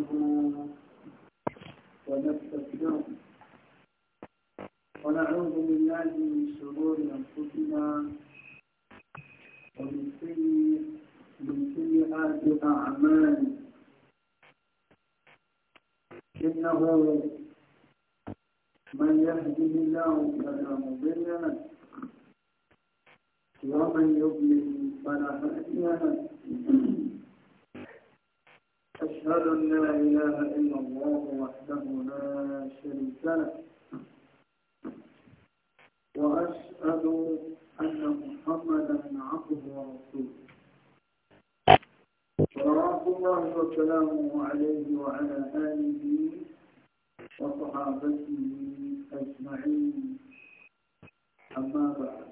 نستعينه ونستغفره ونعوذ بالله من شرور أنفسنا ومن سيئات أعمالنا إنه من يهده الله فلا مضل له ومن يضلل فلا هادي له أشهد أن لا إله إلا الله وحده لا شريك له وأشهد أن محمدا عبده ورسوله صلوات الله وسلامه عليه وعلى آله وصحابته أجمعين أما بعد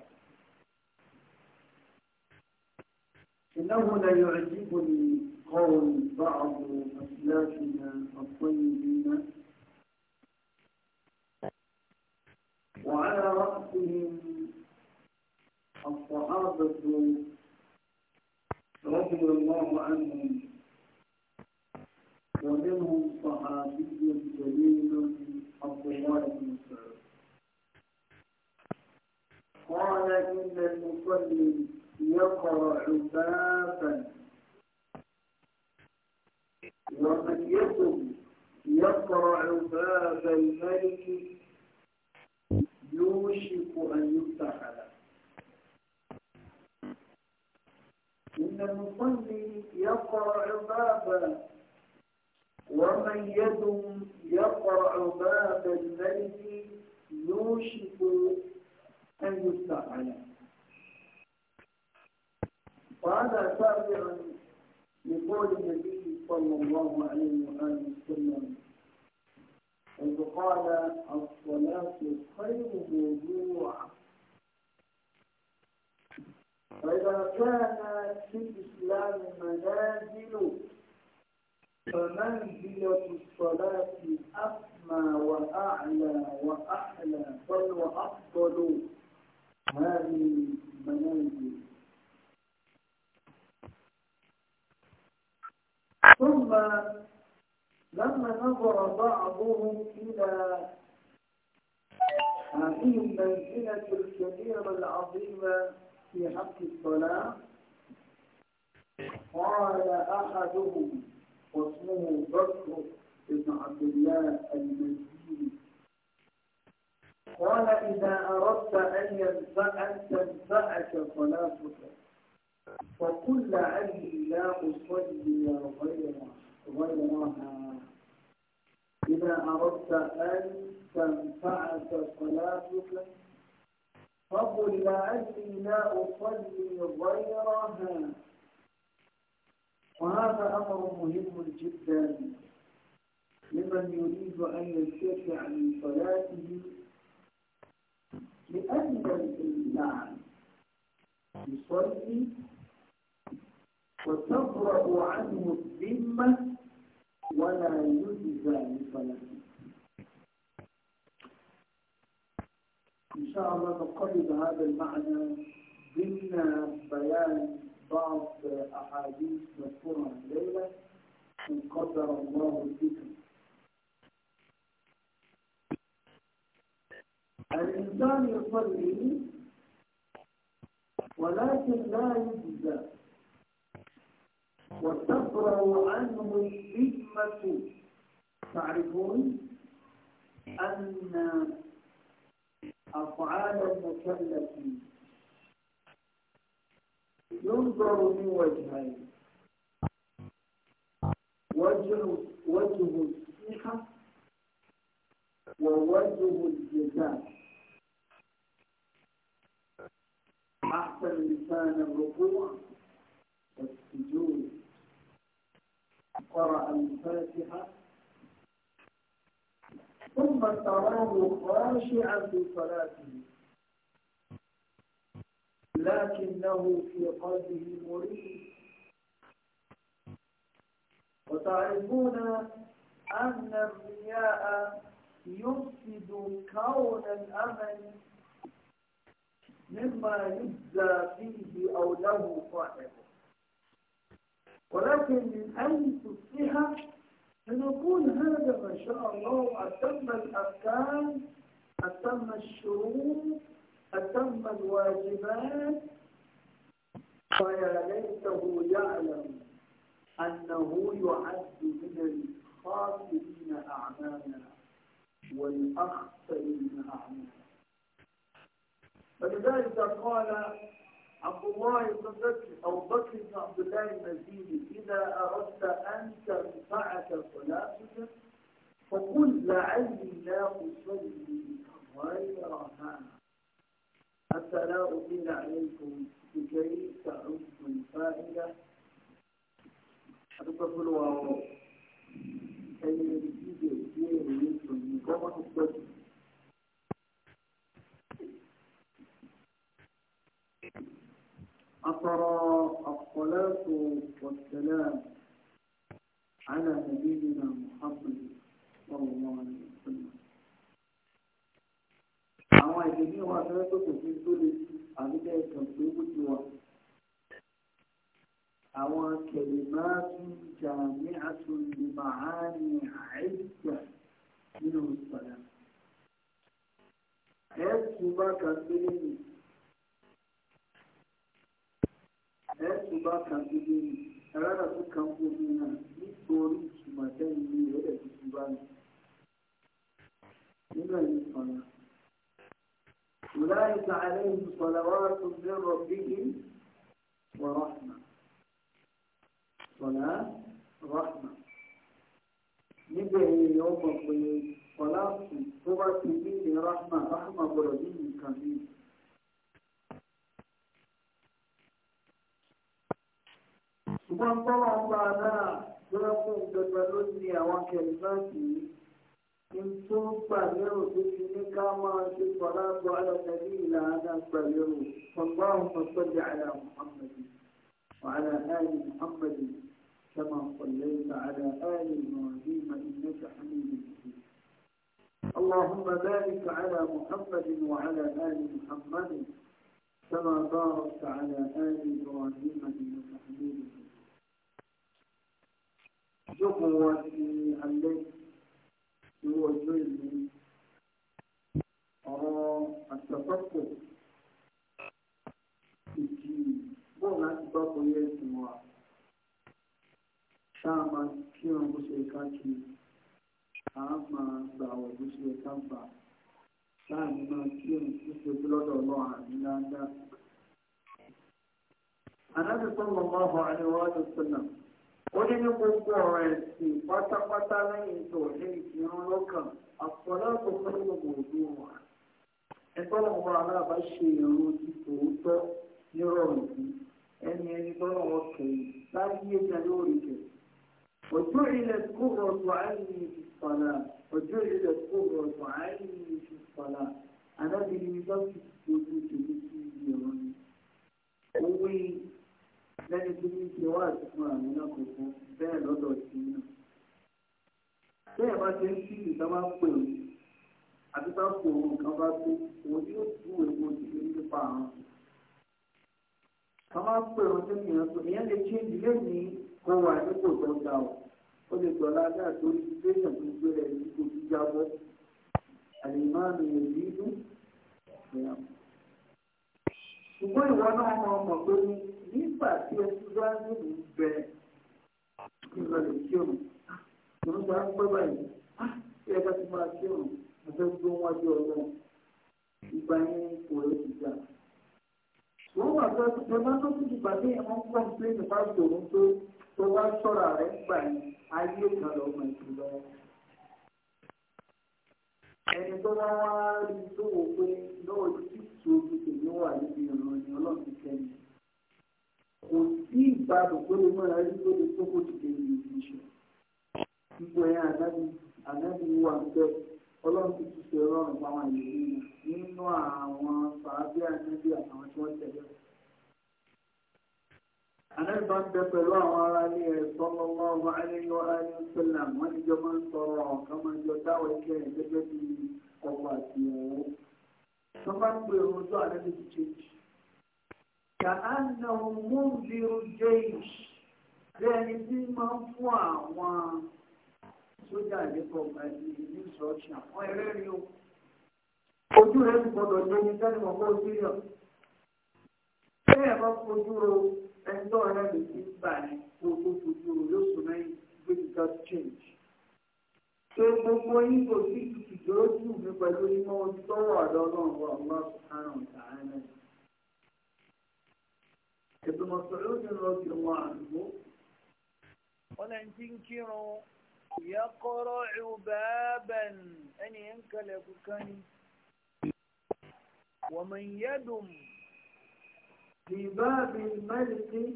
إنه ليعجبني قول بعض أسلافنا الطيبين وعلى رأسهم الصحابة رضي الله عنهم ومنهم صحابي جليل عبد الله بن مسعود قال إن المصلي يقرأ بابا ومن يكن يقرع باب الملك يوشك أن يفتح له إن المصلي يقرع بابا ومن يدم يقرع باب الملك يوشك أن يفتح له وهذا تابع لقول النبي صلى الله عليه وآله وسلم حيث قال الصلاة خير موضوع فإذا كان في الإسلام منازل فمنزلة الصلاة أسمى وأعلى وأحلى بل وأفضل هذه المنازل ثم لما نظر بعضهم إلى هذه المنزلة الكبيرة العظيمة في حق الصلاة قال أحدهم واسمه بكر بن عبد الله المزيد قال إذا أردت أن ينفع أن تنفعك صلاتك فكل لعلي لا أصلي غيرها غيرها إذا أردت أن تنفعك صلاتك فقل لعلي لا أصلي غيرها وهذا أمر مهم جدا لمن يريد أن يرتفع من صلاته لأن الإنسان يصلي وتبرأ عنه الذمة ولا يجزى لصلاته إن شاء الله نقرب هذا المعنى ضمن بيان بعض أحاديث مذكورة الليلة إن قدر الله الذكر الإنسان يصلي ولكن لا يجزى وتبرأ عنه الذمة تعرفون أن أفعال المكلف ينظر من وجهين وجه وجه الصحة ووجه الجزاء أحسن لسان الركوع والسجود قرأ الفاتحة ثم تراه خاشعا في صلاته لكنه في قلبه مريد وتعرفون أن الرياء يفسد كون الأمل مما يجزى فيه أو له صاحب ولكن من أن تصبح سنكون هذا ما شاء الله أتم الأركان أتم الشروط أتم الواجبات فيا ليته يعلم أنه يعد من الخاسرين أعمالا والأخسرين أعمالا فلذلك قال عبد الله بن بكر أو بكر بن عبد الله المزيدي إذا أردت أن تنفعك صلاتك فقل لعلي لا أصلي غيرها حتى لا أطيل عليكم لكي تعد الفائدة أتصل أي نتيجة كثير من مقامة الصدق أقرى الصلاة والسلام على نبينا محمد صلى الله عليه وسلم àwọn ìdílé wa fẹ́ tó kò sí tó lè àbíkẹ́ ìtàn tó kù sí wa àwọn kẹlẹ̀ máa tún jà ní àtúndì màá ní àìsíà nínú ìpàdà ẹ̀ bá kà sí lẹ́yìn. ẹ̀sùn bá kan gbogbo ni ẹ̀rọ tó kan gbogbo náà nítorí ìtumọ̀ sẹ́yìn ní ìrẹ́lẹ̀ tuntun bá mi. nígbà yìí sọ̀rọ̀ أولئك عليهم صلوات من ربهم ورحمة صلاة رحمة níbẹ̀ èèyàn ọmọ pé ọlá tó bá ti ní ìrahma rahma gbọ́dọ̀ ní nǹkan bíi ṣùgbọ́n tọ́lọ̀ ń bá a náà lọ́wọ́ fún ìjọba lónìí àwọn kẹ̀lẹ́fàtì ní tó gbà lérò tó fi ní ká máa ṣe sọ̀rọ̀ àgọ́ alẹ́sẹ̀lẹ́ ìlànà gbà lérò ọgbọ́n ọ̀sọ́jà àlà muhammed وعلى آل محمد كما صليت على آل إبراهيم إنك حميد مجيد اللهم بارك على محمد وعلى آل محمد كما باركت على آل إبراهيم إنك ìjókòó wọn ti alẹ́ irú ọjọ́ ìlú ọ̀rọ̀ àtàkọ́kọ̀ ìjì bọ́ọ̀ láti bá kọrí ẹ̀sìn wa ṣáà máa kí wọn bó ṣe ká kí a máa gbà wọ̀ bó ṣe ká gbà ṣáà ní kí wọn bó ṣe kí lọ́dọ̀ ọlọ́run àmì dáadáa. Àdájọ́ sọ́nà máa hàn án sọ́nà ó ní ní gbogbo ọ̀rọ̀ ẹ̀sìn pátápátá lẹ́yìn tó ní ìfihàn lọ́kàn àpọ̀lá tó fún gbogbo òdu wọn. ẹgbẹ́ náà wọn aláàbá ṣe ìrù ti tòótọ́ nírọ̀rùn sí ẹni ẹni lọ́nà wọn kẹ́yìn láyé ẹja lórí kẹ̀. ojú ilẹ̀ kúrò ọ̀tọ̀ àìní ìfìfàlà ojú ilẹ̀ kúrò ọ̀tọ̀ àìní ìfìfàlà anábìrin lọ́sì ojú tèmi sí ibi lẹ́ni tí ní ṣe wá àtúntò àmì náà kò fún bẹ́ẹ̀ lọ́dọ̀ sí náà. bẹ́ẹ̀ bá ṣe ń kí ìta bá pè ó àti bá pò ó nǹkan bá tó òun yóò tú pè ìyẹn lè ṣe ìdílé kó wà nípò tó ga o ó lè gbọ́ lágbà tó ní tó gbé rẹ̀ nígbà tí ẹ ti bá nílùú bẹ ìlọlẹ̀ kí òun òun bá ń ah, pẹ́ báyìí kí ah, ẹ bá ti máa kí òun mo fẹ́ gbé wọn jọ ọlọ́run ìgbà yẹn kò rẹ̀ ti gbà. wọ́n wà pé ẹ bá tó kùtù bàbá yẹn wọ́n kọ́ pé nípa tòun tó tó bá ṣọ́ra rẹ̀ gbà yẹn ayé kan lọ́mọ ìtura ẹni tó wá wá rí tó wò pé lọ́wọ́ títí ojú tèmi wà níbi ìròyìn ọlọ́run kẹ́yìn kò sí ìgbàdùn pé mo máa rí lóde tó kò dìde ní ìṣe ipò yẹn ànábi ànábi wà bẹ ọlọ́run ti ti ṣe rọrùn fáwọn ìlú nínú àwọn fàábí ànábi àtàwọn tí wọ́n tẹ̀lé. ànábi bá ń bẹ pẹ̀lú àwọn ará ilé ẹ̀ sọ́mọ́ wọn wọn aléyọ alẹ́ sẹ́lẹ̀ wọ́n ti jọ máa ń sọ̀rọ̀ ọ̀kan máa ń jọ dáwọ̀ ẹ̀kẹ́ ẹ̀ gẹ́gẹ́ bí ọkọ̀ àti ìyàwó. tó é ojú ànábi ti kàánàwó múlíò jẹ́ìṣ lẹ́ni tí máa ń fún àwọn sójà lẹ́kọ̀ọ́ gbàdí ní ìṣọ́ọ̀ṣì àwọn ẹlẹ́rìí o ojú rẹ̀ ti gbọ́dọ̀ jẹ́ ní sẹ́ni wọ́n kó sílẹ̀ bẹ́ẹ̀ bá fojú ro ẹjọ́ rẹ̀ lè ti gbà ní gbogbo fojú ro yóò sọ náà gbégi got change ṣé gbogbo yín kò sí ìtìjọ́ ojú mi pẹ̀lú ìmọ̀ ojú tọ́wọ́ àdọ́ náà wà wọ́n sọ̀rọ̀ ìtàn náà. ابن مسعود رضي الله عنه قال ان تنكروا يقرع بابا ان ينكل يكون ومن يدم في باب الملك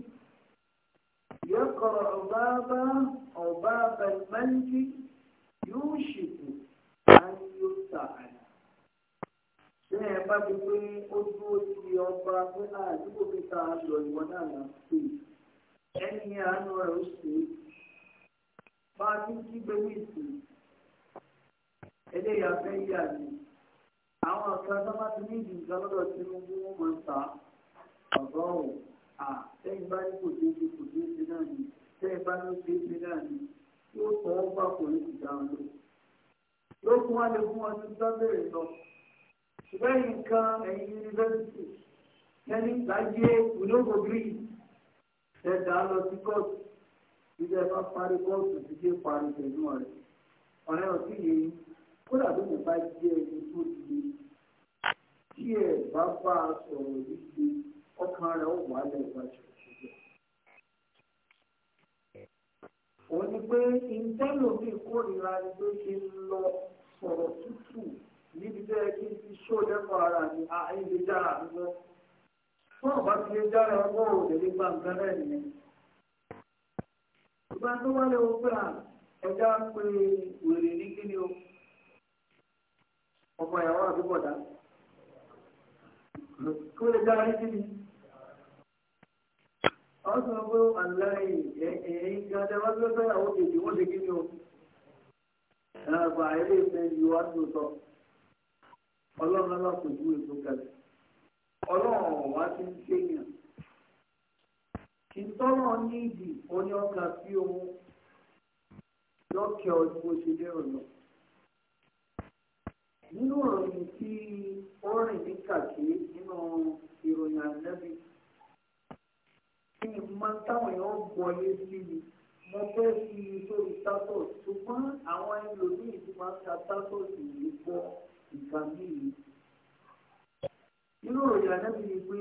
يقرع بابا او باب الملك يوشك ان يفتح ní ẹ bá ti pé ó dúró ti ọba pé ah, àdúgbò mi ta lọ ìwọ náà là ń pè ẹni àánú rẹ ó ṣe é bá a ti kí gbẹmí ìsìn eléyà fẹ́ yà ni àwọn ọ̀sán tó bá ti ní ìdí nǹkan lọ́dọ̀ Tinubu wọn máa ń ta ọ̀gá ọ̀hún à lẹ́yìn bá ní kò tó ṣe kò tó ṣe náà ni lẹ́yìn bá ní ó ṣe ṣe náà ni yóò tọ́ ọ́ bá kò ní ìdáhùn lọ. lókun wá lè fún ọdún tó bẹ̀rẹ̀ lọ ṣùgbọ́n nǹkan ẹ̀yìn yunifásitì lẹ́ni gbájé olóògbé green ẹ̀dá lọ sí kóòtù ilé ẹ̀fọ́ parí kóòtù ti dé parí pẹ̀lú ọ̀rẹ́ ọ̀rẹ́ ọ̀sìn yìí kódà tó kò bá jẹ́ ẹni tó ti tí ẹ bá bá a sọ̀rọ̀ wípé ọkàn rẹ̀ ó wà lẹ́gbàá ṣòṣìṣẹ́. òun ni pé ìtẹ́lómi kórìíra ni pé ṣe lọ sọ̀rọ̀ tútù níbi tẹ́ ẹ kí n ti ṣó lẹ́kọ̀ọ́ ara mi àyìn lè dára mi lọ. Wọ́n bá ti lè dára ọgbọ́n ò lè gba nǹkan náà nìyẹn. Ìgbà tó wá lé wọn pé à ẹja pé wèrè ní kíni o. Ọmọ ìyàwó àdúgbòdá. Kí lè dára ní kíni? Àwọn sọ pé àláì ẹ̀yìn kan tẹ́ wá pé fẹ́yàwó kejì wọ́n ṣe kíni o. Ẹ̀rọ àìlè ìfẹ́ yìí wá tó sọ ọlọ́run alákòjú èso kalẹ̀ ọlọ́run ọ̀wá ti ń ṣèyàn ìtọ́nà ní ìdì oní ọkà fi ohun lọ́kẹ́ ọdún bó ṣe lérò lọ. nínú ìròyìn tí ó rìn ní kàkí nínú ìròyìn ànábì kí ni máa táwọn èèyàn gbọ́yé sí mi mo fẹ́ fi sórí tátọ̀ ṣùgbọ́n àwọn ẹlòmíì ti máa ń ta tátọ̀ sí ìgbọ́ nǹkan bí yìí. Irú òyìn àdábì ni pé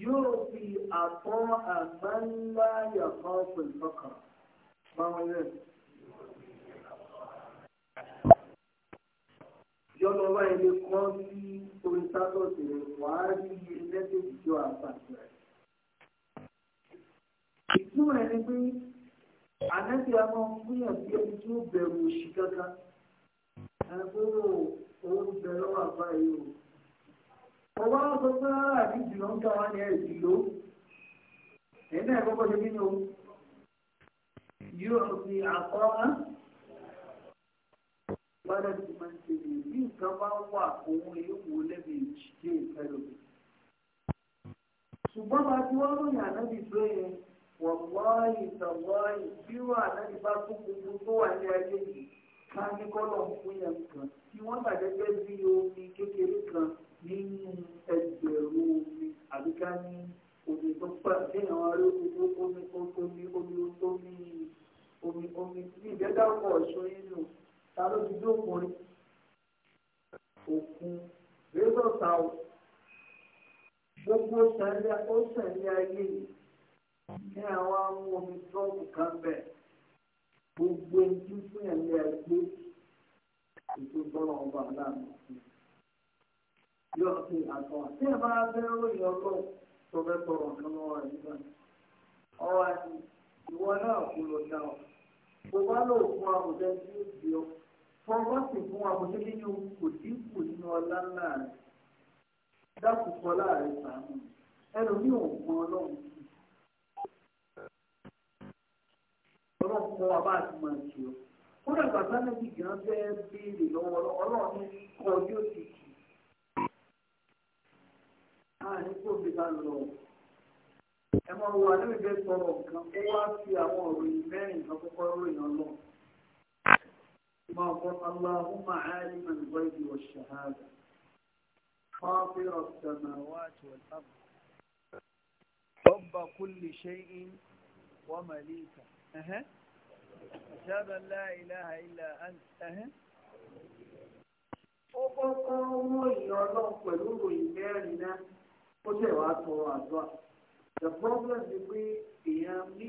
yóò fi àtọ́ àgbáńlá yàtọ̀ pẹ̀lú ọkàn báwọn rẹ̀. Ìjọba wa ilé kọ́ sí orí sátọ̀sì rẹ̀ wàá rí iye mẹ́tẹ̀ẹ̀dì tó àpàtì rẹ̀. Ìtumọ̀ ẹni pé àdábì a máa ń fúyàn bí ẹni tí ó bẹ̀rù òṣì kankan ẹ̀kúrò oúnjẹ lọ́wọ́ àbá yìí o ọba wọn sọ pé rárá àti jùlọ ń dáwà ní ẹ̀sìn ló ẹ̀yìn náà kọ́kọ́ ṣe nínú yóò fi àkọ́rán gbọ́dọ̀ ti máa ń ṣe lè bí nǹkan bá wà òun èyí wò lẹ́bi ìjìdé ìfẹ́lò ṣùgbọ́n bá ti wọ́n lóyìn ànábì tó yẹn wọ̀wọ́ ìtọ̀wọ́ ìbírò ànábì bá tó gbogbo tó wà ní ayé yìí ká ní kọ́lọ̀ fún yẹn kan tí wọ́n bàjẹ́ pé bí omi kékeré kan nínú ẹgbẹ̀rún omi àbí ká ní omi tó pẹ́ kéèyàn wá rí omi tó omi omi omi omi omi omi ní ìdẹ́dàpọ̀ ọ̀ṣun nínú ta ló ti dé òkun òkun rẹ́sọ̀ sáwọ̀ gbogbo sàn ní ayé ní àwọn amú omi tọ́ọ̀kù kan bẹ́ẹ̀ gbogbo ojú fún ẹ̀lẹ́ ẹgbẹ́ ètò bọ́lá ọba aláàmì yóò fi àtọ̀ tí ẹ bá fẹ́ ròyìn ọlọ́run tó fẹ́ tọrọ nǹkan lọ́wọ́ rẹ̀ nígbà ọwọ́ àti ìwọ náà kú lọ dá ọ kò bá lò fún àwùjọ tí ó di ọ fún ọgbọ́n sì fún àwùjọ nínú kò dínkù nínú ọlá ńlá rẹ̀ dákùkọ láàrin sàánù ẹnu ní òun ọlọ́run. tọ́lá ti kọ́ abá àti máa tì ọ́ kódà bàbá náà ti gàn fẹ́ béèrè lọ́wọ́ ọlọ́run kọ́ yóò ti kì í. láàrin kó mi bá lọ ẹ máa wo àdébí bẹ́ẹ̀ sọ̀rọ̀ nǹkan ó wá sí àwọn òròyìn mẹ́rin kan kọ́kọ́ ròyìn ọlọ́run. ما قل اللهم عالم الغيب والشهادة فاطر السماوات والأرض رب كل شيء ومليكه ṣáàbà láìláha ilá àǹtí. ó kọ́kọ́ mú ìyọ̀ náà pẹ̀lú ìròyìn mẹ́rin náà ó sì wá tọrọ àdúrà. the problem ni pé èèyàn ní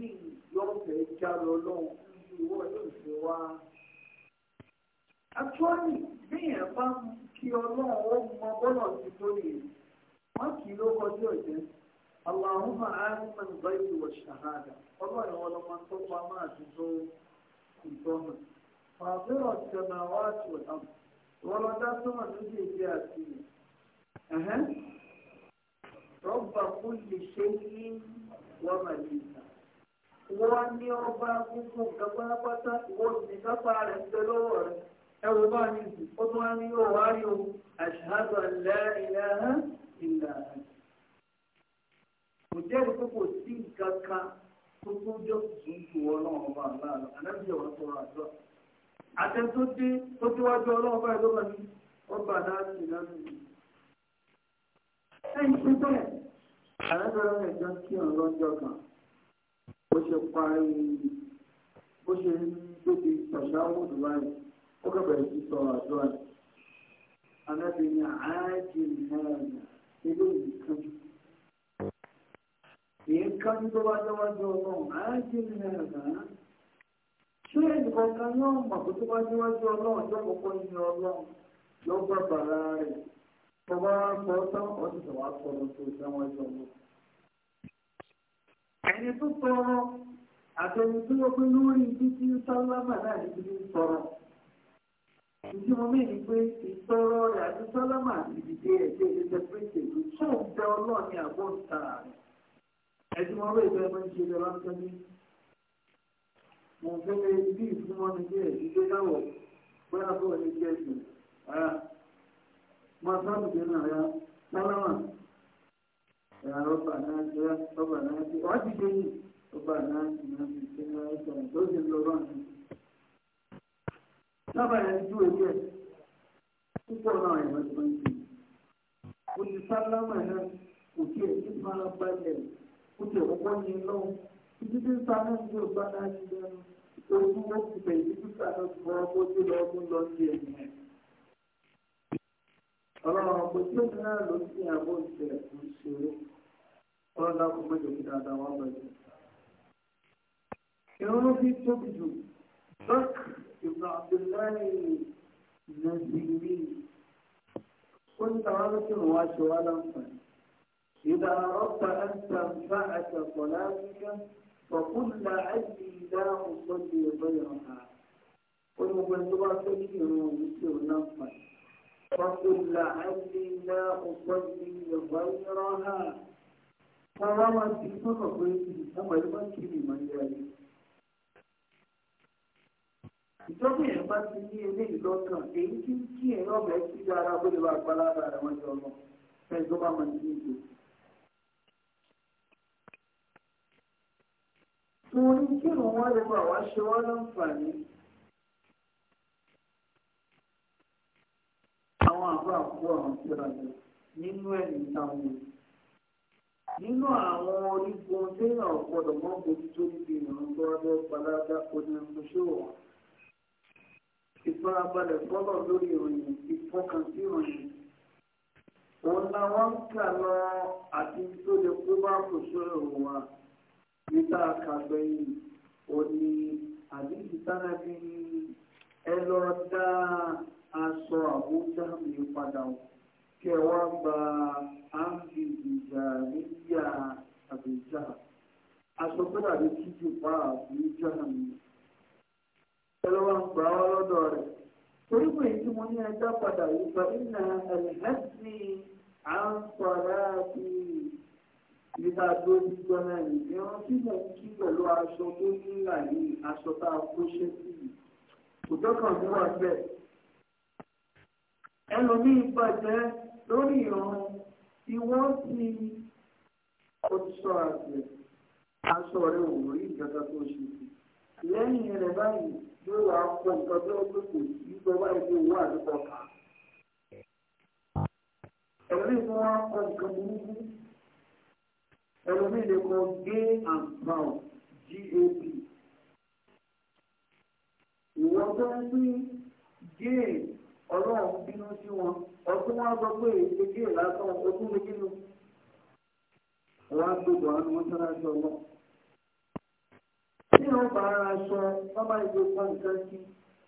ìyọ̀fẹ́ já lọ lọ́hùn kí ìwọ yóò ṣe wá. actually béèyàn bá kí ọlọ́run ó mọ bọ́lọ̀ sí tó yẹ wọ́n kì í ló ọ̀jẹ̀ اللهم عالم الغيب والشهادة والله ولما تطلع ما تزول كنتهم فاطر السماوات والأرض وردتهم الذي جاءتني أها رب كل شيء ومليكه wọ́n ní ọba gbogbo nǹkan pátápátá wọ́n ní kápá rẹ̀ ń bẹ lọ́wọ́ rẹ̀ ẹ̀rù bá ní ìsìn ó tún wá ní yóò wá yóò ashhadu an la ilaha illa kò jẹ́rìí pé kò sí nǹkan kan tó tó jọ tuntun ọlọ́run ọba aláàlọ́ anábìyẹ wa sọ̀rọ̀ àjọ àtẹ̀tódé tó tíwájú ọlọ́run ọba ìlú wọn ni ọba láti láti rí ẹ̀yìn tó bẹ́ẹ̀ àrẹ́bẹ̀rẹ̀ rẹ̀ jọ kí ọ̀rọ̀ lọ́jọ́ kan ó ṣe parí ó ṣe tóbi tọ̀ṣáwòdù báyìí ó kẹ̀bẹ̀rẹ̀ sí sọ̀rọ̀ àjọ rẹ̀ anábìyẹ àájì náà ilé ìkanjú nǹkan tó wá lọ́wọ́dọ́ ọlọ́run á jẹ́ ìrìn àgbà ṣé ẹnìkan kan náà mọ̀ pé tó wá níwájú ọlọ́run tó kọ́kọ́ ní ọlọ́run ló gbà bàrà rẹ̀ tó bá sọ tán ọdún tó wá sọ lọ tó sáwájú ọlọ́run. ẹni tó tọrọ àtẹni tó yọ pé ni pé ìtọrọ ẹ̀sìn wọn lóye fẹ́ máa ń ṣe lọ lásán ní mo fẹ́ lé bí ìfúnmọ́ni bí ẹ̀sìn tó dáwọ̀ bóyá fún ọ ní kí ẹ̀sìn ara máa sábà jẹ́ náà ya sálámà ẹ̀rọ rọ́bà náà jẹ́ rọ́bà náà jẹ́ wá ti dé yìí rọ́bà náà jẹ́ náà ti ṣe náà ẹ̀sìn tó ṣe lọ bá mi. sábà yẹn ju èyí ẹ̀ púpọ̀ náà ẹ̀rọ ti máa sálámà náà kò tiẹ̀ ní fara balẹ̀ kuke ubangi nau cikin sanar da bana gidan ɗauki wasu bai cikin sanar da wakoki da wasu lọ́sí ẹ̀yìn ọlọ́run kò tí ó náà ló sí àbò ìṣẹ̀lẹ̀ kò ṣeré ọlọ́run dákò mẹ́jọ kí dáadáa wọ́n bẹ̀rẹ̀ ìrònú bí tóbi jù bak ìgbà abdullahi nàìjíríà ó ní tàwọn lọ́sí òun wá ṣe láǹfààní إذا أردت أن تنفعك صلاتك فقل لعلي لا أصلي غيرها قل ولمن تغفر نفسك فقل لعلي لا أصلي غيرها فروى في صدقه كما يمكن من ذلك ìjọba yẹn bá ti ní eléyìí lọ́kàn èyí tí kí èèyàn bẹ̀ẹ́ sí dára bó lè wà gbálára rẹ̀ wọ́n jọ máa ń ní ìgbésí. mo ní kí ìrùn wọn lè bá wá ṣe wá láǹfààní. àwọn àbúrò àkókò àwọn tí ó rajọ nínú ẹ̀mí táwọn nínú àwọn orígun téèyàn ọ̀pọ̀lọ̀ mọ́ bójú tó níbi ìrùn tó wá bẹ́ẹ̀ palára oníyanko ṣé wà. ìfarabalẹ̀ fọ́lọ̀ lórí ìròyìn ìfọkànsí ìròyìn òun làwọn ń kà lọ àti tó lè kó bá kò ṣòro wa àdìsá kàgbẹ́yìn òní àdìsá nàbí ẹ lọ dá aṣọ àbújá mi padà wò kí ẹ wá gba áńbì ìjà níyà àbújá aṣọ tó dàbí kíjù pa àbújá mi ẹ lọ́wọ́ ń gbà ọ́ lọ́dọ̀ rẹ̀ torí pé tí mo ní ẹjọ́ padà yìí sọ ìnà ẹ̀lẹ́sìn à nígbà tó ní gbọ́nà yìí ẹran tí mò ń kí pẹ̀lú aṣọ tó nílà yìí aṣọ tá a kó ṣe sí i kò tọ́kàn tó wà bẹ́ẹ̀. ẹlòmíì bàjẹ́ lórí ìran tí wọ́n ti ọtọ àgbẹ̀ aṣọ rẹ̀ ò rí ìjọba tó ṣe sí i lẹ́yìn rẹ̀ báyìí yóò wá kọ nǹkan tó ń pèpè nípa báyìí tó wà nípa ọ̀ka. ẹ̀rí wọn kọ nǹkan burúkú ẹlòmíì lè kọ gay and proud gap ìwọ tó ń pín gay ọlọ́run bínú sí wọn ọtún wọn sọ pé èdè gay lásán ogún méjì nù wọn á gbọdọ̀ àwọn mọ́sálásí ọlọ́run tí wọ́n bá ara aṣọ wọ́n bá ìgbé pọ́n nǹkan sí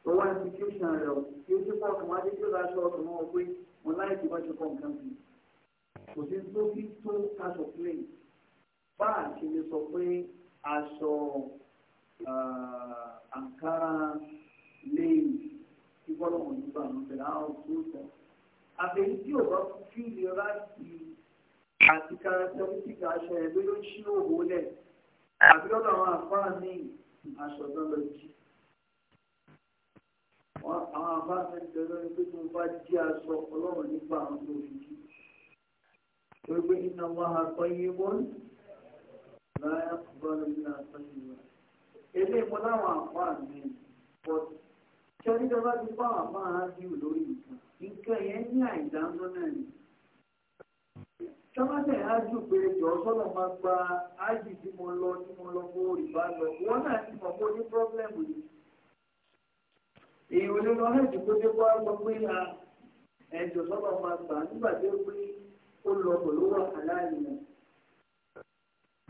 owó institution rẹ̀ o kí o ti pọ̀ kàn wá dédé aṣọ ọ̀tún wọn pé wọn láì tí wọ́n ti pọ̀ nǹkan sí kò sí tó bí tó aṣọ plane bá a ṣe lè sọ pé aṣọ àǹkárá lẹ́yìn tí bọ́lọ̀mù nígbà ń bẹ̀rẹ̀ àwọn tó sọ. àbẹ̀yí tí ò bá fi lè láti àti kárátẹ́rìtìkì aṣọ ẹ̀ ló ń ṣí òwò lẹ̀ àbí lọ́dọ̀ àwọn àfáà ní aṣọ lọ́dọ̀ jí. àwọn àfáà fẹ́ ń bẹ̀rẹ̀ lórí pé tí mo bá jí aṣọ ọlọ́run nígbà àwọn tó fi jí. torí pé iná wọn àtọ́yé wọn láyà gbọ́dọ̀ nílà sọ́yìn wa èmi mo láwọn àpá mi pọ̀ ṣe oníjọba ti bá wà máa hájú lórí nǹkan nǹkan yẹn ní àìdáńdọ́ náà ni tọ́mọ́tẹ̀ ájù pé jọ sọ́lọ̀ máa gba ájì tí mo lọ tí mo lọ bó ìbá lọ wọ́n náà ti mọ̀ pé ó ní pọ́blẹ́mù yìí. èèyàn lè lọ hẹ́ẹ̀dì kó dé wá lọ pé a ẹ̀jọ̀ sọ́lọ̀ máa gbà nígbà tí ó pé ó lọ pẹ̀lú wà aláìní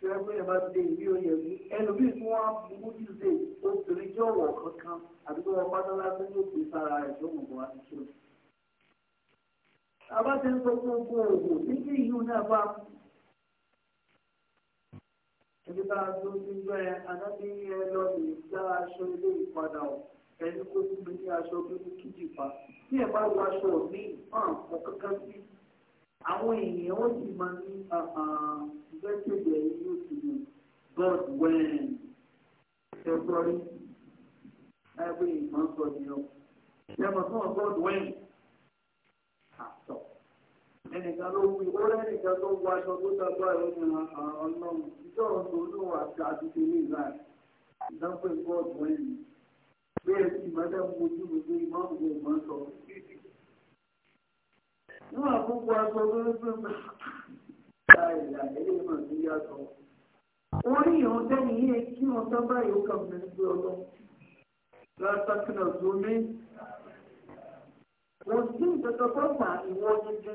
tí wọ́n bá dé ìwé oyè mi ẹlòmíì tí wọ́n mú dìde obìnrin jẹ́ ọ̀wọ̀ kankan àbí tí wọ́n pátá lásán yóò gbé sára rẹ̀ tó mọ̀ bọ́ àti tó. abáṣe ń sọ gbogbo òògùn nígbà yìí náà bá mú. ẹni bá a tó ti gbọ́ anábí ẹ lọ lè dá aṣọ ilé ìpadà ọ̀ ẹni kó tún mi ní aṣọ bí kíjì pa. bí ẹ bá wọ aṣọ mi hàn mọ́ sí i àwọn èèyàn ó sì máa ní ah, ah, ìgbẹ́sẹ̀gbẹ̀ yìí yóò ti mú god wẹ́n ṣẹ́gbọ́rí ah, ẹgbẹ́ ìmọ̀ sọ nìyọ. Ìjọba fún ọ god wẹ́n àtọ̀. Ẹnìkan ló wí ó lẹ́nìkan tó wọ aṣọ tó dàgbà ẹ̀rọ ní ọlọ́run. Ìjọ ọ̀dọ́ olówó àti àdúgbò ní ìlà ìdánwò god when. Bí ẹ ti máa dá mojú mojú ìmọ̀ àwọn ọmọ sọ níwọ̀n gbogbo aṣọ lórí pé ìlà ilé náà ti yàtọ̀ orí ìhàn tẹ́ni yé kí wọ́n tán báyìí ó kà mí gbé ọlọ́ látàkìlà tó ní wọ́n sí ìtọ́jọ́ tó pa ìwọ jẹjẹ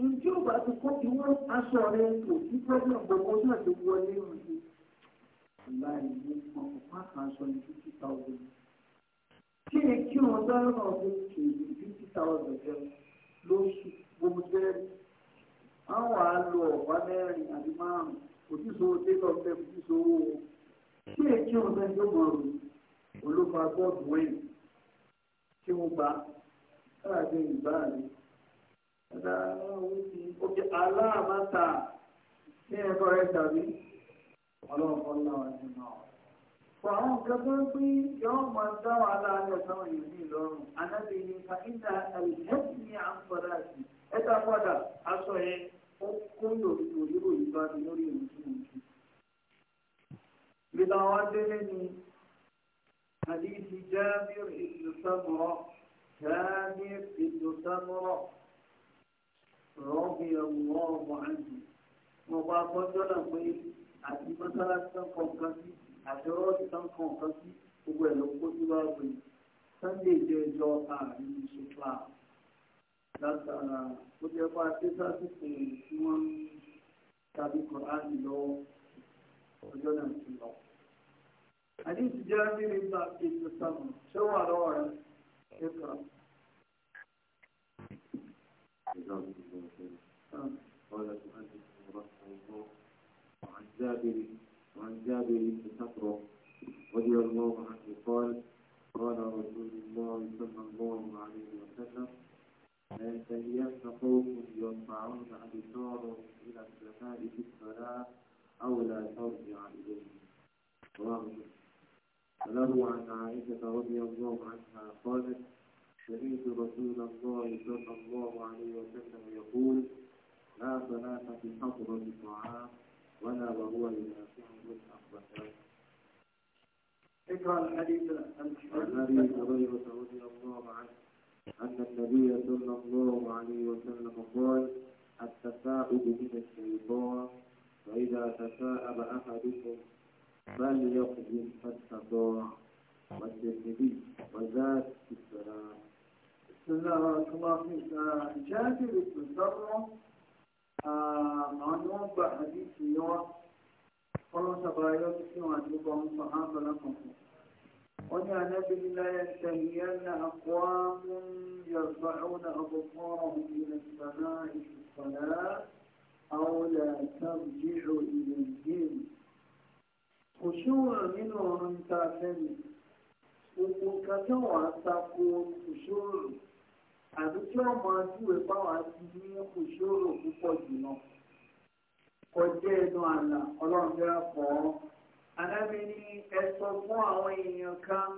ní tí ó bá ti kó ìwọ aṣọ rẹ kò sí pẹ́lú ọ̀gbọ̀gbọ̀ náà ti wọlé ìrìn ìlà ìlú ọ̀pọ̀ pàtàkì aṣọ ní títí ta òun kí ni kí wọn dáná náà lè ṣe fifty thousand jẹ lóṣù gbogbo jẹrẹ àwọn wàá lo ọ̀pá mẹ́rin àbí márùn òtúnṣòwò tẹ́lọ̀ fẹ́ òtúnṣòwò kí ni kí wọn dáná yóò mọ̀ ọ́ olófa bọ́ọ̀dù wẹ̀yìn tí wọ́n gbà káàdé ìbáàlì ẹ̀dá owó ti òkè aláàmáta ní ẹ̀kọ́ rẹ̀ tàbí ọlọ́ọ̀kọ́ náà ẹ̀dùn náà. Fàwọn nǹkan tó ń pín yọ́ máa dá wa láàárọ̀ sáwọn èèyàn ní ìlọrùn. Ànábì ni fa ìdá àlùfẹ́sì ní àǹfọ̀dá sí. Ẹ dá padà aṣọ yẹn ó kó lòdì òyìnbó ìbáni lórí ìrùntúrùntù. Ìlà wa délé ni حديث جابر بن سمرة جابر بن سمرة رضي الله عنه وبعض جلبي أتي مثلا تنقل كثير àti ọ̀rọ̀ ti tán kan kan sí gbogbo ẹ̀ ló kó sí wá gbé sunday jẹ́ ẹjọ́ àárín ìṣe class látara ó jẹ́ fún akẹ́sàtì fún tí wọ́n ń tàbí kọ́ránì lọ́wọ́ ọjọ́ náà ti lọ. àdéhùn jẹ́ mímí bá ètò sàmù ṣé wà lọ́wọ́ rẹ̀ ẹ̀ka. وعن جابر وعن جابر بن صخره رضي الله عنه قال قال رسول الله صلى الله عليه وسلم لا يتهيأن قوم يرفعون أبصارهم إلى السماء في الصلاة أو لا ترجع إليهم رواه وله عن عائشة رضي الله عنها قالت سمعت رسول الله صلى الله عليه وسلم يقول لا صلاة في حضرة الطعام ولا وهو ينافعه الأخبثات اقرأ الحديث عن أبي هريرة رضي الله عنه أن النبي صلى الله عليه وسلم قال التثاؤب من الشيطان فإذا تثاءب أحدكم فليقدم ضاع والترمذي وزاد في السلام بسم الله الرحمن الرحيم آه، جابر بن سره àwọn ni wọ́n gba àdìsí yọ ọlọ́sàbà yọ sí wọn àti gbogbo àwọn sọ hàn bọ̀lá kankan wọ́n ní anábìrin láyé tẹ̀yẹ́ na àkọ́wámú yọ̀gbà àwọn àbí tí wọ́n mọ ajúwe báwa ti ní òṣòro púpọ̀ jùlọ kọjá ẹnu àlà ọlọ́run fẹ́ fọ́ ọ́ anábì ní ẹ sọ fún àwọn èèyàn kan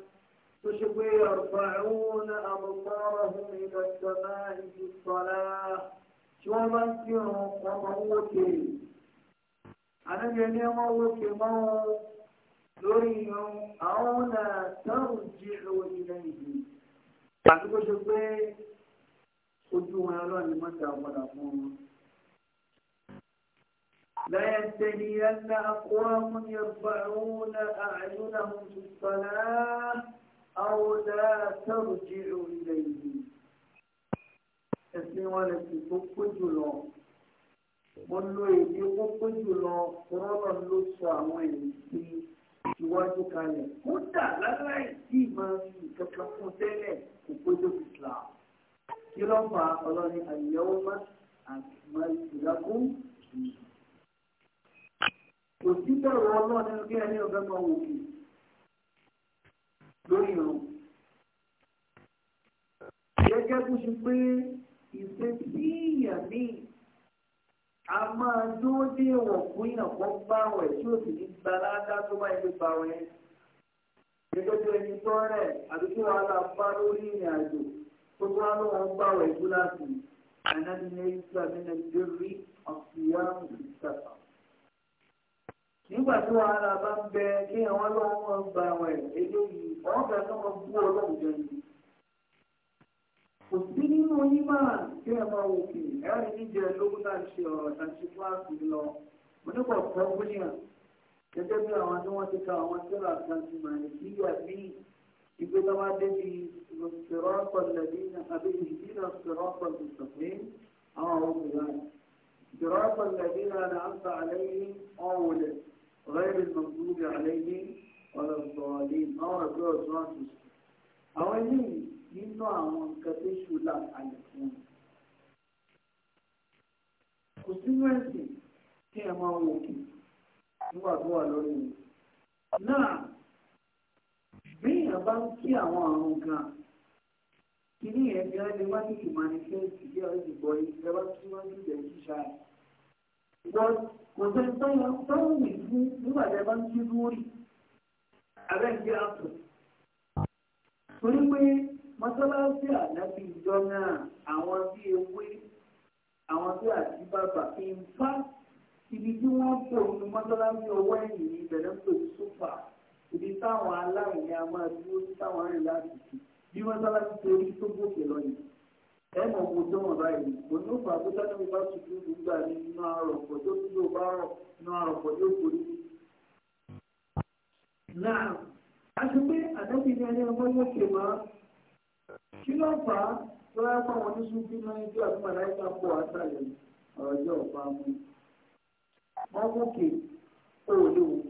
tó ṣe pé ọ̀pọ̀ ẹ̀wọ̀n náà àbùkọ́ ọ̀hún ìdọ̀tọ̀ náà ìdí sọ̀rọ̀ tí wọ́n bá ń kí wọn wọ́n máa ń wókè anábì ẹni ẹ máa wókè mọ́ wọn lórí irun àwọn náà táwọn jí ìròyìn lẹ́yìn àti bó ṣe pé ojú wọn ọlọ́run mọ́ta ọ̀padà fún wọn. لا يستهين أقوام يرفعون أعينهم في الصلاة أو لا ترجع إليهم ẹ̀sìn wọn lè fi tó pé jùlọ mo lo èdè tó pé jùlọ rọ́lọ́ ló sọ àwọn èyí sí iwájú kalẹ̀ kódà láláì tí ì fi kankan fún tẹ́lẹ̀ kò pé lóbi kí ló ń fa ọlọ́ni àyẹ̀wò má àmàlùkùn kò sí bẹ̀rù ọlọ́run nínú kí ẹni ọ̀gá máa wò kì lórí ìrùn gẹ́gẹ́ bó ṣe pé ìṣe tí ìyàn ní a máa dúró dé ìwọ̀n fún ìyàn bá wẹ̀ tí ó sì ní gbalada tó bá ẹni bá wẹ̀ gẹ́gẹ́ bí ẹni tó rẹ̀ àbí tí wàhálà bá lórí ìrìn àjò gbogbo wa ló wọn gbà wọ ìlú láti ànábi ní ìgbà nínú ìdérí ọ̀sìyá ìsàkà. nígbà tí wọn ara bá ń bẹ kí àwọn ọlọ́wọ́ wọn gba àwọn ẹ̀ eléyìí ọ̀hún fẹ́ kọ́ wọn bú ọlọ́run jẹ ní. kò sí nínú yín máa kí ẹ máa wò kì ẹ rí níjẹ lógún náà ṣe ọ̀rọ̀ àti fúláàsì lọ onígbà kan wúnyà gẹ́gẹ́ bí àwọn tí wọ́n ti ka àwọn tí wọ́n يقول ما الذي الصراط الذين أبي اهدنا الصراط المستقيم أعوذ بالله صراط الذين أنعمت عليهم أولى غير المغضوب عليهم ولا الضالين أو رجوع الراسس أو إني nínú àwọn nǹkan tó ṣù láǹfààní fún un kò sínú ẹ̀sìn tí ẹ máa wò kí béèyàn bá ń kí àwọn àrùn gan kìíní yẹn bí wọn lè wá ní ìmọ̀nìkẹ́ǹtì bí wọn ti gbọ́ yìí ìjọba tí wọ́n ti bẹ̀rẹ̀ ṣíṣá ẹ̀. wọ́n kò sẹ́ tọ́wọ́n tọ́wọ́n mi fún nígbà tí a bá ń kí lórí abẹ́ǹdí àpò. torí pé mọ́tọ́láṣí àdábì ìjọ náà àwọn bí ewé àwọn bí àti bàbà in fact ibi tí wọ́n pò ní mọ́tọ́láṣí ọwọ́ ẹ̀yìn ìbẹ̀rẹ̀ pè sófà ibi táwọn aláwìn ni a máa dúró sí táwọn arìn láti fi bí mọ́sálásí torí tó gòkè lọ yìí ẹ mọ̀ mo tó wọn báyìí mo ní òfò àbújá náà mi bá tutù gbígbà ní inú àròpọ̀ tó tún yóò bá rọ̀ inú àròpọ̀ yóò borí. náà aṣọ pé àdébí ni ẹni ọgbọ́n yóò ké máa kí ló fà á tó yá fún àwọn oníṣun bí máa ń jó àti màláìka pọ̀ àtàlẹ̀ ọ̀rọ̀ yóò bá mú. wọ́n gòkè ó lè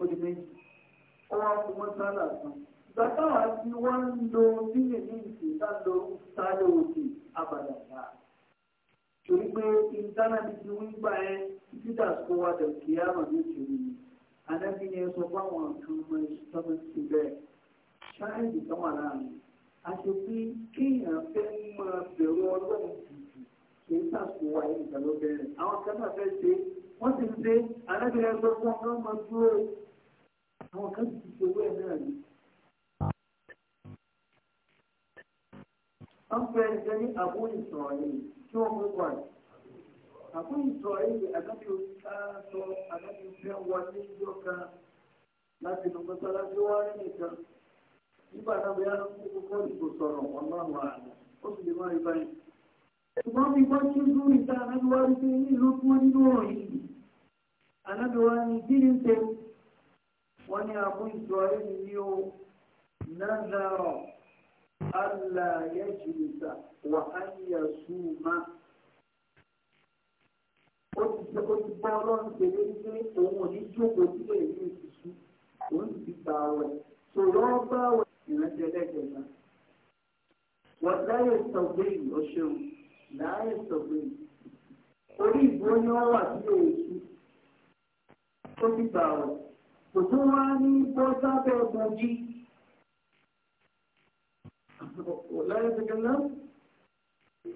ó di méjì ọwọ́ fún mọ́sálà kan ìgbà táwọn tí wọ́n ń lo bílẹ̀ ní ìsìn sálo sálo òkè abàdà náà torí pé ìtánàbí ti wí gbà ẹ́ títà kó wa dẹ̀ kí á mà ní ìṣòro yìí anábì ni ẹ sọ fáwọn kan ọmọ ìṣọ́mọ sí bẹ́ẹ̀ ṣáàyè táwọn aláàánú àti pé kéèyàn fẹ́ máa bẹ̀rù ọlọ́run jùjù kì í sàkó wa yìí ìgbà ló àwọn kan náà fẹ́ ṣe wọ́n ti ń ṣe anábì ẹ sọ fún ọmọ dúró àwọn kan ti ṣe owó ẹ̀ náà rí. wọ́n fẹ́ ẹgbẹ́ ní àbó ìsọ̀rọ̀ yìí tí wọ́n mú wà. àbó ìsọ̀rọ̀ yìí àgbàdo káàtó àgbàdo fẹ́ wà ní ìjọ kan láti lọ mọ́sálásí wá rí nìkan. nígbà náà bóyá ló kó kókó ìbò sọ̀rọ̀ ọlọ́run àná ó sì lè má rí báyìí. ṣùgbọ́n bí wọ́n ti dúró ìta anábíwá wípé ní ìlú tí wọ́n nínú ọ̀rọ̀ yìí anábíwá ni bí ní ń wọ́n ní Abu Israel ní o nazaro allah yajlisa wa an yasuma ó ti ṣe ó ti bá ọlọ́run tẹ̀lé wípé òun ò ní jókòó sílẹ̀ ìlú ìtìsú òun sì ti gba ọ̀rẹ́ sọ̀rọ̀ bá ọ̀rẹ́ ìrántí ẹlẹ́gbẹ̀ẹ́ta. wọ́n láyé sọ̀gbẹ́yìn ọ̀ṣẹ́wọ̀n láyé sọ̀gbẹ́yìn orí ìbò ni wọ́n wà sílẹ̀ èṣù ó ti gba ọ̀rẹ́ kò tó wá ní bọ́ sábẹ́ ọgbọ̀n jí láyé ṣẹkẹ̀lá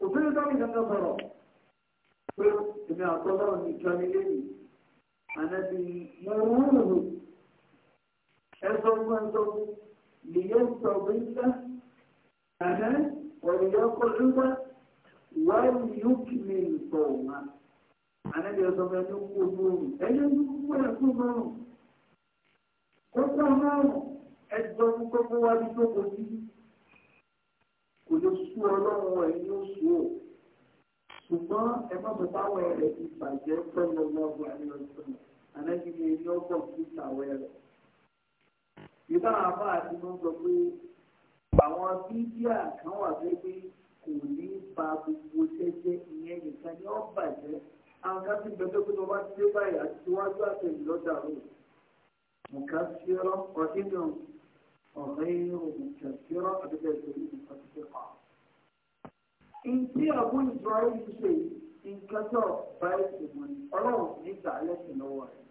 kò tó lè dáhùn ìdáná sọ̀rọ̀ pé èmi àkọ́lọ́ ní ìjọ nílé mi ànábi mo rúrù ẹ sọ fún ẹ sọ fún lèyẹ sọ fún ìgbà àná ọ̀rẹ́yẹ ọkọ̀ ìgbà wáyé yóò kí mi sọ̀rọ̀ ànábi ẹ sọ fún ẹ ní kó lóòrùn ẹ yẹ kó lóòrùn ó kọ́ náà ẹjọ́ gbogbo wa ní gbogbo kò lè sú ọlọ́run ẹ̀ ní oṣù o ṣùgbọ́n ẹ má bọ̀ báwọn ẹ̀rẹ̀ ti bàjẹ́ pẹ̀lú ọlọ́run àti ọ̀sán ànájú ni ẹni ọgbọ̀n sí ìtàwọ̀ ẹ̀rẹ̀. ìbá àbá àti mọ́ sọ pé àwọn bíbíà kan wà pé pé kò ní ba gbogbo jẹ́jẹ́ ìyẹn nìkan ni ó bàjẹ́ àwọn kan ti bẹ̀rẹ̀ pé wọ́n bá ti dé báyìí àti wájú àtẹ̀yìn lọ́jà rẹ̀. مكسرة وإذن غير مكسرة أبدا يريد مكسرة إن في أبو إسرائيل شيء إن كسر بايسمون ọlọ́run nígbà lẹ́sìn lọ́wọ́ rẹ̀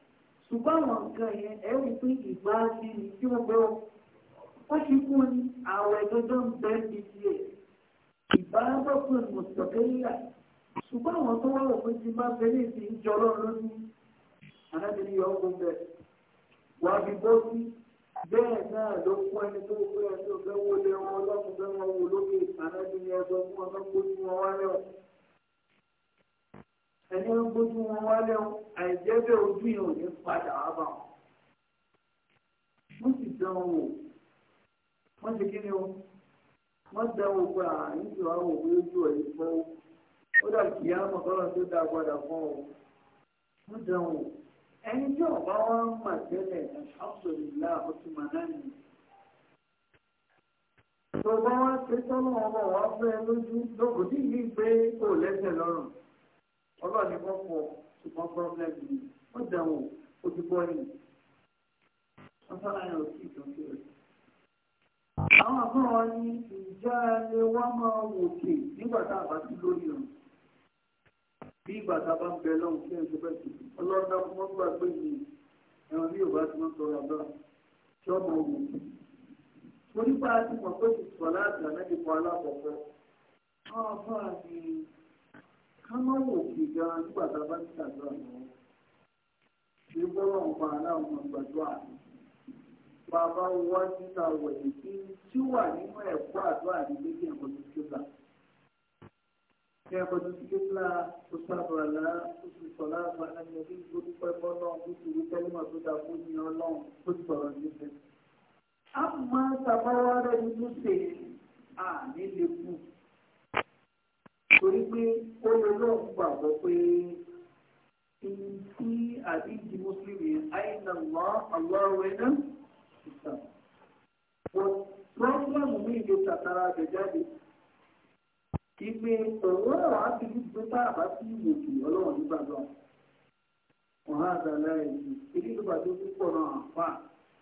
ṣùgbọ́n àwọn nǹkan yẹn ẹ rí pé ìgbà sí ni tí wọ́n bọ́ wọ́n ṣe kú ni ààrẹ dandan ń bẹ́ ní tiẹ̀ ìbárabọ́pọ̀ mọ̀tọ́kẹ́yà ṣùgbọ́n àwọn tó wà wọ̀ pé ti máa fẹ́ lè fi ń jọ ọlọ́run lónìí alábìrin yọ̀ ọ́ gbọ́ bẹ́ẹ̀ wàá fi bọ́ sí bẹ́ẹ̀ náà ló fún ẹni tó fẹ́ ẹni tó fẹ́ wọlé wọn ọlọ́run fẹ́ wọn wò lókè ànábi ni ẹ̀sọ́ fún ọmọ gbójú wọn wálẹ̀ o ẹni wọn gbójú wọn wálẹ̀ o àìjẹ́ bẹ́ẹ̀ ojú yẹn ò ní padà wá bá wọn. wọ́n sì dán wò wọ́n ti kí ni o wọ́n dán wò pé àyìn tí wàá wò pé ojú ẹ̀ yìí fọ́ ó dà kí á mọ̀ kọ́lọ́ tó dáa padà fún ọ wọ́n dán wò ẹni tí ọba wa ń mà tẹ́lẹ̀ alhamdulilá ọtúmọ̀ náà ni. Tọ́ba wa ṣe tọ́lọ́ ọmọ wa fẹ́ lójú lóko ní ìlú pé kò lẹ́sẹ̀ lọ́rùn. Ọlọ́ọ̀ni kan pọ̀ ṣùgbọ́n pọ́blẹ́mù ni ó dẹ̀wọ̀n ó ti bọ́ ni. Wọ́n ò sí ìtọ́jú rẹ̀. Àwọn àbúrò wa ní ìjà ni wọ́n máa wòkè nígbà tá a bá sí lórí ọ̀run bí ìgbà tá a bá ń bẹ lọ́hùn kí ẹ̀ṣẹ̀ bẹ́ẹ̀ sì ọlọ́run dákú mọ́ gbàgbé mi ẹ̀rọ bí yorùbá ti máa ń sọ̀rọ̀ àbá tí ọmọ wò mo nípa ti mọ̀ pé ìsọ̀ láti ànájú kan alákọ̀ọ́kọ́ wọn fún wa ní ká má wò kí gan nígbà tá a bá ń ṣàdúrà lọ́wọ́ kí bọ́lá ń pa aláwọn ọmọ gbàdúrà bàbá wa ti ta wọ̀nyí tí wà nínú ẹ̀kọ́ àdúrà ní يقول كتلا أصاب ولا الصلاة على النبي قد فرمنا بسوء كلمة تدافعني الله قد فرمنا أما تبارا المسلم àní lè kú torí pé ó lè lọ́ọ̀ gbàgbọ́ pé ìyí tí àdíjì mùsùlùmí àìnà lọ àlọ́ọ̀rẹ́ náà ìsàn. but problem mi lè tàtàrà àgbẹ̀jáde kí pé ọ̀rọ̀ ọ̀rọ̀ á ti gbé tá a bá sí ìwò kì ọlọ́run nígbà náà wọn á dàlá ẹ̀yìn ilé ló bá dé púpọ̀ náà àfà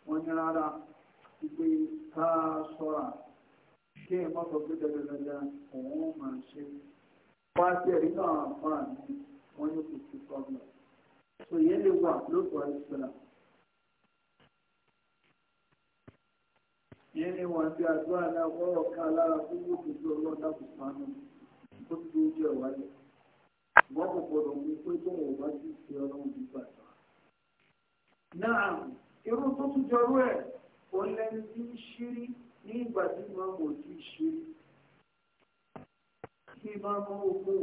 wọn ní rárá kí pé ká sọ́ra kí ẹ má pé dandandandan òun máa ṣe wá sí ẹ̀rí náà àfà ni wọ́n yóò fi ti sọ́ọ̀nù. sòyẹ́ lè wà lóòótọ́ àìsàn yẹn ni wọn ti àdúrà náà wọ́rọ̀ ká lára fún gbòdòdó ọlọ́dà kò sánú ó ti ń jẹ wáyé wọ́n kò gbọdọ̀ mú pé tó wọ́n bá ti ṣe ọlọ́run bí bàtà. náà irú tó tún jọrú ẹ̀ òun tí ń ṣírí ní ìgbà tí màá mọ̀ tí ṣírí tí màá mọ̀ owó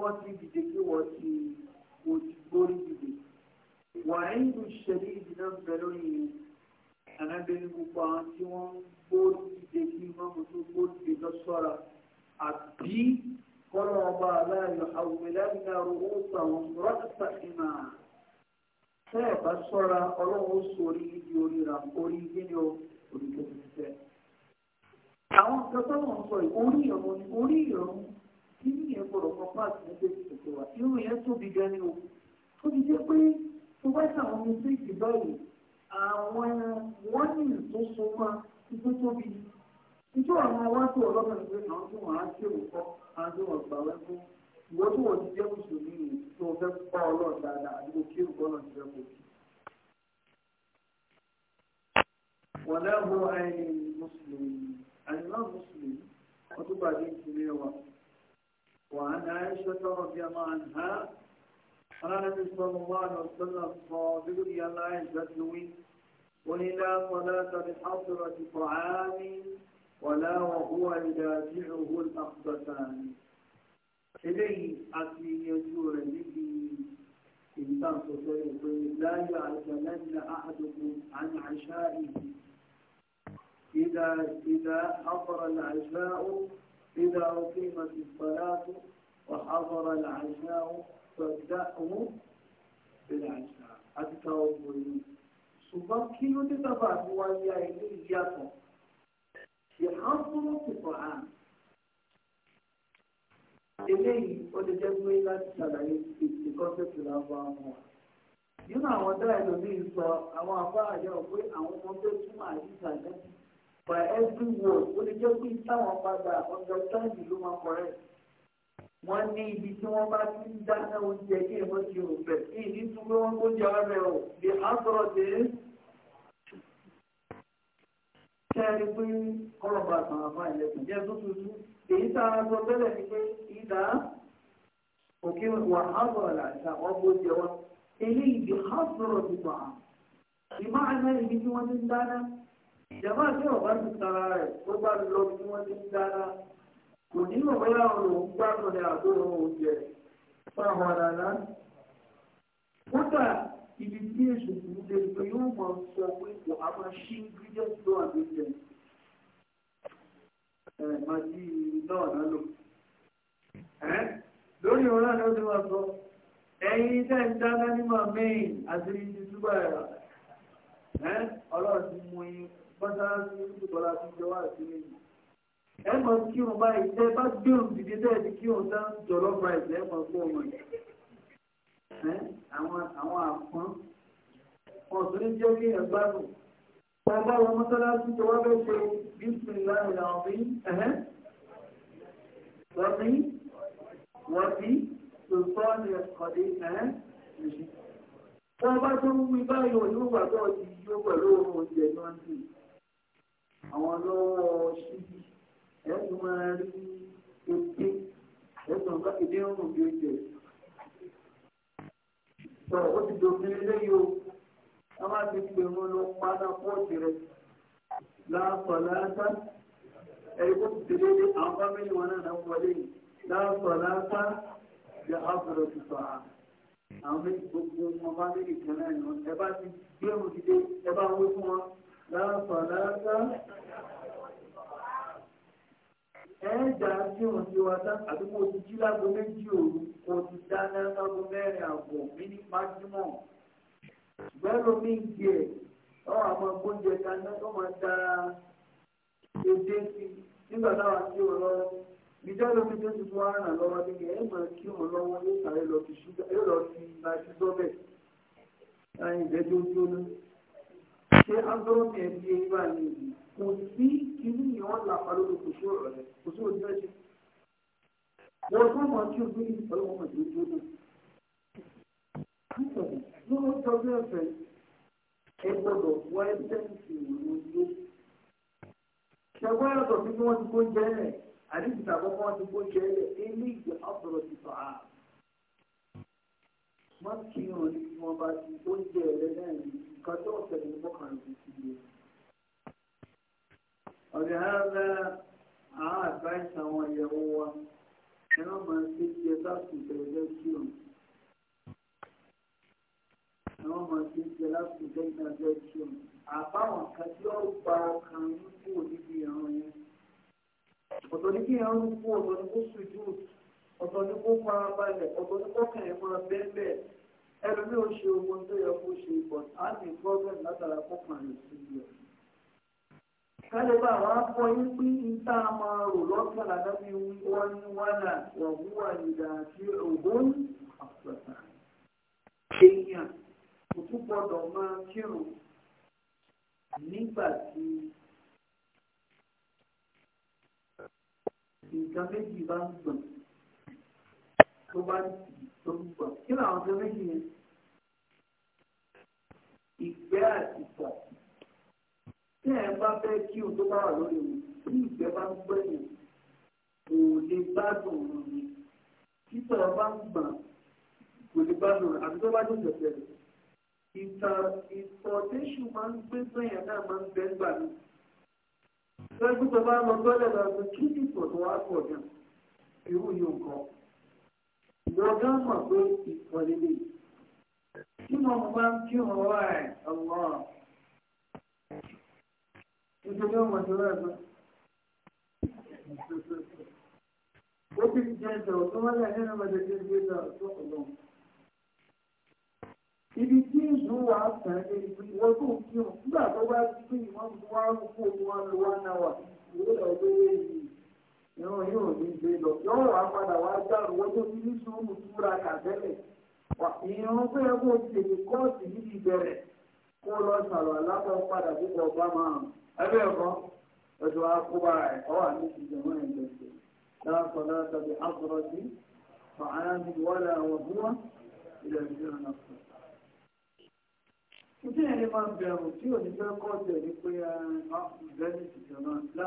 wọ́n ti dìde kí wọ́n ti wọ́n ti gbórí dìde wàá ń lu ṣẹlẹ̀ ìdíná bẹ lórí ànábẹ́ ní gbogbo àwọn tí wọ́n ń gbó dìde kí mọ́mú tó gbó dìde lọ́sọ̀ra àbí kọ́lọ́ ọba aláàyò àwòmẹ́lẹ́gbẹ̀rẹ̀ owó sàwọn rọ́tà ìmà tẹ́ ẹ̀ bá sọ́ra ọlọ́run ó sórí ibi orí ra orí gíní o orí tó ti fẹ́. àwọn nǹkan tó wọ́n sọ yìí orí ìrọ̀rùn ni orí ìrọ̀rùn tí nìyẹn gbọ́dọ̀ kan páàkì ní pé tètè irú yẹn tóbi gan ni o tóbi jẹ́ pé tó bá ṣàwọn mi sí ìgbà àwọn wọ́n ní ìtòsó máa ikú tóbi ìjọ àwọn awájú ọlọ́bìnrin pé àwọn tí wọ́n á ṣe òkọ́ àwọn wọ́n gbà wẹ́ ìwọ́n tí wọ́n ti jẹ́ mùsùlùmí nì tó fẹ́ pa ọlọ́ọ̀ dáadáa àdúgbò kí òkọ́ náà ti fẹ́ kó kí. wọ́n lẹ́hu ẹni mùsùlùmí àyìnbá mùsùlùmí wọ́n bàjẹ́ ìtìlẹ̀ wa. وعن عائشة رضي الله عنها النبي صلى الله عليه وسلم صادق يا الله البدوي ولا صلاة بحضرة طعام ولا وهو يدافعه الأخبثان إليه أتي يزور به إنسان صديق لا يعتمد أحدكم عن عشائه إذا إذا حضر العشاء إذا أقيمت الصلاة وحضر العشاء fàdáhù bẹ̀rẹ̀ àṣà àti táwọn ọmọ yìí ṣùgbọ́n kí ló dé sábà bí wá yá ilé ìyàtọ̀ ṣe á ń fọwọ́ sí fọ́ à. eléyìí ó lè jẹ́ pé láti ṣàlàyé ètò kọ́ńtẹ́ẹ̀tì làwọn ọmọ àwọn dára ẹlòmíín pé àwọn ọmọ tó túmọ̀ àyíká náà by every word ó lè jẹ́ pé táwọn padà ọ̀dọ̀ táìmì ló máa kọ̀rẹ́ẹ̀tì wọ́n ní ibi tí wọ́n bá ti ń dáná oúnjẹ kí èèmọ́ ti rò bẹ̀ kí ìdí tún pé wọ́n oúnjẹ wa bẹ̀ ọ́ bí a sọ̀rọ̀ dé. kẹ́rin pé ọ̀rọ̀ bá tàn àbá ìlẹ̀kùn jẹ́ tó tuntun èyí tá a sọ tẹ́lẹ̀ ni pé ìdá òkè wà á sọ̀rọ̀ làṣà ọ̀pọ̀ oúnjẹ wa eléyìí bí a sọ̀rọ̀ ti gbà á. ìmọ̀ àná ibi tí wọ́n ti ń dáná ìjàmbá tí ọ̀bá kò nínú bóyá òun òun gbádùn ní àbúrò òun jẹ fáwọn àdáná. kódà ibi tí èso kù dé pé yóò mọ sọ pé kò á máa ṣí ingredient tó àgbẹ̀jẹ̀ ẹ̀ máa di náà náà lò. lórí ọ̀rá ni ó ti wá sọ ẹ̀yin tẹ́ ń dáná ní máa mẹ́yìn àti ibi túbọ̀ ẹ̀rọ ọlọ́run ti mú yín bọ́sá sí ìbọ̀lá tó jọ wá sí méjì ẹ mọ̀ kí wọn bá ìṣe bá gbèrò dìde dẹ́ẹ̀ ní kí wọn dán jọ̀lọ́ fúráìsì ẹ mọ̀ fún ọmọ yìí àwọn àwọn àpọ́n ọ̀sùn jẹ́ kí ẹ gbádùn bàbá wọn mọ́sálásí tó wá bẹ́ẹ̀ ṣe bísíńlá ìlànà ọ̀hún wọ́n wọ́n ti tòótọ́ ní ọ̀dẹ́ ẹ̀hẹ́ wọ́n bá tó ń wí báyìí òní wà tó ti yó pẹ̀lú oúnjẹ náà sí àwọn lọ́wọ́ ṣíbí ẹ tún máa rí ètè ẹ tún ká èdè ọ̀rùn bí ó jẹ. sọ ó ti dòfin eléyìí o a máa ti pè wọn lọ padà pọ́ọ̀tì rẹ láàpọ̀ láàpá ẹ̀rí kó ti dédé àwọn fámìlì wọn náà náà wọlé yìí láàpọ̀ láàpá yà á ti sọ àná àwọn méjì gbogbo wọn bá kan náà ni wọn ẹ bá ti gbé wọn ti ẹ bá wí fún wọn láàpọ̀ láàpá. na tí òun ti wá tán àbí mo ti jí lágbo méjì òru kò ti dáná lágbo mẹ́rin àbọ̀ mí ní májúmọ́ gbẹ́rù mi ń jẹ ọ́ àmọ́ gbóúnjẹ kaná máa da èdè sí nígbà táwa tí ò lọ ìjọ lómi tó ti wá ràn lọ́wọ́ níbi ẹ̀ máa kí òun lọ́wọ́ yóò sáré lọ fi ṣúgà lọ fi máa fi kò sí kìíní yẹn wọ́n là pa lórí kòsó ọ̀rọ̀ rẹ̀ kòsó òjò ẹ̀ṣẹ̀. wọ́n tó mọ̀ tí ojú yìí pẹ̀lú ọmọ ìlú tó dùn. ní wọ́n tọ́jú ẹ̀fẹ̀ ẹ gbọ́dọ̀ wọ ẹ́sẹ̀ǹsì ìwòrán ilé. ṣẹ̀gbọ́n yàtọ̀ sí kí wọ́n ti gbóúnjẹ rẹ̀ àdìsí àkọ́kọ́ wọn ti gbóúnjẹ rẹ̀ ilé ìgbẹ́ ọ̀pọ̀lọ̀ ti fà á. kí wọn ní wọ́n bá ti gbóúnjẹ rẹ̀ náà ní nǹkan tó ọ̀sẹ̀ ní mọ́kànlélógún ولهذا عاد بعثه ويهوه كما في جزاك تجسيم كما في جزاك تجسيم àbáwọn kan tí ó gba ọkàn yín kúrò níbi ìran yẹn ọ̀tọ̀ ní kí ìran kú ọ̀tọ̀ ní kó sùjú ọ̀tọ̀ ní kó fara balẹ̀ ọ̀tọ̀ ní kó kàn yín máa bẹ́ẹ̀ bẹ́ẹ̀ ẹlòmíì ó ṣe ogun tó yẹ kó ṣe but á ní problem látara kó kàn yín sí i kálí bá wọn kọ́ yín pé ìta máa rò lọ́sàn àdábí wọn ní wàhálà wàhúwà ìdá àti ògbón àpẹta èèyàn kò tún gbọdọ̀ máa kírun nígbà tí nǹkan méjì bá ń gbọ̀n tó bá tó ń gbọ̀n kí làwọn nǹkan méjì yẹn ìgbẹ́ àti tí ẹ bá fẹ́ kí o tó bá wà lórí mi tí ìgbẹ́ bá ń gbẹ̀yìn kò lè gbádùn òun ni títọ́ bá ń gbà kò lè gbádùn rẹ̀ àti tó bá dùn tẹ̀tẹ̀ rẹ̀ ìtàn ìtọ̀tẹ́sù máa ń gbé gbẹ̀yìn náà máa ń bẹ́ gbà mí. lọ́jọ́ tó bá lọ gbọ́dọ̀ lọ sí kí ìtọ̀ tó wá pọ̀ náà irú yóò kọ́. ìwọ́dá mọ̀ pé ìtọ̀ lélẹ̀ tí mo máa ń kí Ìṣe ni ó mọ̀ sí rẹ̀ náà. Ó ti jẹ ẹ̀jọ̀ tó wọ́n lẹ̀ nínú ọmọdé tó gbé lọ tó ọ̀lọ́. Ibi tí ìlú wa sàn ní wọ́n tó ń kí wọn nígbà tó bá ti pín ìwọ́n mú wá ń kó wọn lọ wá náà wà. Ìwé lọ gbé yìí ìran yóò ní gbé lọ. Yọ̀wọ̀ wá padà wá gbàrú wọ́n tó fi ní sùúrù túra kà tẹ́lẹ̀. Ìran pé ẹ̀kọ́ ti lè kọ́ọ̀sì kó lọ sàlọ̀ alákọ̀ padà púpọ̀ bá máa ẹgbẹ́ ẹ̀kọ́ ẹ̀tọ́ akóbá ẹ̀kọ́ wà ní ìjọba ìjọba láàpọ̀ látàbí àkọ́rọ́ sí fàánà ti wọlé àwọn búwọ́ ilẹ̀ ìjọba náà. Ìdí ẹni máa ń bẹ̀rù tí ò ní fẹ́ kọ́ ní pé ìbẹ́ni ìjọba ńlá.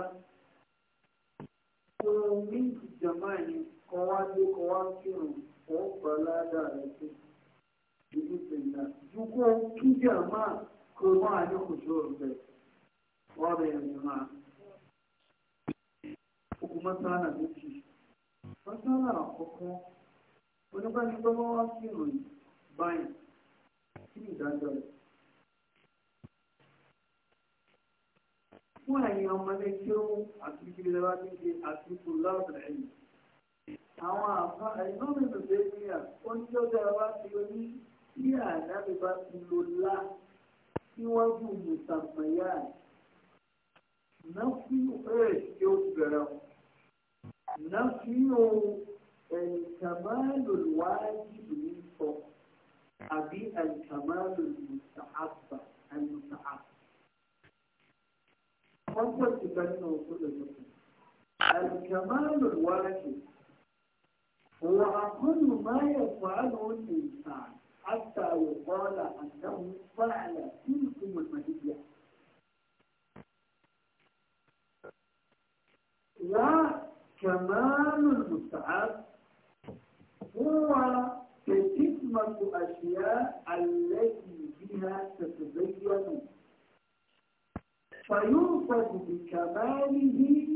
Kò ní ìjọba yìí kọ́ wá dé kọ́ wá kírun, ó gbà ládàá rẹ̀ sí. بإذن الله تجا ما كما ndị ndị tí àdáni bá ti lo lá síwájú mùsàmáyà náfi ẹ̀ eh, tí ó bẹ̀rẹ̀ o náfi o ẹ̀ǹkàmáàlù wájìbù ní sọ àbí ẹ̀ǹkàmáàlù mùsàábà ẹ̀ǹmùsàábà. wọ́n pọ̀ sí gbẹ́nà òkú lọ́jọ́ kan. الكمال الواجب هو أقل ما يفعله الإنسان حتى يقال أنه فعل تلكم المنية وكمال المستعد هو كتمة أشياء التي بها تتبين فيوصف بكماله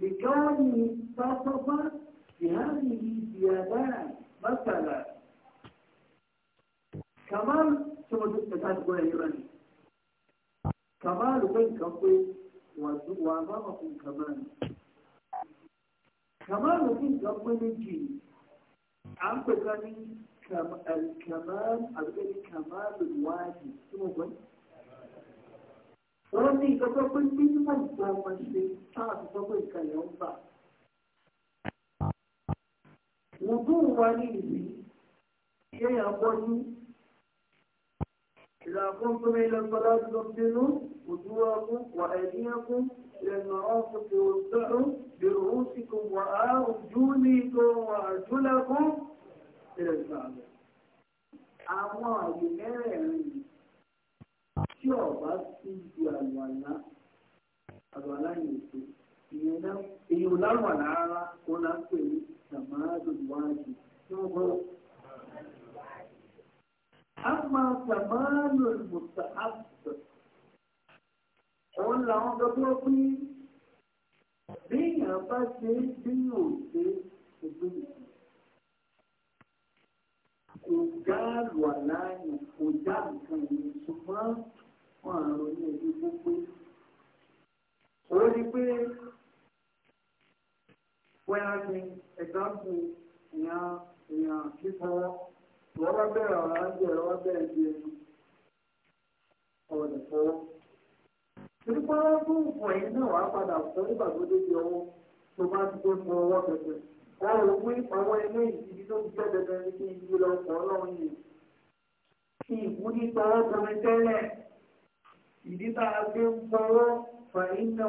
لكونه اتصف بهذه الزيادات مثلا kàmáàlù tí wọ́n ti tẹ̀ka àdúgbò ẹ̀ yẹra ni kàmáàlù pé nǹkan pé wà á bá wà fún kàmáàlù kàmáàlù pé nǹkan pé méjì à ń pè ká ní kàmáàlù àbíkẹ́ ní kàmáàlù wáàdì tí wọ́n gbọ́ wọ́n ní ìgbàgbọ́ pé mínímọ̀ ìgbà wọn ṣe táà tó إذا قمتم إلى الصلاة تبدلوا وجوهكم وأيديكم إلى المرافق وابدعوا برؤوسكم وأرجلكم وأرجلكم إلى الكعبة. Àwọn àyè mẹ́rẹ̀ẹ̀rin tí ọ̀bá sí ju àlùwàlá àlùwàlá yìí tó ìyẹn náà èyí ò lárùwàlá rárá kó náà pè ní tàmáàdùn wájú tí wọ́n gbọ́. أما كمال المستحب òun làwọn gbogbo pé bíyàn bá ṣe bí yóò ṣe ìgbìmọ̀ kò já lùà láàyè kò já nǹkan yìí ṣùgbọ́n wọn àrùn ní ẹbí gbogbo ó rí pé wẹ́n á ní ẹ̀dá kù ìyàn ìyàn fífọwọ́ wọ́n bá bẹ̀rẹ̀ ọ̀rọ̀ ajé ẹ̀rọ bẹ̀rẹ̀ di ẹni ọ̀rọ̀ nìfọwọ́. torí pé wọ́n tún náà wá padà fún nígbà di ọwọ́ tó bá ti dé fún ọwọ́ pẹpẹ. wọ́n rò pé àwọn ẹgbẹ́ ìdíbi tó jẹ́ dandan ní kí n yí lọ pọ̀ lọ́rùn yìí. kí ìwúrí tọwọ́ bomi tẹ́lẹ̀ ìdí tá a fi ń fọwọ́ fàyín náà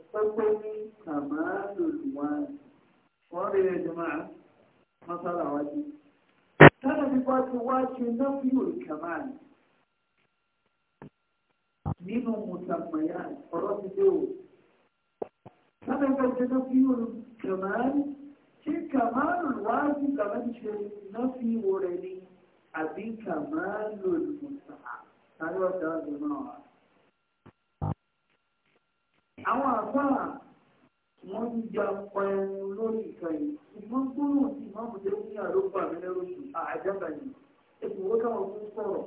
pẹ́pẹ́ ní kàmáàlù wọn wọ́n rí ẹjọ́ máa mọ́sálà wájú. Tọ́lá mi bá ti wá ṣe nọ́fíò kàmáàlù nínú mùsàmùyà ọ̀rọ̀ ti dé o. Tọ́lá mi bá ṣe nọ́fíò kàmáàlù ṣé kàmáàlù wájú kàmáàlù ṣe nọ́fíò rẹ̀ ni àbí kàmáàlù mùsàmùyà. Tọ́lá mi bá ṣe nọ́fíò kàmáàlù àwọn àgbà wọ́n ń ja pẹ̀lú lórí ìkànnì ìgbọ́n gbóhùn sí ìmáàmù tó ní àlópa mi lẹ́rù sí àjàgbà yìí èkó wọ́n káwọn fún sọ̀rọ̀.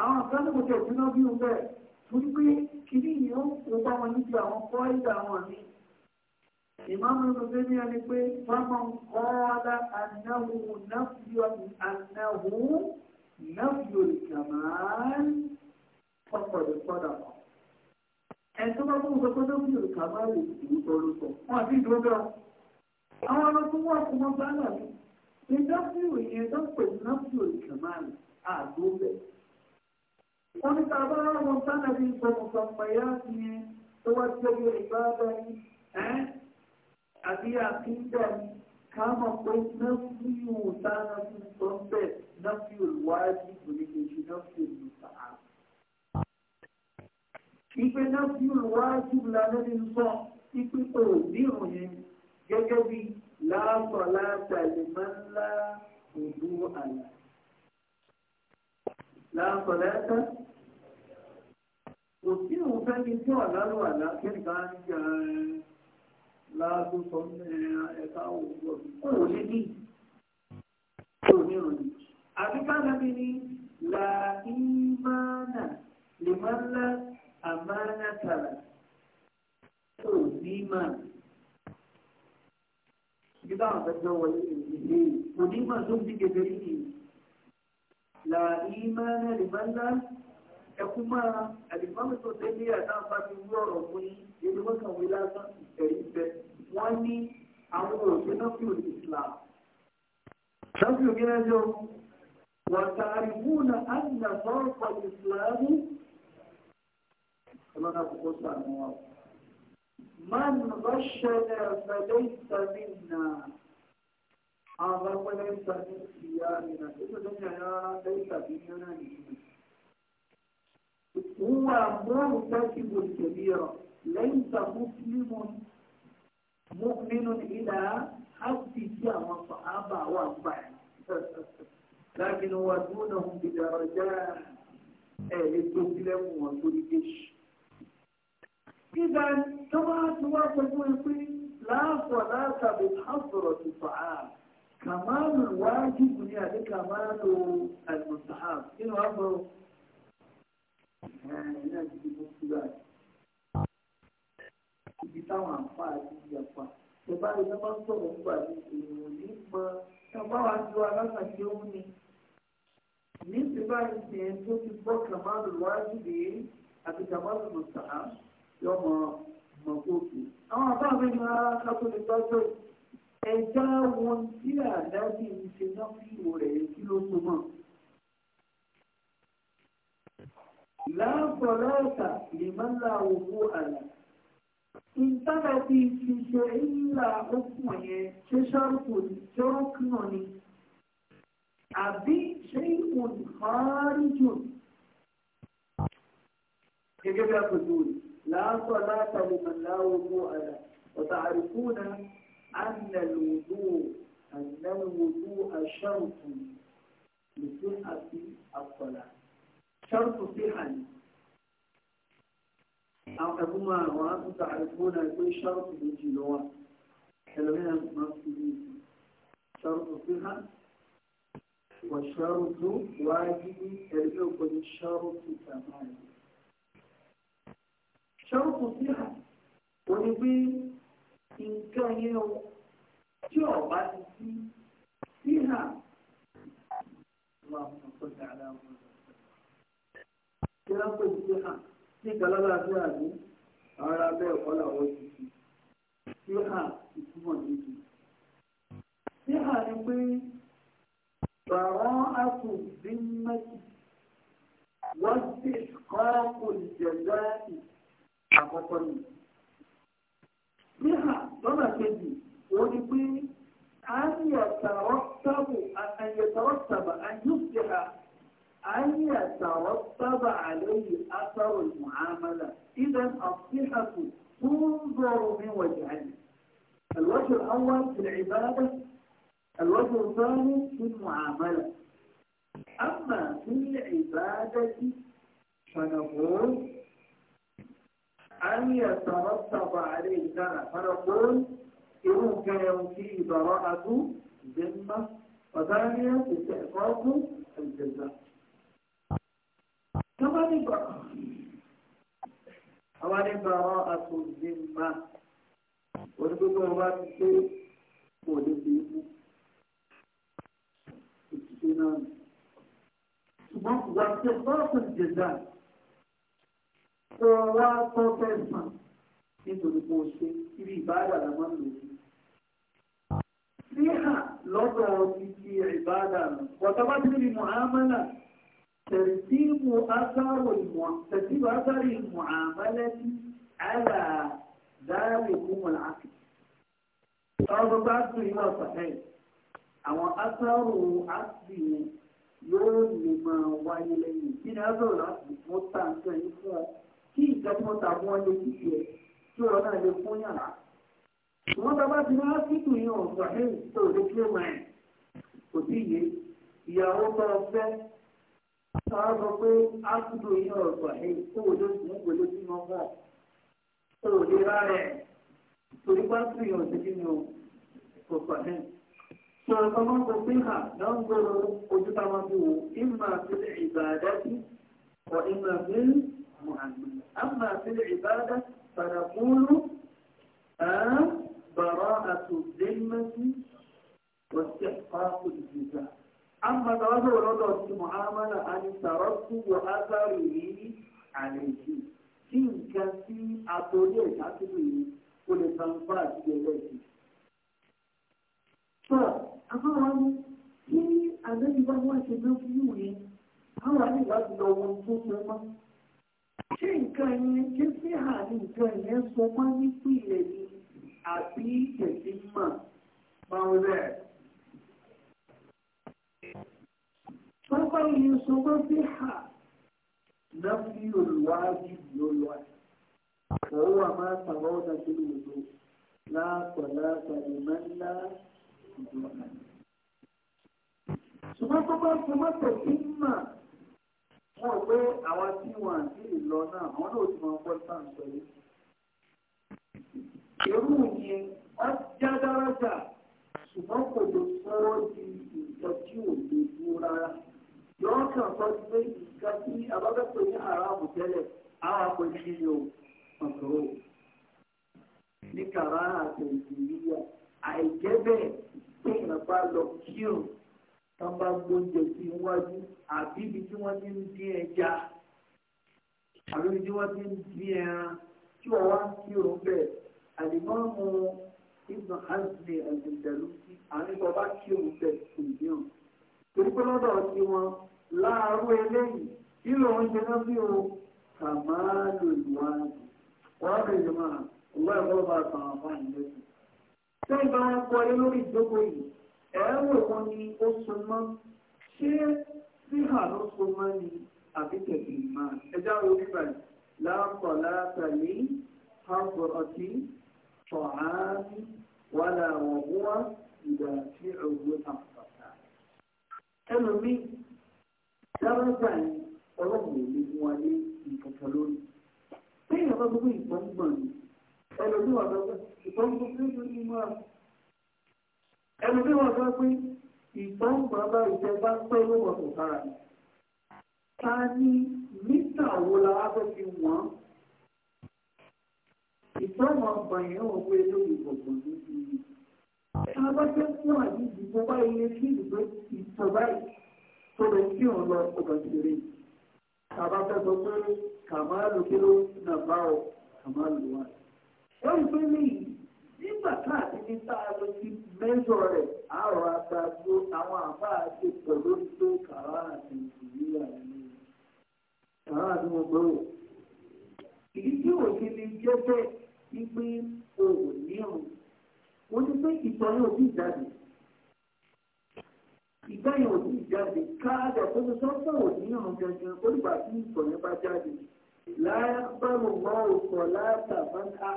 àwọn àgbàdo kò tẹ̀ sínú bí wọn bẹ́ẹ̀ mo ní pé kìíní ni ó kó bá wọn níbi àwọn kọ́ ìdá wọn ní. ìmáàmù ló dé ní ẹni pé fáwọn kọ́ ọ́lá anáwó náfíò anáwó náfíò ìjàmáà pọ̀pọ̀ ìpọ̀dà wọn ẹ̀tọ́ bá fún ọ̀sọ̀ pẹ́lú ìlú kàbáyé ìlú ọlọ́sọ̀ wọn àti ìdúrógbà àwọn ọlọ́sọ̀ wọn kò mọ bá náà ní dáfíù ìyẹn dáfíù náfíù ìkàmáàlì àgbóbẹ̀ wọn ní ká bá wọn wọn sáà ní ìgbọ̀n pàpàyà ní tó wá sí ọgbẹ́ ìbáadá yìí ẹ́ àbí àkíńdà ni ká mọ̀ pé náfíù sáà náfíù sọ́ńbẹ̀ náfíù wájú ìgbòlejò náfíù nìkan àgbà ipe násìlù wájú lánàbí ń sọ ipe òdìrùn yẹn gẹ́gẹ́ bí láàpọ̀ láàpọ̀ ìmọ̀ ńlá òdu àlà. láàpọ̀ láàpọ̀ kò sí òun fẹ́ ní tí ọ̀la ló wà lákẹ́rì bá ń jà láàbù sọ ẹ̀ka òwúrọ̀ kò wò lé ní kò ní àbíká lábẹ́ ni làìmánà lè máa ń lá amánátàlá tó ní màá nígbà àwọn ọ̀dọ́ wọlé ìdílé onímọ̀ tó ń di kékeré yìí là ìmánà lèmánà ẹkú máa àdìmọ́mí tó tẹ́lẹ̀ àtàǹfà ti wú ọ̀rọ̀ mú yín èdè wọ́n kàn wí lásán ìtẹ̀rí bẹ́ wọ́n ní àwọn òṣèlú náà fi òní Islam náà fi òní ẹjọ́ wọn tààrí mú na àdìmọ̀ sọ́rọ̀ pọ̀ Islam من غشنا فليس منا حاضر وليس من خيارنا إذا دنيا يا ليس بينا هو مرتكب الكبيرة ليس مسلم مؤمن إلى حد سيام الصحابة وأربع لكن هو دونهم بدرجات أهل الدولة وأهل إذا tó bá ti wá pẹ̀lú ẹgbẹ́ láàpọ̀ látàbí àbọ̀rọ̀ ti fàá kàmáàlù wájú ní àbí kàmáàlù àìmọ̀sáà nínú àbọ̀rọ̀ ẹ̀ẹ́dẹ́gbẹ̀rún ti mú síra ibi táwọn àǹfààní ti yàpa ìbá rẹ̀ ló máa ń sọ̀rọ̀ nígbà tí èèyàn ní mọ tábà wá ju alákàtí ó ní. ní ìbá rẹ̀ tiẹ̀ tó ti gbọ́ kàmáàlù wájú nìyí àti kàmáàlù mọ̀sáà yóò mọ mọ̀kóòkì. àwọn àbá mi máa kápó ní pásọ ẹja wọn tí àdájì ń ṣe náà fi ìwò rẹ̀ kí ló so mọ́. láàbọ̀ lọ́ọ̀tà lè má la owó àlà. ìtàkà ti fi ṣe ìlà okùn yẹn ṣé ṣọ́ọ̀kù ni náà ni àbí ṣé ìwòn fàárí jù. gẹ́gẹ́ bí a kò tó لا صلاة لمن لا وضوء له وتعرفون أن الوضوء أن الوضوء شرط لصحة الصلاة شرط صحة أو كما وأنتم تعرفون كل شرط بالجلوة كلمنا مفسدين شرط صحة وشرط واجب كلمة كل شرط كمال ṣọ́ọ̀kù sí à wọ́n ni pé nǹkan yẹn o tí ọ̀bá ti sí sí à wọ́n á kọ́ dáadáa wọn. Kíra pé sí à sí ìgbàlágbà sí àgbẹ̀ ara bẹ́ẹ̀ kọ́ làwọn ti sí sí à ìtumọ̀ níbi. Sí à ni pé bàrọ́ àkù bí mẹ́tì wọ́n ti kọ́ kò jẹ̀dá ìtì. àkọ́kọ́ ni níhà lọ́nà kejì wọ́n ni pé àyẹ̀tàrọ́sàbù àyẹ̀tàrọ́sàbà àyùsìhà àyẹ̀tàrọ́sàbà àlẹ́yìn àtàrò ìmọ̀-àmàlà إذا الصحة تنظر من وجهين الوجه الأول في العبادة الوجه الثاني في المعاملة أما في العبادة فنقول أن يترتب عليه ذنب فنقول إن كان فيه براءة ذمة وثانيا استحقاق الجزاء كما نبقى أولا براءة الذمة ونقول هو الشيء ولديه اجتناب واستحقاق الجزاء rọra tán fẹ̀sán nítorí pé o ṣe ibi ìbáàdà la máa ń lò sí. síhà lọ́dọ̀ títí ìbáàdà rẹ̀ wọ́tọ́bá ti níbi mọ̀hámálà tẹ̀síìmù ásáwò ìmọ̀ tẹ̀síìmù ásáwò ìmọ̀ àmàlẹ́tì àlà dáàbò ìkúmọ̀lá àkè. ọ̀rọ̀ bá tún ìwà pàtẹ́ àwọn ásáwò àti yóò lè máa wáyé lẹ́yìn kí ni ásáwò láti mọ́ta nǹkan yìí fún ọ. tí ìjọpọ̀ tàbí wọn lè fi ṣe kí wọn náà lè fún yàrá. wọn bàbá ti máa kíkù yín ọ̀sọ̀ ní ìtòlè kí ó kò sí yé ìyàwó tó o fẹ́ sáà sọ pé á kíkù yín ọ̀sọ̀ ní ìtòlè rárẹ̀ torí bá tún yàn sí kí ni o kò أما في العبادة فنقول آه براءة الذمة واستحقاق الجزاء أما تواضع الوضع في معاملة أن تركت وأثره عليه إن كان في أطولية تعتبره ولتنفاذ إليه فأمرهم في أن يبقى واحد من فيوني أمر عليه أن يبقى ṣé nǹkan yẹn ṣé sí àárín nǹkan yẹn sọ mọ́ nípìnlẹ̀ ni àbí tẹ̀sí mọ̀ máa rẹ̀. Pápá yìí sọ pé sí hà náà fi olùwájú ló lọ. Òun wà máa tàbá ọ̀dà sí ìwòdó láàpọ̀ láàpọ̀ ìmọ̀ ńlá ìjọba. Ṣùgbọ́n pápá sọ mọ́ tẹ̀sí mọ̀. wọ́n rò pé àwọn tí wọ́n àti ìlọ náà wọ́n lò tí wọ́n pọ́n sáà ń pẹ̀lú. Èrú yẹn wọ́n já dáradà ṣùgbọ́n kò lè sọ́wọ́ di nǹkan tí ò lè dúró rárá. Yọ̀ọ́ kàn sọ pé ní àràbù tẹ́lẹ̀ àwọn ni ò Ní kàrá àti àìjẹ́ tó bá gbóúnjẹ sí iwájú àbí ibi tí wọ́n ti ń dín ẹja àbí ibi tí wọ́n ti ń dín ẹran tí wọ́n wá sí òun bẹ́ẹ̀ àdìmọ́mù ibn hazmi al-andalusi àní tó bá sí òun bẹ́ẹ̀ kò ní hàn. torí pé lọ́dọ̀ sí wọn láàárọ̀ eléyìí kí lóun ṣe náà bí o kàmáàlù ìwádìí wọ́n bẹ̀rẹ̀ jọ máa ọgbà ìfọwọ́bà àtàwọn àfáàní lẹ́sìn. sẹ́yìn bá wọn kọ́ ẹ lórí ìjókòó yìí ẹ̀rọ wọn ni ó súnmọ́ ṣé síhà ló súnmọ́ ni àbí tẹ̀lé máa ẹjá wo bíbà láàpọ̀ látàlé hàbọ̀ ọtí fọ̀hámi wà láwọn wúwá ìgbà tí òwú àpàtà ẹlòmí dáradà ni ọlọ́run ò lè wáyé nǹkan lórí bẹ́ẹ̀ ni gbogbo ìpọ́ngbọ̀n ni ẹlòmí wà lọ́wọ́ ìpọ́ngbọ̀n tó ń ẹnu bí wọ́n sọ pé ìtàn bàbá ìjọba pẹ́ ló wọ̀ kò sára ni ta ni mítà wo la wá fẹ́ fi wọ́n ìtàn wọn bàyẹ̀ wọ̀ pé lórí ìbọ̀gbọ̀n níbi ta bá fẹ́ fún àyíjì tó bá ilé sí ìgbé ìtàn báyìí tó lè kí òun lọ ọ̀gá ìṣeré ta bá fẹ́ sọ pé kàmáàlù kí ló nà bá ọ kàmáàlù wà. wọ́n ń pè mí nígbà káàdì ní tá a lọ sí mẹ́jọ rẹ̀ àrò àgbàdo àwọn àbá àti pẹ̀lú tó kàrá àti ìdílé àìní kàrá àti gbogbo rẹ̀. ìdí tí òṣèlú lè jẹ́ bẹ́ẹ̀ ni pé òun ní ọ̀hún mo ní pé ìtọ́yìn òbí ìjáde ìtọ́yìn òbí ìjáde káàdì ọ̀pọ̀lọpọ̀ sọ́kọ̀ òní ọ̀hún gangan olùgbà tí ìtọ́yìn bá jáde láyé bá lò wọ́n òkọ̀ látà bá ń ká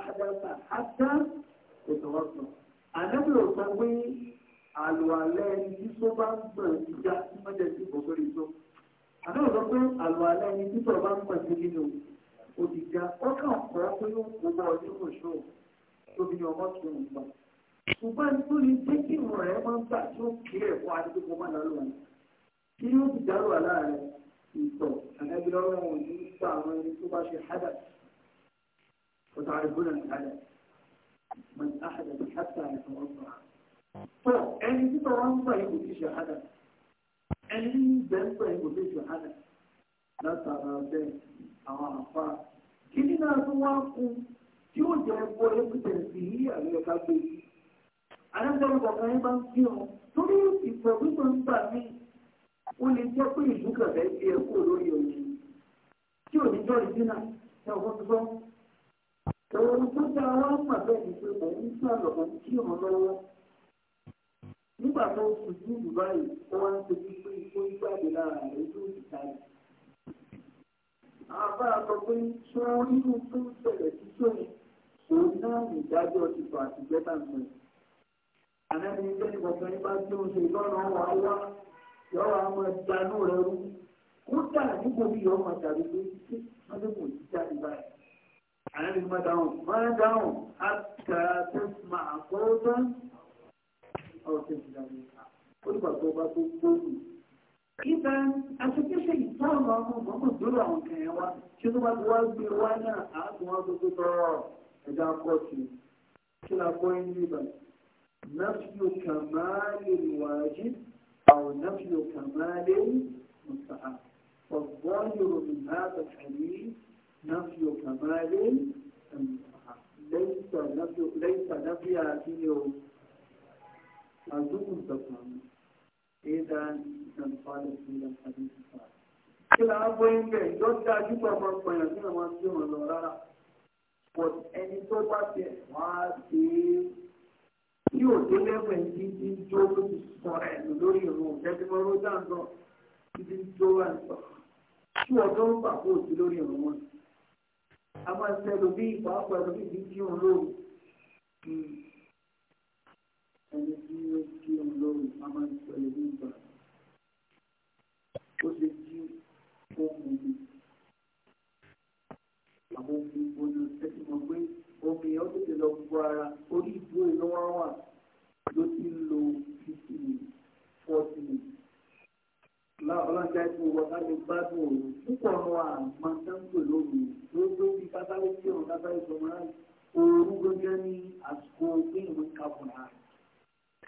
kò tàn wá sàn. àdébí ò sọ pé àlùalẹ́ ẹni tí tó bá ń gbọ̀n ti já tí wọ́n jẹ́ sí ìbọn sórí tó. àdébí ò sọ pé àlùalẹ́ ẹni tí tó bá ń gbọ̀n sí nínú ó ti já ó kàn kọ́ pé ó kó bọ́ ọdún òṣù tóbi ní ọmọ tó ń gbà. ṣùgbọ́n tó lè jẹ́ kí ìwọ̀n rẹ̀ máa ń gbà tí ó kí ẹ̀kọ́ adébíkọ́ máa lálọ́ wọn. kí ó ti dárò àláàrẹ̀ ìtọ̀ àdábìlọ́rọ̀ من أحدث حتى يتوضع فأني تتوضع يقول شهادة أني بنضع يقول شهادة لا ترى بين أو أفا كلنا نواقو tí ó jẹ ẹgbọ́ ẹgbẹ́ sí àríyànká gbé yìí. Alágbàlagbà kan bá ń fi hàn torí ìfọ̀ pípọ̀ ń gbà mí. Ó lè jẹ́ pé ìlú kẹfẹ́ ti ẹ̀kọ́ lórí òye. Tí ò ní jọ́ ìdínà, ṣé ọkọ̀ tuntun òun tó dá wọn mà bẹ́ẹ̀ ni pé òun sọ̀rọ̀ òun kí òun lọ́wọ́ nígbà tó ń sùn ní ìlú báyìí ó wá ń sojú pé ikú jáde lára rẹ̀ tó ti jáde. àbá sọ pé sọ nínú tó ń ṣẹlẹ̀ sí sóyìn òun náà ìdájọ́ ti fà àtijọ́ tà ń ànábi ilé ìwọ̀sán yìí bá tí ó ṣe lọ́nà wà wá yọ̀wọ̀ àwọn ẹja inú rẹ̀ rú. kódà níbo yọ̀ọ́ àrẹ́bí má dáhùn má dáhùn àtà tó máa kọ́ tó ọ̀rọ̀ tó ti dáhùn ó dìgbà tó bá tó gbóòrùn Ibẹ̀ aṣojúṣe ìtàwọn ọmọ ọmọ ìdúró àwọn kẹ̀yẹ wa tí ó bá ti wá gbé wá náà àátún wá tó tó tọrọ ẹ̀dá kọ́ọ̀tù kí la kọ́ inú ibà nafio kàmáàlì wàájí àwọn nafio kàmáàlì mùsàá ọ̀gbọ́n yorùbá bàtàlì نفي كمال ليس نفي ليس نفي عتيه أظن تفهم إذا تنقال في الحديث الصحيح كلا أبوين بين جود داجي بابا بين كلا ما تجمع لورا but ẹni tó bá tẹ wá sí tí ò tó lẹ́wọ̀ ẹ̀ ti ti jó tó ti sọ̀rọ̀ ẹ̀ lórí ìrùn ìjẹ́bímọ́ ló dáńdọ̀ ti ti jó ẹ̀ sọ̀rọ̀ tí ọ̀dọ́ ń bà kó o lórí ìrùn wọn a máa ń sẹ́lu bí ìpàápàá ẹ̀rọ bí ìdí kírun lóru kí ẹni tí ó kírun lóru a máa ń sẹ́lu bí ìgbà ó ṣe jí ohun mi àwọn omi ìbòyò ẹtì mọ̀ pé omi ọ̀ tètè lọ gbogbo ara orí ìdúró ìlọ́wọ́ wà ló ti ń lo fifteen forty minutes ọlọ́jà ìfún ọ̀gá lè gbádùn òru púpọ̀ ọmọ àmọ́ sáńtò lóru ló gbé bí kátàlé tí ọ̀run kátàlé tó máa ooru gẹ́gẹ́ ní àsìkò pé ìwé kàbọ̀nà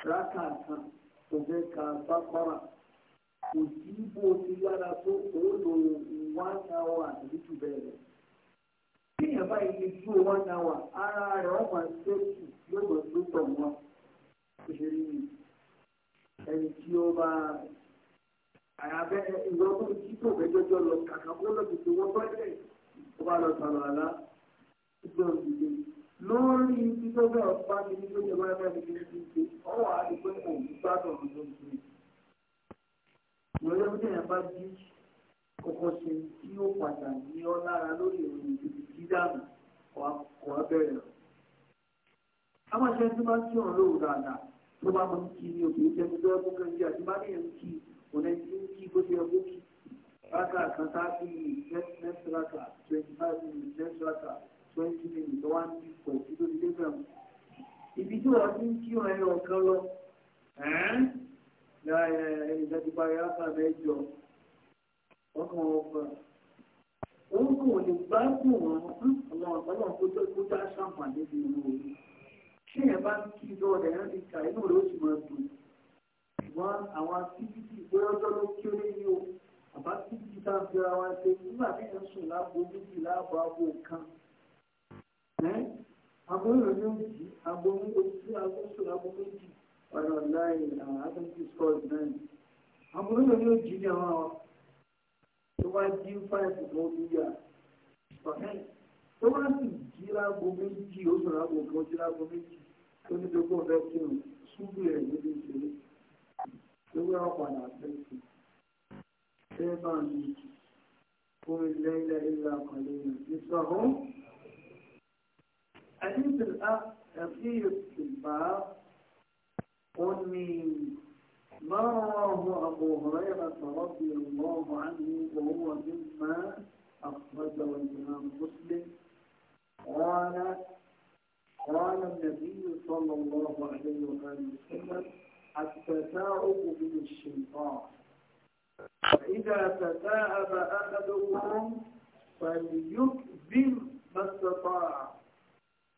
rákà kan kò fẹ́ ka bákọ́rà kò sí bó ti yára one hour àti jù bẹ́ẹ̀ lọ. bí èèyàn one hour ara rẹ̀ wọ́n máa ṣètù yóò lọ sí tọ̀ ẹni tí ó bá àyàbẹ ìwọ tó ti kí tó mẹjọjọ lọ kàkà kó lọ ti tó wọ bọ́lẹ̀ ó bá lọ sọ̀rọ̀ àlá ìgbà òdìdè lórí ibi tó bẹ̀ ọ́ bá mi ní tó yẹ wáyé báyìí kí n ti ṣe ọwọ́ àdìgbò ìmọ̀ òun gbádùn ọ̀run tó ń ṣe. ìrọ̀lẹ́ bí èèyàn bá jí kọ́kọ́ ṣe tí ó padà ní ọ́ lára lórí ìròyìn ìdìbò dídàmú kọ́ abẹ́rẹ́ a máa ṣe máa ń kí ọ̀run lóòrùn dáadáa tó bá mọ̀ ń kí ní òkè òun ẹni tí ń kí bó ti yẹ kó kí rákà kan táàbì next rákà twenty five minutes next rákà twenty minutes one week pọ̀ sí lórí lẹ́gbẹ̀ẹ́ mu. ibi tí wọ́n ti ń kí wọn ẹyọ kan lọ ẹni tó ti parí rákà mẹ́jọ wọ́n kàn wọ́n fún un òun kò lè gbádùn wọn àwọn ọ̀pọ̀lọpọ̀ kó tó kó dá ṣàǹfààní nínú orí. ṣé ẹ bá ń kí lọ́ọ̀dẹ̀ ẹ̀ ń rí ká inú rẹ̀ ó sì máa dùn ṣùgbọ́n àwọn akíbítì bóyọ́jọ́ ló kéré ní o àbá kíbítì tá a fira wa ṣe nígbà tí èèyàn sùn láàbò méjì láàbò abo kan abo ìròyìn òjì abo ojú abo sùn láàbò méjì ọ̀nà láì àtúntì scores náà abo ìròyìn òjì ni àwọn tó wá jí five mọ́ níyà tó wá sì jí láàbò méjì ó sùn láàbò kan jí láàbò méjì tó ní gbogbo ọ̀fẹ́ kírun súbú ẹ̀ níbi ìṣeré. lórí ọ̀padà fẹ́ẹ̀kì sẹ́fà mi kó ilẹ̀ ilẹ̀ ilẹ̀ àkàlẹ̀ yẹn ti sọ ọ́. حديث الأخير في الباب أمي ما رواه أبو هريرة رضي الله عنه وهو مما أخرجه الإمام مسلم قال قال النبي صلى الله عليه وآله وسلم التثاؤب الشيطان فإذا تثاءب أحدكم فليكذب ما استطاع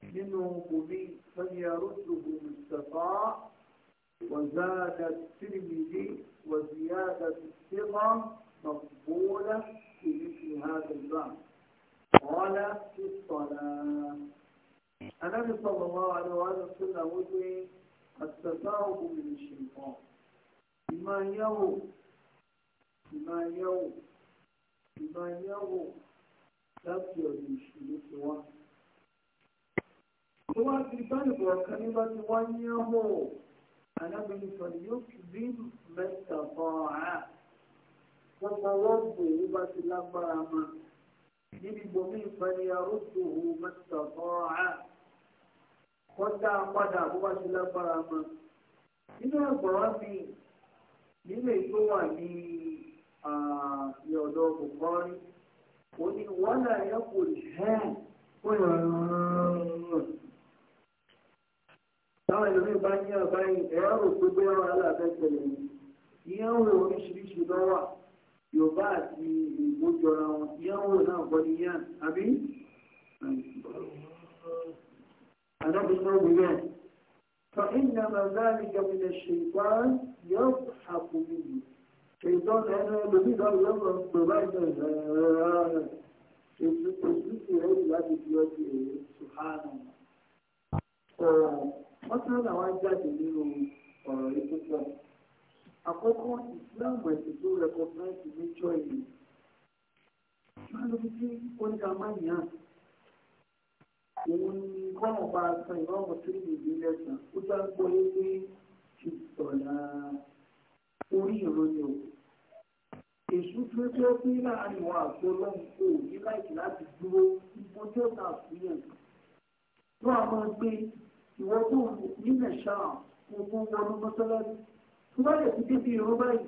منه قبي فليرده ما استطاع وزاد الترمذي وزيادة الثقة مقبولة في مثل هذا الباب قال في الصلاة النبي صلى الله عليه وسلم àtẹ̀sáwò mi ṣe nǹkan ìmọ̀ ayẹ́wò ìmọ̀ ayẹ́wò ìmọ̀ ayẹ́wò láti ọ̀dọ̀ ìṣòro ti wá. tó wá ti báyìí ọ̀kan nígbà tí wọ́n ní ọ̀hún alábìnrin kan yóò fi bí mẹ́ta kan á wọ́n fọwọ́ bò ó bá ti lágbára mọ́ níbi gbòmí ìfẹ́ni arúgbó mẹ́ta kan á wọ́n dá a padà bó bá ṣe lágbára mọ́. nínú ẹ̀gbọ́n mi nílé tó wà ní ìyọ̀dọ̀ bùkọ́rí ó ní wọ́n náà yẹ kò hẹ́ kó yọ̀rọ̀ táwọn ẹlòmíín bá ní ọ̀gá yìí ẹ̀rọ rò pé bóyá wọn aláàbẹ̀ tẹ̀lé ìyẹn ń wo oríṣiríṣi lọ́wọ́ yorùbá àti ìgbójọra wọn ìyẹn ń wo náà gbọ́dọ̀ yẹn àbí ànábì náà wí náà فإنما ذلك من الشيطان يضحك منه شيطان أنا لبيد الله ببعد ìsìnkú rẹ̀ láti fi ọtí èrè ṣùhánà. wọ́n tún làwọn jáde nínú ọ̀rọ̀ yìí púpọ̀. àkọ́kọ́ ìsìláàmù ẹ̀sìn tó rẹ̀kọ̀fẹ́ǹsì ní chọ́ọ̀yì. máa ló fi sí oníkà máa yàn án òun ni kọ́mọ̀ bá a san ìwọ́n ọmọ tó lè gbé lẹ́sàn ó bá ń gbọ́ pé ti sọ̀la orí ìran o. èṣù tí ó jẹ́ pé láàrin wọn àti ọlọ́run kò ní láìsí láti dúró ipò tí ó ta àfihàn. wọ́n á máa gbé ìwọ tó ní nàìjíríà gbogbo wọnú mọ́sálásí. tó bá lè fi débi ìran báyìí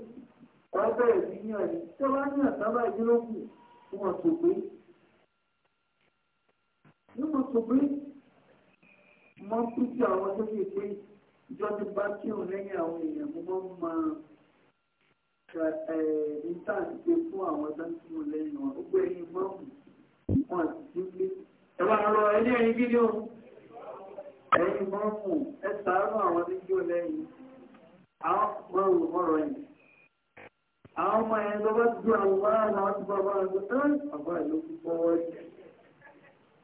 wọ́n bẹ̀rẹ̀ sí yàn ní tẹ́wọ́n ní àtàbà ìdílógún fún ọ̀tọ̀ pé yóò mọ̀ sọ pé mo ń pín sí àwọn tó ṣe pé ìjọba bá kírun lẹ́yìn àwọn èèyàn mo máa ń mọ ìtàǹtì eh, eh, fún àwọn tó ń kírun lẹ́yìn wọn ó gbé ẹyin mọ́ọ̀mù wọn àti sílé ẹ wà lọ ẹni ẹyin gíní o ẹyin mọ́ọ̀mù ẹ sàárọ̀ àwọn níjó lẹ́yìn àwọn mọ́ọ̀mù mọ́ọ̀rọ̀ yìí àwọn ọmọ yẹn tó bá dùn àwọn ará àwọn tó bá wà lọ sí ọgbà ìlú púpọ̀ wọ́ọ̀ṣẹ̀.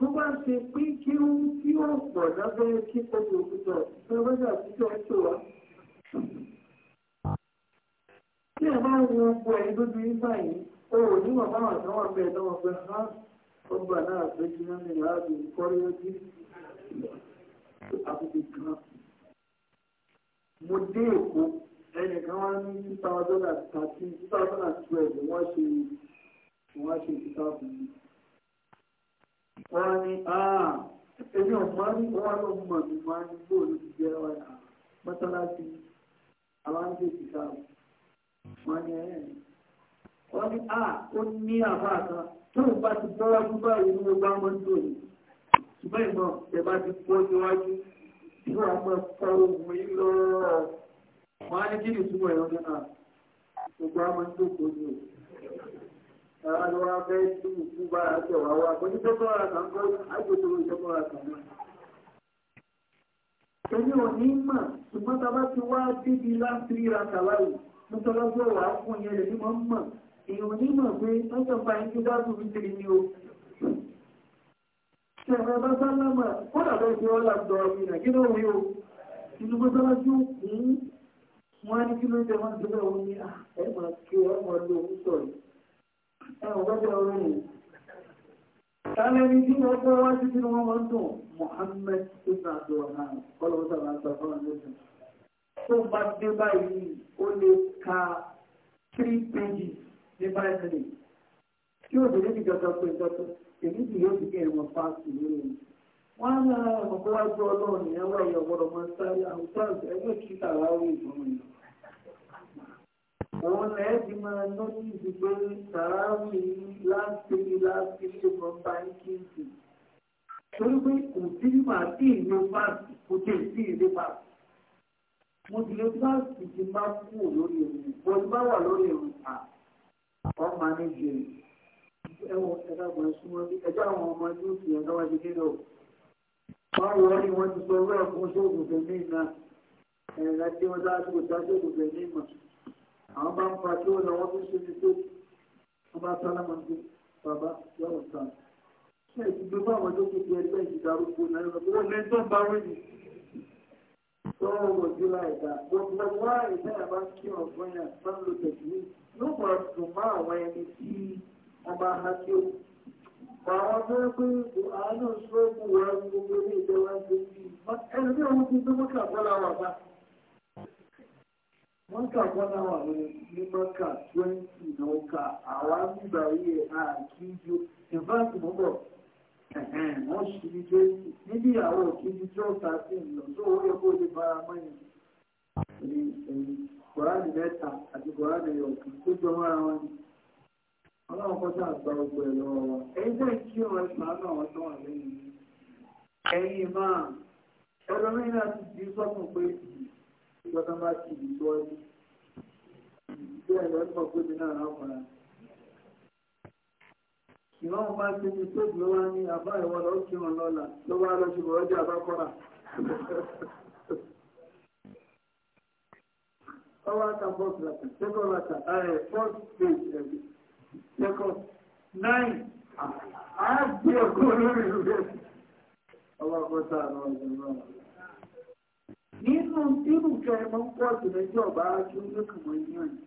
tó bá ń ṣe pé kí ó tí ó pọ̀ lábẹ́ kí pẹ̀lú òkúta ìfẹ́wọ́dà àtijọ́ ń tò wá. tí ẹ bá ń wo gbogbo ẹni lójú yín báyìí o ò ní bàbá àwọn àtàwọn ọgbẹ ẹdọwọn pé ha ọgbà náà fẹ́ jiná ní láàbì kọrí ojú àbùkù kan. mo dé èkó ẹnìkan wá ní two thousand and thirteen two thousand and twelve wọ́n ṣe wọ́n ṣe two thousand and wọ́n á ní ah, èmi ò máa ní wọ́n á lọ mọ̀ mi máa ní bóò ló ti jẹ́ ọ̀yà mọ́sálásí aláǹdé ti ká wọ́n ní ẹ̀ wọ́n ní à ah, ó ní àbá kan tó ń bá ti bọ́ wájú báyìí ní gbogbo àwọn ọmọdé òní ṣùgbọ́n ìmọ̀ ẹ̀ bá ti bọ́ níwájú tí wọ́n mọ̀ fọ́ ohun yìí lọ́rọ̀ wọ́n kí ni ìtumọ̀ ẹ̀rọ náà ah, gbogbo àwọn ọmọdé òní àwọn ni wọ́n fẹ́ tú ìkú bá àjọ wa wá kò ní tó tó ara kan kọ́ àjọ tó ń tọ́kọ́ ara kan mà ṣùgbọ́n tá bá ti wá débi láńtìrí ra kàláyò mọ́tọ́lọ́sí ọ̀wà fún yẹn lè ní mọ́ mọ̀ èèyàn ní mọ̀ pé lọ́sọ̀ bá ń kí dáàbò mi tiri ni o. ṣe ẹ̀rọ bá sálámà kódà bẹ́ẹ̀ fi ọ́lá dọ̀ ọ̀gbìn náà kí ló wí o. inú mọ́tọ́lọ́sí òkú wọn á ní kí ló ń tẹ wọn síbẹ̀ wọn ní ẹ̀rọ kí ọmọ ẹ ò gbọ́dọ̀ orin yìí tálẹ́ni tí wọ́n gbọ́ wá sí Muhammad ibn Abdulrahman kọ́lọ́wọ́ sábà sọ fún ọ̀nà ìsìn tó bá dé báyìí ó lè ka three pages ní báyìí sílẹ̀ tí ó dé níbi kankan pé kankan èmi sì yóò fi kí ẹ̀wọ̀n fáàsì lórí mi wọ́n á ní ọmọ bọ́wájú ọlọ́run ìyẹn wáyé ọgbọ́dọ̀ máa ń sáré àwùjọ ẹgbẹ́ kí tàwa ó ìgbọ́n òun lẹ́ẹ̀ ti máa lójú ìdìbò sàárì láti láti ṣùgbọ́n báńkì sí torí pé kò sí màá sí ìlú báàsì kò sí sí ìlú báàsì mo ti lè báàsì ti máa kú lórí ìrìn mo ti bá wà lórí ìrìn à wọ́n máa ní jẹ ẹ̀wọ̀n ẹ̀dá kan súnmọ́ bí ẹjọ́ àwọn ọmọ ẹgbẹ́ òsì ẹ̀dá wájú kéde ò wọ́n wọ́n ní wọ́n ti sọ wẹ́ẹ̀ fún ṣóògùn fẹ̀mí náà ẹ̀rẹ̀ láti wọ́n dá ṣóògùn fẹ̀mí náà àwọn bá ń fa tí ó lọ wọ́n tún ṣe ní tó wọ́n bá sálámà ń gbé bàbá yọ̀ọ̀ sàn. ṣé ìdìbò bá àwọn tó kéde ẹgbẹ́ ìdìdarúgbó náà wọ́n lè tó bá wí ni. sọ́wọ́n wò ju láìda gbogbo wá ìṣe àbá ń kí ọ̀gbọ́n yà bá ń lo tẹ̀síwì yóò mọ̀ dùn mọ́ àwọn ẹni tí wọ́n bá há sí ó. àwọn tó ń pè àánú sọ́ọ̀bù wọn gbogbo ilé ìjọba ń gbé wọ́n kà wọ́n náà ní mọ́kà twenty ní ọkà àwa nígbà yìí à kí ju ìfáàtì mọ́ bọ̀ wọ́n ṣì ní twenty níbi àwọn òkèjì tó owó yẹ kó lè fara mọ́ yẹn ní kòránì mẹ́ta àti kòránì tó jọ mọ́ra wọn ni kọ́ lọ́wọ́ wọn ẹ̀yin kí máa náà wọ́n wà nígbà tó bá ti ìlú wájú ìdílé ẹ̀rọ ẹ̀fọ́ pé mi náà ráwọ̀ rà. ìwọ́n bá ti ní tó dùn wá ní àbá ìwọ lọ kí wọn lọ́la ló bá lọ ṣùgbọ́n ọjà bá kọ́ra. ọwọ́ àtà bọ́ọ̀sì làtà sẹ́kọ̀ọ́ làtà ààrẹ fọ́ọ̀sì page ẹ̀bí sẹ́kọ̀ọ́ náì àgbẹ̀ ọkọ̀ lórí ìlú rẹ̀. ọwọ́ àkọ́sà àwọn ọ̀dọ́ náà inú inú kẹ ẹ máa ń pọ̀ jù lẹ́jọ́ ọba ájú ló kàn wọ́n yín ọ̀yìn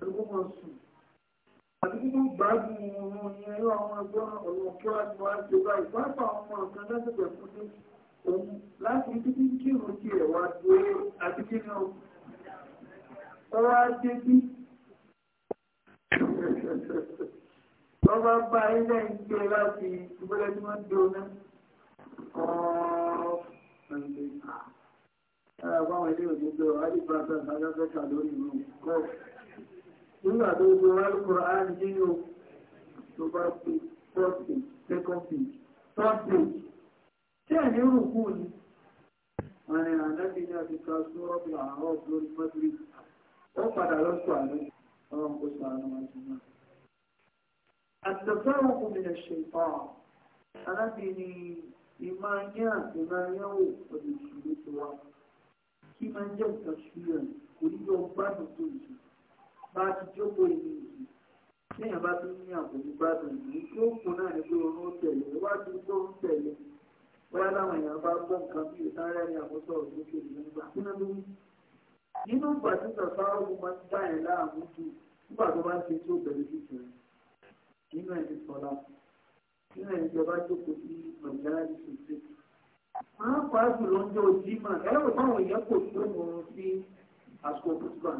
ẹgbẹ́ wọn sùn àti nínú gbádùn oorun yẹn yóò àwọn ẹgbẹ́ ọ̀rọ̀ kí wọ́n ti wá ṣe báyìí pápá ọmọ ọ̀kan lẹ́sẹ̀kẹ̀ fún ní òun láti títí kírun ti ẹ̀ wá dé àti kí ni ọwọ́ ajé bí ọba bá ilé ń láti ìgbélé tí wọ́n dé ọ ọ̀ọ́ Àwọn ilé òjòjò Alifrasa Aláfẹ́ta lórí ìlú kọ́. Nígbà tó gbọ́ Alukura á ń dínú tó bá pè first page, second page, third page. Ṣé ẹ̀ ní rùkú ni? Àrìn àdábì ní àti ká sún ọ́pù àárọ̀ lórí mọ́tìrì. Ó padà lọ sọ àlọ́ ọ̀rọ̀ kò kí máa jẹ́ nǹkan ṣúlẹ̀ kò ní yọ gbádùn tó yìí bá a ti jókòó ìlú yìí téèyàn bá tún ní àbòmí gbádùn yìí tí ó kún náà ní pé oorun ó tẹ̀lé iwájú tó ń tẹ̀lé bóyá láwọn èèyàn bá gbọ́ nǹkan bí ìtara ní àkóso òṣèlú nígbà tí wọ́n lóyún. nínú ìgbà tí bàbá ogun máa ń dá ẹ̀ láàmú jù nígbà tó bá ń ṣe tó bẹ̀rẹ̀ jù rẹ̀ nínú ẹ̀ máa ń pa jùlọ ń jẹ́ ojú mà ẹ̀rọ táwọn èèyàn kò tó mọ̀ ọ́n sí àsìkò òkúta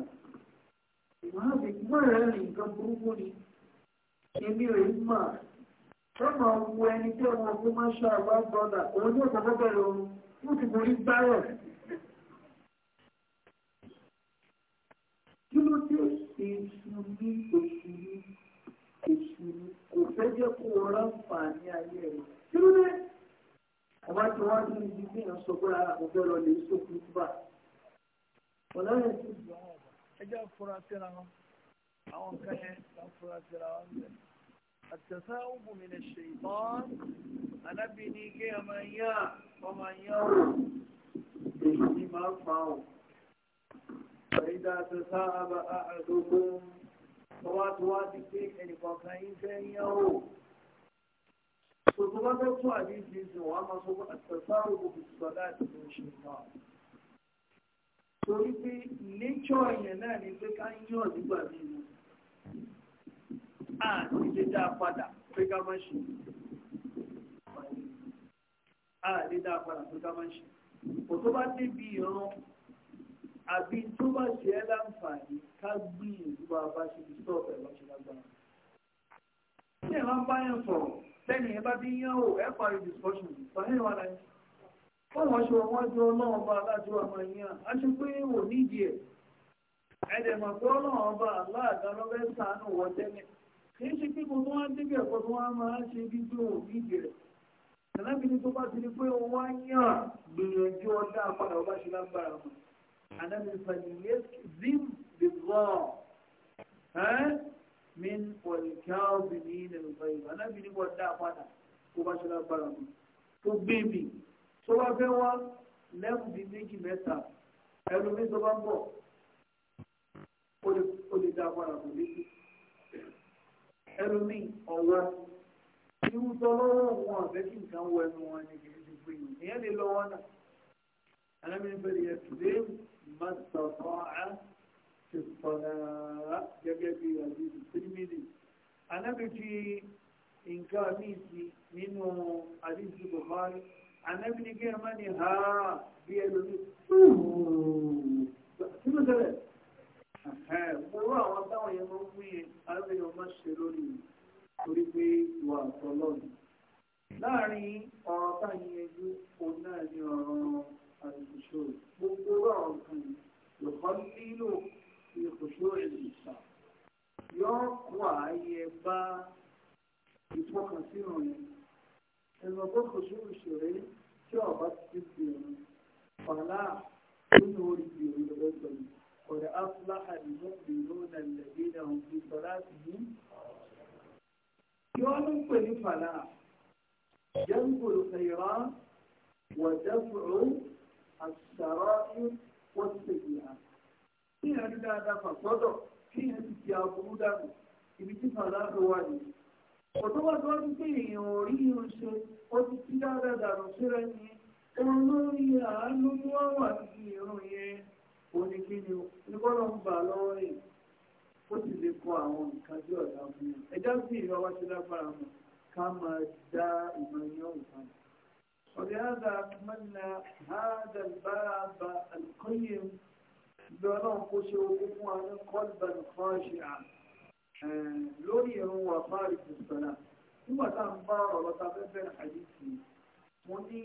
máa fi mọ́ rẹ̀ rìn nǹkan burúkú ni èmi rè ń mà sọ́nà wo ẹni tí wọn fún máṣá àbá bọ́dà òun yóò kọ́kọ́ bẹ̀rẹ̀ oorun yóò ti borí gbárẹ̀. kí ló dé èṣù ní oṣù ní èṣù ní kò fẹ́ jẹ́ kó o ráǹfààní ayé rẹ̀ kí ló dé ọba tí wọ́n ní ibi tí èèyàn sọ pé ara kò fẹ́ lọ lè sókun túbà ọ̀nà yẹn ti dùn àwọn ọ̀gá ẹjẹ́ fura síra wọn àwọn kan yẹn kan fura síra wọn bẹ̀. àtẹ̀sán ògùn mi lè ṣe ìbọn alábì ní kí ẹ yá ọmọ yá o èyí ni máa fa o. ìdá àtẹ̀sán àbá àdógún ọwọ́ àtúwádìí pé ẹnìkan kan yín fẹ́ yá o. Sọ̀tọ́lá a máa sọ pé àtẹ̀sáàrò kò fi sọ láti ló ṣe náà. Torí pé nature èèyàn náà ni pé ká yàn nígbà nínú. A ti lè dá padà pé ká má ṣe. A lè dá padà pé ká má ṣe. Kò tó bá débi ìran àbí tó bá ṣe ẹ́ láǹfààní ká gbìyànjú bá a bá ṣe bí sọ́ọ̀bù ẹ̀ lọ́ṣẹ̀ lágbára. Ṣé ìran bá yẹn sọ̀rọ̀? tẹ́nì ẹ bá bí yán o ẹ parí discussion sọ́yìn wà láyé fún wọn ṣe wọn jọ ọlọ́run bá aláàjọ àmọ́ yíyan a ṣe pé wò nídìí ẹ̀ ẹ̀dẹ̀ mọ̀ pé ọlọ́run bá aláàjọ lọ́fẹ́ sànù wọ tẹ́lẹ̀ kì í ṣe pé mo tó wá débi ẹ̀kọ́ tó wá máa ṣe bí pé wò nídìí rẹ̀ tẹ̀lẹ́bí ni tó bá ti di pé ó yàn gbìyànjú ọdá padà ọba ṣe lágbára mọ́ ànábi fàlìyé min wọ̀lìkáàbìnì ìlẹ̀lùfà ìlú anábì ní wọ́dá padà kó bá ṣọlá para mu tó gbé mi tó bá fẹ́ wá lẹ́kùnbí méjì mẹ́ta ẹnu mi tó bá ń bọ̀ ó lè dá padà kò létí ẹnu mi ọ̀wọ́ irú tọ́lọ́wọ́ wọn àfẹ́ kí nǹkan wọ ẹnu wọn ni kìí ti pè yìí ìyẹn lè lọ́wọ́ náà anábì ní bẹ̀rẹ̀ yẹn tùdé mọ́tò fi sọ̀rọ̀ gẹ́gẹ́ bí àdìsí tìrìmìlì anábì fi nǹkan míì sí nínú àdìsí Bukhari anábì ní kí ẹ má ní ha bí ẹlòmí hmm. kí ló ṣẹlẹ̀ pẹ̀lú àwọn táwọn yẹn máa ń fún yẹn arábìnrin ọmọ ṣe lórí torí pé ìwà àtọ́lọ́ọ̀nù láàrin ọ̀rọ̀ táyìn ẹjú òun náà ní ọ̀rọ̀ àdìsí gbogbo ọ̀rọ̀ kan yìí lọ́kọ́ nílò fi òṣù ìlúṣà yóò kó ààyè bá ìfọkànsínú yẹn ẹnu ọgbọ́n òṣù ìṣòro tí ọba ti di òun fàlà nínú oríṣi òun lọ́wọ́ gbẹ̀yìn ọ̀rẹ́ afúlá àdìmọ́ ìlú nàìjíríà ìdáhùn fi sọ láti yí. yóò ló ń pè ní fàlà جلب الخيرات ودفع السرائر والسيئات kí yẹn rí dáadáa fà sọ́dọ̀ kí yẹn ti di aburú dànù ibi tí fàlà ló wà ní. ọ̀dọ́ wa tó ń pè èèyàn orí irun ṣe ó ti ti dáadáa dànù síra ẹni olórí àánú ni wọ́n wà irun yẹn oníkíni oníkọ́lọ́ ń bà lọ́wọ́ rẹ̀ ó sì lè kọ àwọn nǹkan tí ọ̀dà fún yẹn ẹja sí ìlú ọwọ́ sí lágbára mọ̀ ká máa dá ìmọ̀ yẹn òǹkan. ولهذا أكملنا هذا الباب القيم lọ́nà kó ṣe owó fún wa ní kọ́lbẹ̀n fọ́ọ̀ṣì à lórí ìrún wà fáàrí ìsọ̀lá nígbà tá à ń bá ọ̀rọ̀ ta fẹ́fẹ́ àdìsí mo ní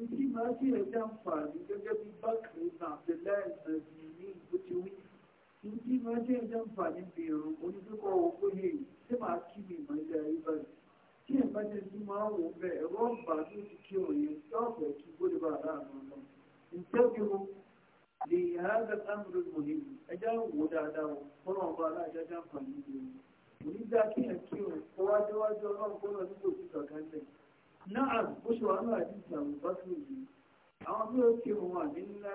ìdí máa ṣe ẹ̀jẹ̀ àǹfààní gẹ́gẹ́ bí bákìrì àbẹ̀lẹ̀ ẹ̀sìn ní ìlú ti wí ìdí máa ṣe ẹ̀jẹ̀ àǹfààní bí irun onídókòwò owó yẹ ṣé máa kí mi mọ̀ ilé ayé báyìí tí ẹ̀ bá jẹ́ sí máa wò bẹ́ẹ̀ rọ́ọ̀bà tó ti kí òye yọ̀ọ̀bẹ̀ kí gbọ́dọ̀ bá àdáàmọ́ lọ لهذا الأمر المهم أجاو وداداو فلو بالا جاجا فنيدي ونبدا كي أكيو قواجه واجه الله قولوا نبو تكا كاندي نعم بشو أما أجيسا مباسمي àwọn bí ó ti wọn àmì ńlá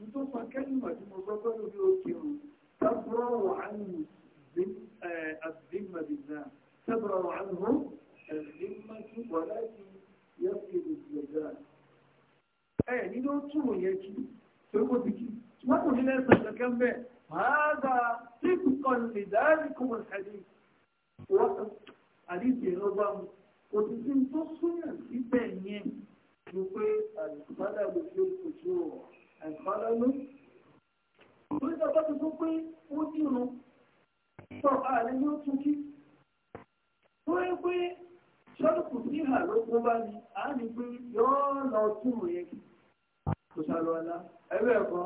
nítorí wọn kẹ́lìmọ̀ tí mo gbọ́ pẹ́lú bí ó kírun tábúrọ̀rọ̀ àánú àbímọ̀dìnà tábúrọ̀rọ̀ àánú àbímọ̀dì wà láti yẹ́pẹ̀ ìgbẹ̀dà. ẹ nínú túrò yẹn kí torí kò ti kí wọn kò ní lẹ́sẹ̀ kankan bẹ́ẹ̀ máa gba tíkù kan lè dárí kó wọn kàdé wọn àdìsí ẹ̀rọ bá mu kò ti sí tó súnyà síbẹ̀ yẹn ló pé àlùfáàdà ló fi òkú tó rọ̀ ẹ̀kọ́ lọ́nu. Orí ọjọ́ ti pé ó dìrò sọ ààrẹ ní ó tún kí. Tó yẹ pé ṣọ́dùkù sí ìhà ló kó bá ní, a pé yọ́ lọ tún òye kí. Kò ṣàlọ́ ọ̀la, ẹ̀rọ ẹ̀kọ́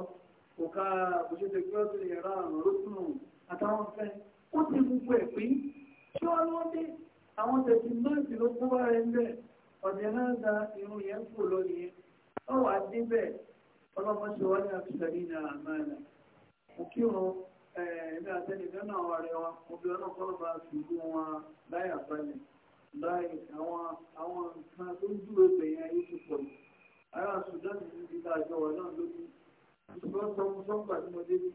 kò ká kò ṣe tẹ̀ kí yẹ̀rọ àrùn ló tún àtàwọn fẹ́. Ó ti gbogbo ẹ̀ pé ṣé ọlọ́dẹ àwọn tẹ̀sí nọ́ọ̀sì ló kó bá rẹ̀ ń bẹ̀. Ọ̀dẹ̀ náà da irun yẹn kù lọ nìyẹn. Ọ̀wà débẹ̀ ọlọ́pàá ṣe wọ́n ní àfihàn ní àmàlà mo kí wọn ẹ̀ẹ́dẹ́ àtẹnìkan náà wà rẹ wa mo bí ọlọ́pàá ọlọ́pàá fi gbé wọn láyà balẹ̀ láì àwọn àwọn nǹkan tó ń dúró bẹ̀yẹn ayé ti pọ̀ jù ará Sudan ní ti bá àjọ wà náà lójú ṣùgbọ́n sọmú sọ́gbà tí mo débi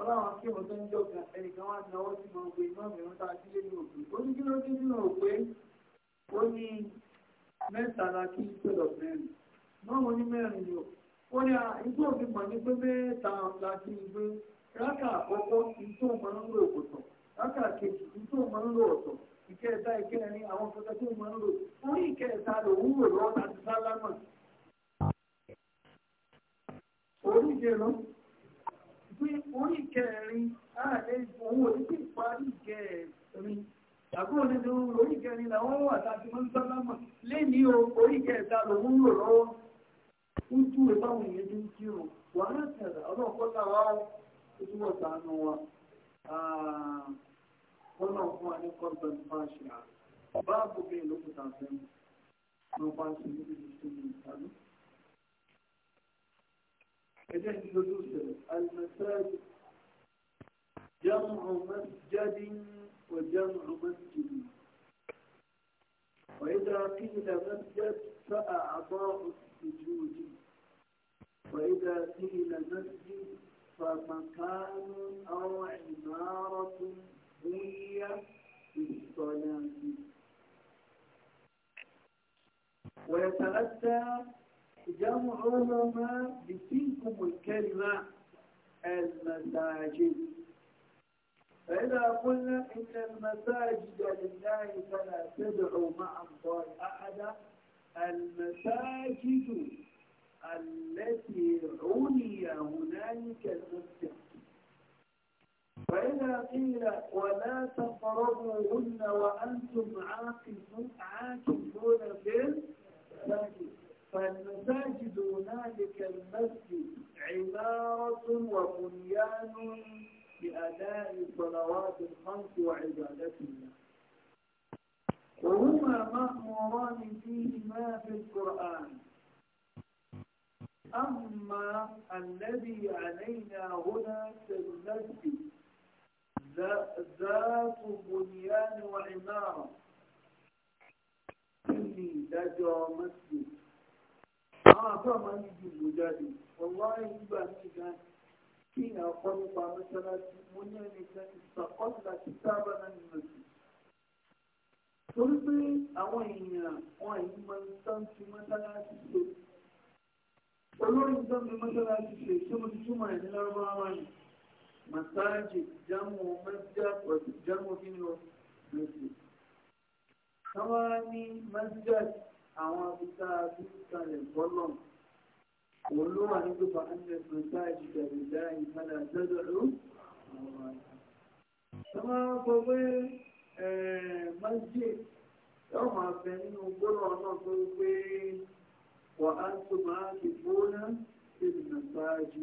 ọlọ́run kí wọn tó ń jọ̀gà ẹnìkan wá náwó tí mo gbé iná mi wọn tá a ti lé ní òkú ó ní kí ló dé nínú òpé ó ní mẹ́ta la kí ń pè lọ mẹ́rin náà mo ní mẹ́rin ni òkú. ó ní ìjọ mi mọ̀ ní pé mẹ́ta láti ìwé rákà àkọ́kọ́ ìjọ máa ń lò ọ̀tọ̀ rákà kejì ìjọ máa ń lò ọ̀tọ̀ ìkẹta ìkẹrin àwọn kọta tó máa ń lò orí ìkẹta rẹ̀ òun orí ìjẹun pé orí ìkẹrin ìkẹrin orí ìkẹrin làwọn wà láti máa ń orí ìkẹta lọ́wọ́. ń júwe báwọn èèyàn tó ń kírun wàhálà tẹ̀lé ọlọ́pọ̀ lára ó túbọ̀ sànù wa wọ́n náà fún wa ní kọ́ńtà nípa ṣe à báàbò bẹ́ẹ̀ ló kù tàn fẹ́ mọ́ bá ṣe níbi tó ní ìtàlú. ẹjẹ́ ní lójú sẹ̀rẹ̀ alimẹ́sẹ́ẹ̀dì jẹ́mu ọmọ jáde wọ jẹ́mu ọmọ jìbìtì. وإذا قيل مسجد فأعضاء السجود وإذا قيل مسجد فمكان أو عمارة هي للصلاة ويتأتى جمعهما بتلكم الكلمة المساجد فإذا قلنا إن المساجد لله فلا تدعوا مع الله أحدا المساجد التي عني هنالك المسجد فإذا قيل ولا تقربوهن وأنتم عاكفون عاكفون في المساجد فالمساجد هنالك المسجد عمارة وبنيان بأداء الصلوات الخمس وعبادتهما وهما مأموران فيهما في القرآن أما الذي علينا هنا كالمسجد ذات بنيان وعمارة إني لجا مسجد آه فما نجي والله يبقى نجي kí ni ọkọ nípa mọ́ṣáláṣí mo ní ẹnìkan ìṣàkọsílà tí sábà náà ní lòdì. torí pé àwọn èèyàn wọn àyè máa ń tán fi mọ́ṣáláṣí ṣe. olórí tán fi mọ́ṣáláṣí ṣe ṣé mo ti túmọ̀ ẹ̀ ní lárúbáwá ni. màsáàjì jámù mẹ́tíà pẹ̀lú jámù kí ni o lòdì. káwá ní mẹ́tíà àwọn abúlé àbí kalẹ̀ bọ́lọ̀mù. واللغة يجب أن المساجد لله فلا تدعوا كما قلت مسجد yóò máa bẹ nínú gbólọ̀ náà tó ń pé wà á tó máa ti gbóná sílùú nàìjíríà jù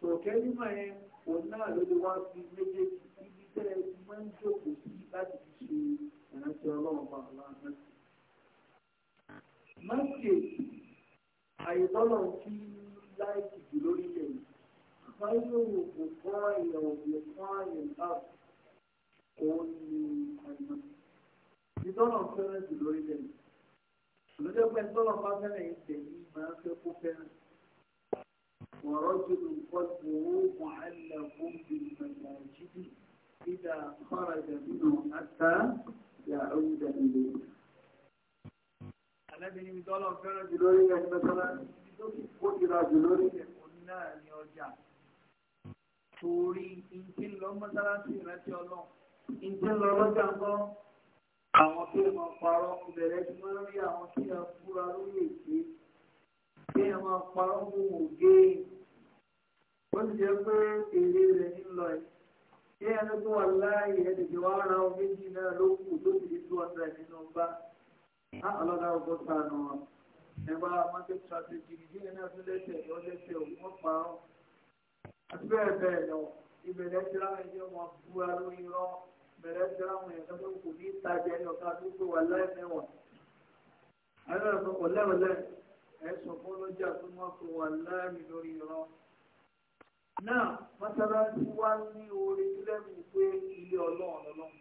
sọ̀kẹ́ nígbà yẹn òun náà ló lè wá sí méjèèjì ibi tẹ́ ẹ ti máa ń jókòó sí láti fi ṣe ìrántí ọlọ́run bàbá náà àìtọ́nà tí láìsí jù lórí ilẹ̀ yìí báyọ̀ òkú fún àyàn òbí fún àyàn báà òun ni àyàn ìtọ́nà fẹ́rẹ̀ jù lórí ilẹ̀ yìí lọ́jọ́ pé ìtọ́nà bá fẹ́rẹ̀ yìí tẹ̀lé máa fẹ́ kó fẹ́rẹ̀ wọ̀rọ̀ jù lù kọ́ tó wọ́n àlẹ́ fún bí ìgbàgbà jíjì ìdá fara jàdínà àtà yàrá ìdánilẹ́yìn alábìnrin mi tọ́lọ̀ fẹ́ràn jù lórí ẹ̀ mẹ́tọ́lá ó ti ra jù lórí ẹ̀ òun náà ní ọjà torí ìdí lọ mọ́sálásí ìrántí ọlọ́run ìdí lọ lọ́jà ń bọ́ àwọn tí ẹ máa parọ́ bẹ̀rẹ̀ tí wọ́n rí àwọn tí ẹ fúra lórí èké tí ẹ máa parọ́ mú ògé ó sì jẹ́ pé èrè rẹ̀ ń lọ ẹ̀ tí ẹ lọ́gbọ́n wà láàyè ẹ̀ wá ra omi jìnnà lókù tó ti di two hundred nínú bá. Ah, ọlọ́dà ọgbọ́ sànù wọn ẹgbà market strategy bí ẹni ọdún lẹ́sẹ̀ ló lẹ́sẹ̀ wọ́n pa ọ́ àti bẹ́ẹ̀ bẹ́ẹ̀ lọ ìbẹ̀rẹ̀ ti ráwọn ẹ̀jẹ̀ wọn búra lórí rọ́ ìbẹ̀rẹ̀ ti ráwọn ẹ̀jẹ̀ tó kù ní ìtajà ẹ̀yọ̀ ká tó gbé wà lẹ́ẹ̀mẹ́wọ̀n àwọn ẹ̀fọ́ kò lẹ́wọ̀lẹ́ ẹ̀sùn fún lọ́jà tó wọ́n fi wà lẹ́ẹ̀mí lórí rọ́ náà mọ́sálásí wá ní orí lẹ́mìí pé ilé ọlọ́run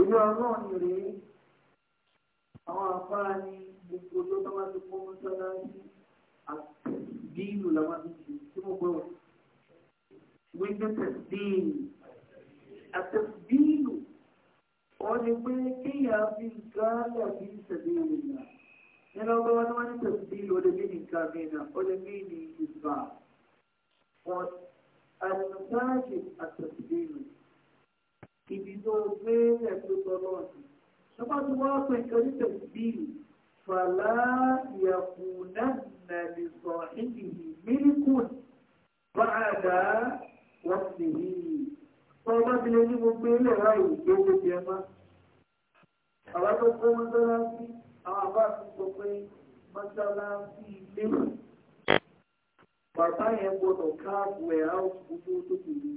ọlọ́run àwọn afárá ní gbogbo tó tó máa ti kó mọ́ṣáláṣí àdínù làwọn ti ṣe tí mo gbọ́ wíńdò tẹ̀síìnì àtẹ̀síìnù wọ́n ní pé kéèyàn fi gáàlì àbí ìṣẹ̀lẹ̀ ìrìnà nínú ọgbọ́n wọn ni wọ́n ní tẹ̀síìnù ó lè mí ní nǹkan mìíràn ó lè mí ní ìgbà wọn àtẹ̀síìnù àtẹ̀síìnù ibi tó gbé ẹ̀kú tọ́lọ́ọ̀sì. Sọ́pá tí wọ́n pè torí tẹ̀síbìrì, fàlá yàkùnà nàbì sọ ìdìbì mílíkùn báadà wọ́n sì hì. Sọ́pá tí lè ní gbogbo ilé ẹ̀rọ ìgbé gbogbo ẹ̀ má. Àwọn tó kọ́ mọ́sálásí, àwọn àbá ti sọ pé mọ́sálásí ilé. Bàbá yẹn gbọ́dọ̀ káàbù ẹ̀ á gbogbo tó kù ní.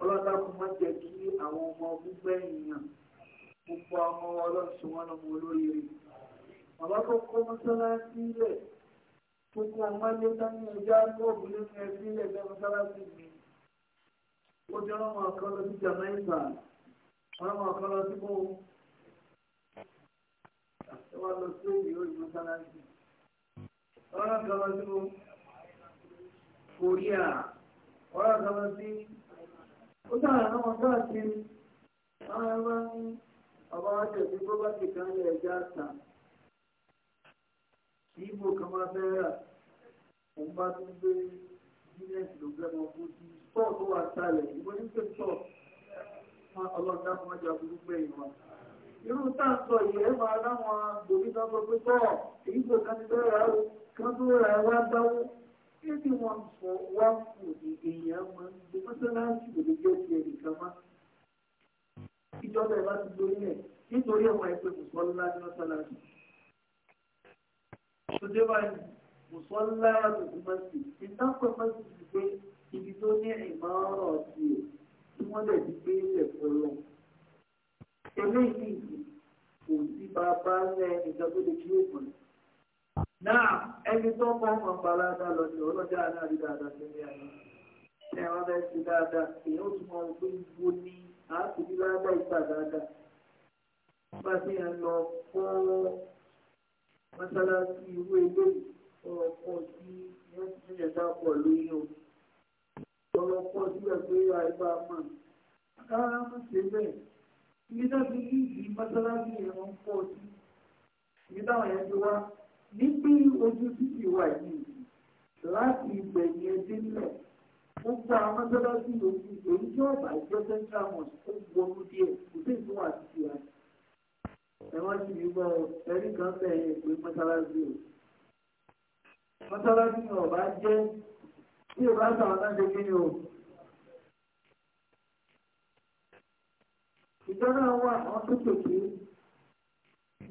Ọlọ́dà kò má jẹ́ kí àwọn ọmọ gbígbẹ́ èèyàn. gbogbo ọmọ ọlọ́run tí wọ́n lọ́mọ olóríire bàbá tó kọ́ mọ́sálásí lẹ̀ tó kọ́ nke dání ẹja lóògùn nínú ẹbí ẹgbẹ́ mọ́sálásí mi ó jẹ́ ọmọ lọ sí Jamaica ọmọ kan lọ sí bó ẹ wá lọ sí èyí òyìn mọ́sálásí ọmọ kan lọ sí kan lọ sí ó sáà náà ọba wa tẹ̀sí pọ́pátì eh, kan lè ẹja tà tí ibo kan máa fẹ́ rà òun bá tún gbé bílẹ̀sì ló fẹ́ mọ fún sí stọ́ọ̀ tó wà sálẹ̀ ìbọn ní pé stọ́ọ̀ fún ọlọ́dá fún ọjà burúkú ẹ̀yìn wa. irú táǹtọ̀ yìí ẹ máa dáwọn gbòmí kan sọ pé tọ́ọ̀ èyí kò kan ti fẹ́ rà ó kan tó rà ẹ wá dáwó eighty one for one food èèyàn máa ń gbé mọ́sálásí òde ti ẹnìkan máa ìjọba ìbá ti lórí ẹ̀ nítorí ẹ̀wọ̀n ẹgbẹ́ mùsọ́lá ní ọ̀sánlá sí. Ṣòdé báyìí, mùsọ́lá lòdì máa sì, ìtàkùn máa sì ti pé ibi tó ní ìmọ̀ràn sí ẹ̀ tí wọ́n lè ti gbé ilẹ̀ fọlọ́. Eléyìí nìyí kò sí bàbá rẹ̀ nìkan tó lè kí òògùn. Náà ẹni tó mọ ọmọ balada lọ sí ọlọ́jà náà rí dáadáa sí ilé ayé. ẹ wá bẹ́ẹ̀ ṣe dáadáa? Èyí ó tún mọ ọgbẹ́ ìgbó ní á sì fi lágbá ìgbà dáadáa bá a ti yàn lọ fún mọ́sálásí irú eléyìí ọkọ̀ tí wọ́n ti yàn dá pọ̀ lóyún o ọlọ́pọ̀ síbẹ̀ pé àìbá mọ̀ rárá mọ̀ sí bẹ́ẹ̀ ibi náà ti ní ìdí mọ́sálásí yẹn pọ̀ sí ibi táwọn yẹn ti wá ní pé ojú títì wà yìí láti ibẹ̀ yẹn gba mọ́sálásí lòdì èyí tí wọ́n bá jẹ́ central mosque ó wọnú díẹ̀ kò sí ìfún àtúntì wa. ẹ wọ́n sì ní gbọ́ ẹni kan bẹ̀rẹ̀ pé mọ́sálásí o. mọ́sálásí ni ọ̀bá jẹ́ tí ò bá sàwọn náà ṣe kí ni o. ìjọba wa àwọn tó tòkè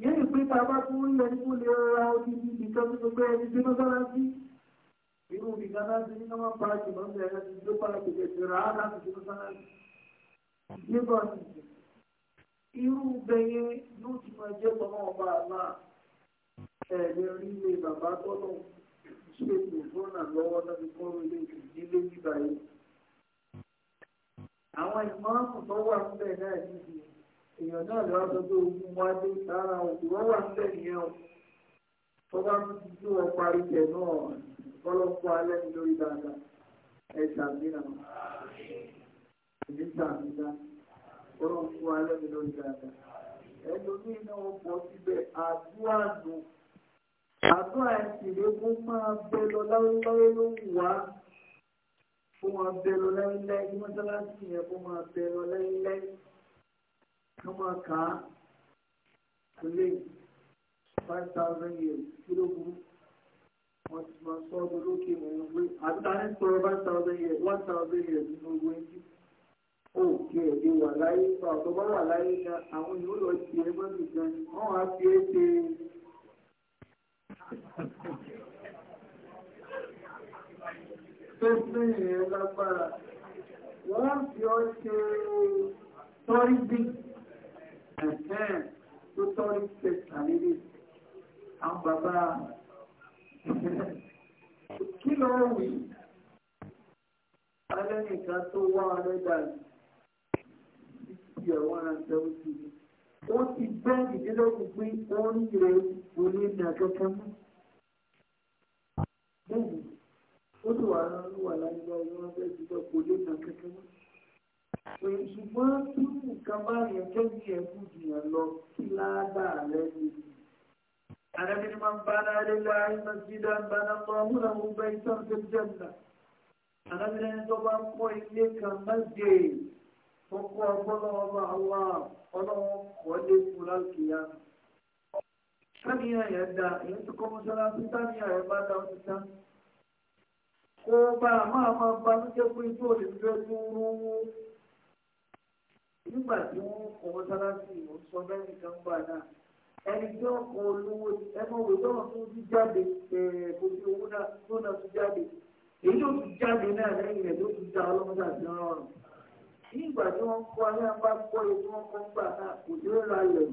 yẹ́nì pé bàbá fún ilẹ̀ nípò lè ra odidi nìkan tó gbé ẹni sí mọ́sálásí irú nìkan náà ti ní ká má paaki mọ́ ní ẹ̀rọ ti dé paaki kẹsìrì rà á láti fi mọ́sálá sí nígbà nìyí irú bẹyẹ yóò ti máa jẹ́ tọ́nà ọba àná ẹ̀ẹ́dẹ̀ rí ilé bàbá tọ́nà ṣètò fúnà lọ́wọ́ náà fi kọ́ ilé ìdílé nígbà yìí àwọn ìmọ̀ọ́mù tó wà níbẹ̀ náà níbi èèyàn náà lè sọ pé ogun wá dé sára òkú wọ́n wà níbẹ̀ nìyẹn o tó bá ti ju ọparí tẹ̀ náà kọ́lọ́ fún alẹ́ mi lórí dáadáa ẹ ṣàfihàn ìdí ṣàfihàn kọ́lọ́ fún alẹ́ mi lórí dáadáa ẹlòmí náà pọ̀ síbẹ̀ àdúrà nù àdúrà ìṣèlè kó máa bẹ lọ láwéláwé ló wù wá kó máa bẹ lọ láwéláwé kí mọ́sálásì yẹn kó máa bẹ lọ láwéláwé kó máa kà á lé five thousand years kí ló burú wọ́n ti máa sọ ọdún lókè mẹ́rin pé àbíta ní sọ̀rọ̀ bá thousand years one thousand years nínú owó ẹjú òkè èdè wà láyé bá ọ̀tọ̀ bá wà láyé ga àwọn yòó lọ sí ẹgbẹ́ mi gan ni wọ́n wá fi é ṣe. tó fún ìyẹn lágbára wọ́n fi ọ́ ṣe tọ́rí bí ẹ̀hẹ́n tó tọ́rí ṣe tàlélẹ̀ àwọn bàbá kí ló ń wí alẹ́nìkan tó wá ọlẹ́dà yìí ẹ̀wọ̀n àtẹ̀wò sí i ó ti bẹ́ ìdílógún pé ó ń yẹ onídàá kankan mọ́ bẹ́ẹ̀ni ó sì wà wà láyé láyé wọn fẹ́ẹ́ ti sọ kò lè nà kankan mọ́ ṣùgbọ́n tí nǹkan bá yẹ kẹ́yìn ẹ̀kú jìyàn lọ kí ládàá rẹ̀ nìyí. أنا من من بنى لله مسجدا بنى الله له بيتا في الجنة أنا من أنتظر قويك مسجد فقوى فضل الله فضل وليس ولا القيامة ثانية يدى يتكم ثلاثة ثانية يبادى وتسان قوبا ما ما بانجا كويتو لبجدورو nígbà tí wọ́n kọ́ mọ́sálásí ìwòsàn mẹ́rin kan ẹni tí ó kọ olówó ẹmọ òwe tó wọn tún ti jáde kò sí owó náà tó náà tún jáde èyí tó tún jáde náà lẹ́yìn rẹ̀ tó tún da ọlọ́mọdé àti ọlọ́run ní ìgbà tí wọ́n kọ́ ayé àbá kọ́ ẹ tí wọ́n kọ́ gbà náà kò ní ó ra ilẹ̀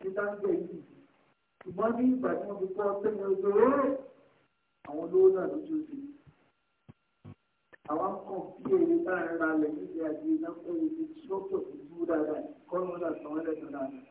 ní dáńgbẹ̀ yìí ṣùgbọ́n ní ìgbà tí wọ́n fi kọ́ sẹ́yìn ọjọ́ rẹ̀ àwọn olówó náà ló jó sí àwọn kan bí èrè bá ń ra ilẹ̀ níbi àti iná kọ́ ẹ ti ṣọ́ọ̀tọ̀ tó dáadáa kọ́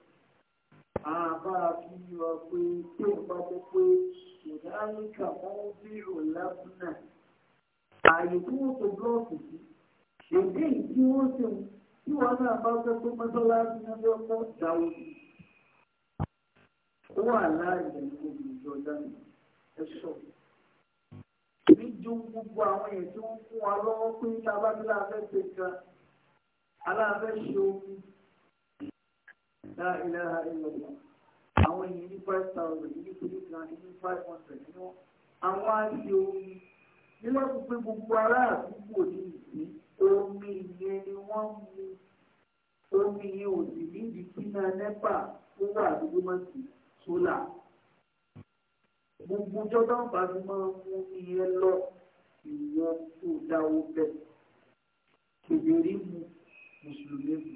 àbára fi yọ pé tí ò bá jẹ́ pé ìdáríkà wọn bí òlàbùnà ààyè tí wọ́n tó blọọkì sí èdè tí wọ́n ṣe tí wọ́n náà bá fẹ́ pé mọ́sálásí náà yọ mọ́ ìdáwó ni ó wà láàyè ìgbòho ìjọba ẹ sọ níjú gbogbo àwọn èèyàn tí wọ́n fún wa lọ́wọ́ pé tábàbí láàbẹ̀ ṣe kan aláàbẹ̀ ṣe omi la ilaha illallah àwọn èèyàn ní five thousand ní kìíní kan ní five hundred nínú àwọn àti omi nígbà tó pé gbogbo aráàlú kò ní ìsín omi ìyẹn ni wọ́n mu omi yẹn ò sì nídìí kí náà nẹ́pà ó wà àdúgbò má sí sólà gbogbo jọba bá mi máa mú iye lọ ìwọ tó dáwó bẹ́ẹ̀ kèbèrè mu mùsùlùmí mu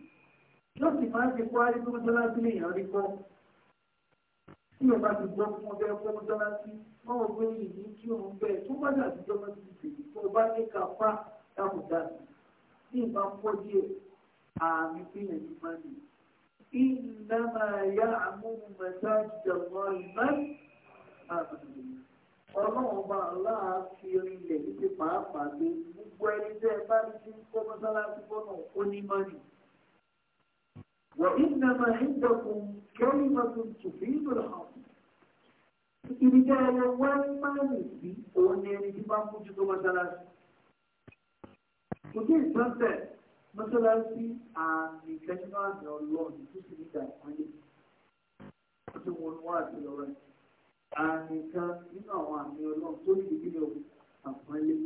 yóò sì máa ń ṣe kó ayé tó mọ́ṣáláṣí lèèyàn rí kọ́ tí o bá ti gbọ́ fún ọjọ́ ẹ̀kọ́ mọ́ṣáláṣí wọ́n wọ́n gbé yìí ní kí òun bẹ́ẹ̀ tó bá dàbí jọba ti tètè tó o bá ní ká pa dáàbò dáàbò ní ìgbà pọ̀ díẹ̀ àmì pínlẹ̀ ní máa nì. ìnáma ya àmúhùn mẹ́ta jọ̀mọ́ ìmọ̀ ọlọ́run bá aláàfin ilẹ̀ ní ti pàápàá gbé gbogbo ẹni tẹ́ ẹ bá ti kọ́ mọ́ṣáláṣí bọ́nà ó وإنما عندكم كلمة تفيد الحق ibi tẹ́ ẹ lọ wá mánì sí òun ni ẹni tí bá ń mójútó mọ́ṣáláṣí kò tí ì sọ́sẹ̀ mọ́ṣáláṣí àmì ìkẹ́sínú àmì ọlọ́ọ̀ni tó sì nígbà ìpínlẹ̀ ó ti wọn wá àti lọ́rẹ́ àmì kan nínú àwọn àmì ọlọ́ọ̀ni tó sì nígbà ìpínlẹ̀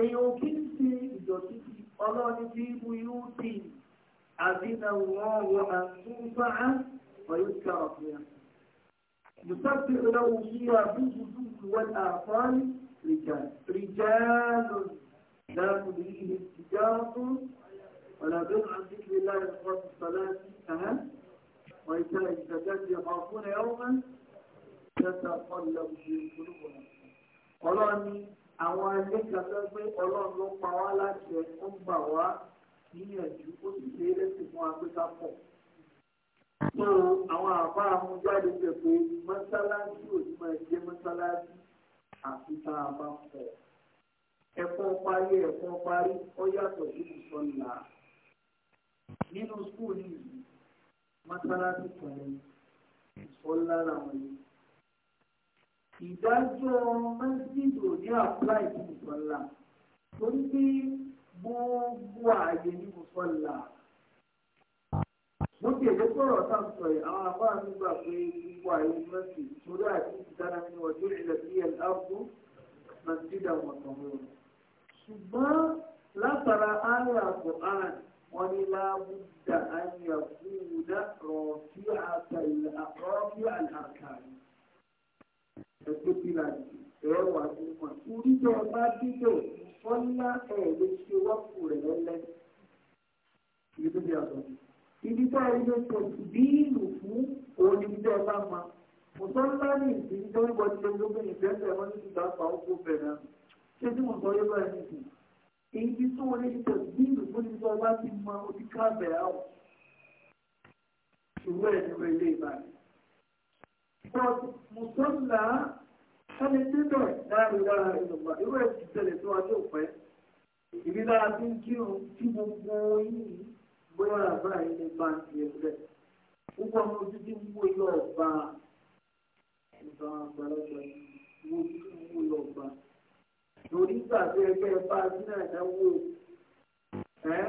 èèyàn kì í ṣe ìdọ̀tí ti ọlọ́ọ̀ni bí ibu yóò dì í. أذن الله أن ترفع ويذكر فيها يسبح له فيها بالجدود والآثار رجال رجال لا تلهيهم تجارة ولا بر عن ذكر الله إقامة الصلاة أهم وإيتاء الزكاة يخافون يوما تتقلب في قلوبهم ọlọ́ni àwọn ẹlẹ́kàá tó gbé ọlọ́run ló pa wá níyànjú ó sì ṣe lẹ́sìn fún agbéká pọ̀. Mọ àwọn àbá amújáde jẹ pé mọ́sálásí ò ní máa jẹ́ mọ́sálásí àfi tá a bá pọ̀. Ẹ̀kọ́ parí ẹ̀kọ́ parí ó yàtọ̀ sí ìsọ̀lá. Nínú skul yìí, mọ́sálásí kan ní ìsọ̀lá làwọn yìí. Ìdájọ́ mẹ́sìlì ò ní àpláì sí ìsọ̀lá. Torí pé gbogbo ààyè ní mùsọ̀lá. lókè èdè sọ̀rọ̀ tá à ń sọ yìí àwọn afárá mi gbà pé gbogbo ààyè ní mẹ́sì torí àti ìdáná ní ọjọ́ ìlẹ̀ sí ẹ̀ láàbù nàìjíríà wọn tàn mọ́. ṣùgbọ́n látara ààrẹ àpò àrùn wọn ni láàbù dà àyà kúrúdà rọ̀ọ̀tì àtàlẹ̀ àkọ́rọ́kì àlàkàrí. ẹgbẹ́ pílà ẹ̀rọ wà ní wọn. orí tó ọba dídò ní wọ́n ní ẹ̀ lè ṣe wọ́pù rẹ̀ lọ́lẹ́ ibi tó a ọ̀dọ́ ibi tó ẹ lè pọ̀ bí ìlú fún òun níbi tó ẹ bá ma mùsọ́lá ńlá ní ìsinmi tó ń bọ̀ ní ẹgbẹ́gbẹ́ ìgbẹ́sẹ̀ wọn ní ìgbà pa ókú bẹ̀rẹ̀ ṣé tí mo sọ yé bá ẹ nìkan èyí tí tó wọlé ṣe pọ̀ bí ìlú fún níbi tó ẹ bá ti mọ ojú ká bẹ̀rẹ̀ àwọ̀ ìwé ẹ̀ nínú ilé ìbàdàn. but mùsọ́lá sani dídọ̀ láàrin lára ìlọ̀gbà irú ẹ̀sìn ìṣẹ̀lẹ̀ tó wájú òpẹ́ ìbí lára tí ń kírun tí gbogbo yìí bóyá àbá yìí ní bá ń tiẹ̀ bẹ́ẹ̀ gbogbo àwọn ojú tí ń wó ilé ọba ìbá àgbàlagbà wo ojú tí ń wó ilé ọba lórí ìgbà tó ẹgbẹ́ bá a sínú àdáwó ẹ́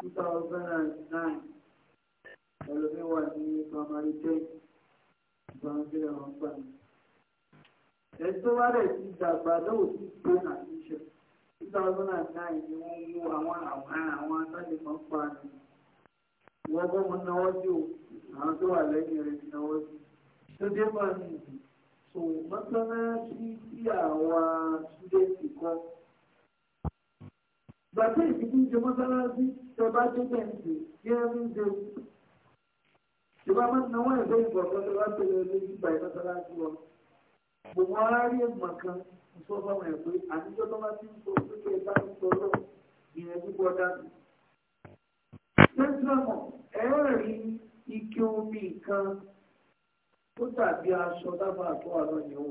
two thousand and nine ẹlòmíwà ní primary ten ìbá ń gbé gbà mí ẹ̀tọ́ wá rẹ̀ ti dàgbà lọ́wọ́ sí plan and vision two thousand and nine ni wọ́n mú àwọn àwọn àwọn atálẹ̀mọ́ pa ni wọ́n bọ́ wọn náwó jù àwọn tó wà lẹ́yìn rẹ̀ ti náwó jù tó dé bá ní ìdí so mọ́tánásí tí àwa ṣúdẹ́ẹ̀tì kọ́ gbàtẹ́ ìdíjú ń ṣe mọ́tánásí tẹ bá dé bẹ́ǹtì kí ẹ ń ṣe ìjọba máa ń ẹ̀fẹ́ ìgbọ̀ngàn tó bá tẹ̀lé lórí mo wá rí ẹ̀gbọ́n kan sọ fáwọn ẹ̀ pé àtijọ́ tó bá ti ń sọ pé kí ẹ bá ń sọ lọ ìyẹn púpọ̀ dànù. lẹ́sìnàmọ̀ ẹ rí ike omi kan tó dàbí aṣọ dábàá tó wà lọ́yìn o.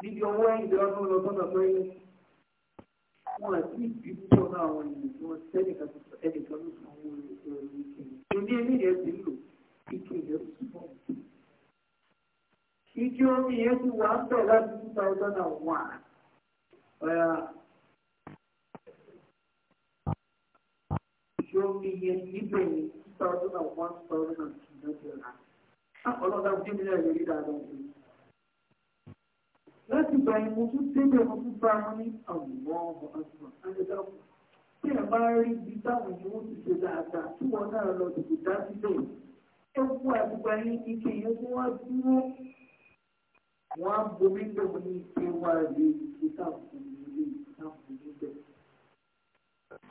níbi ọwọ́ ìdí ọdún lọ sọ́nà pé wọn àti ìbí púpọ̀ náà àwọn ènìyàn tí wọ́n sẹ́nìkan tó ẹnìkan ló sọ àwọn ènìyàn tó ń lò. èmi ẹni yẹn ti ń lò ike ìyẹn tó sùn fún igi omi yẹn ti wà ń bẹ̀ láti two thousand and one. igi omi yẹn níbẹ̀ ní two thousand and one two thousand and two lọ́jọ́ náà. ọlọ́dà ojú mi náà lè rí dáadáa ojú mi. láti gba ìmọ̀ tó débẹ̀ wọn tún bá wọn ní àwòrán ọmọ ọ̀sán adédáàbò. tí ẹ bá rí ibi táwọn ìyẹn ti ṣe dáadáa tí wọn náà lọ dìbò dá ẹ wú àdúgbò yín ike yẹn tó wá dúró wọ́n á bomi bẹ̀ wọ́n ní ike wá rí ike táàkùn ilé táàkùn níbẹ̀.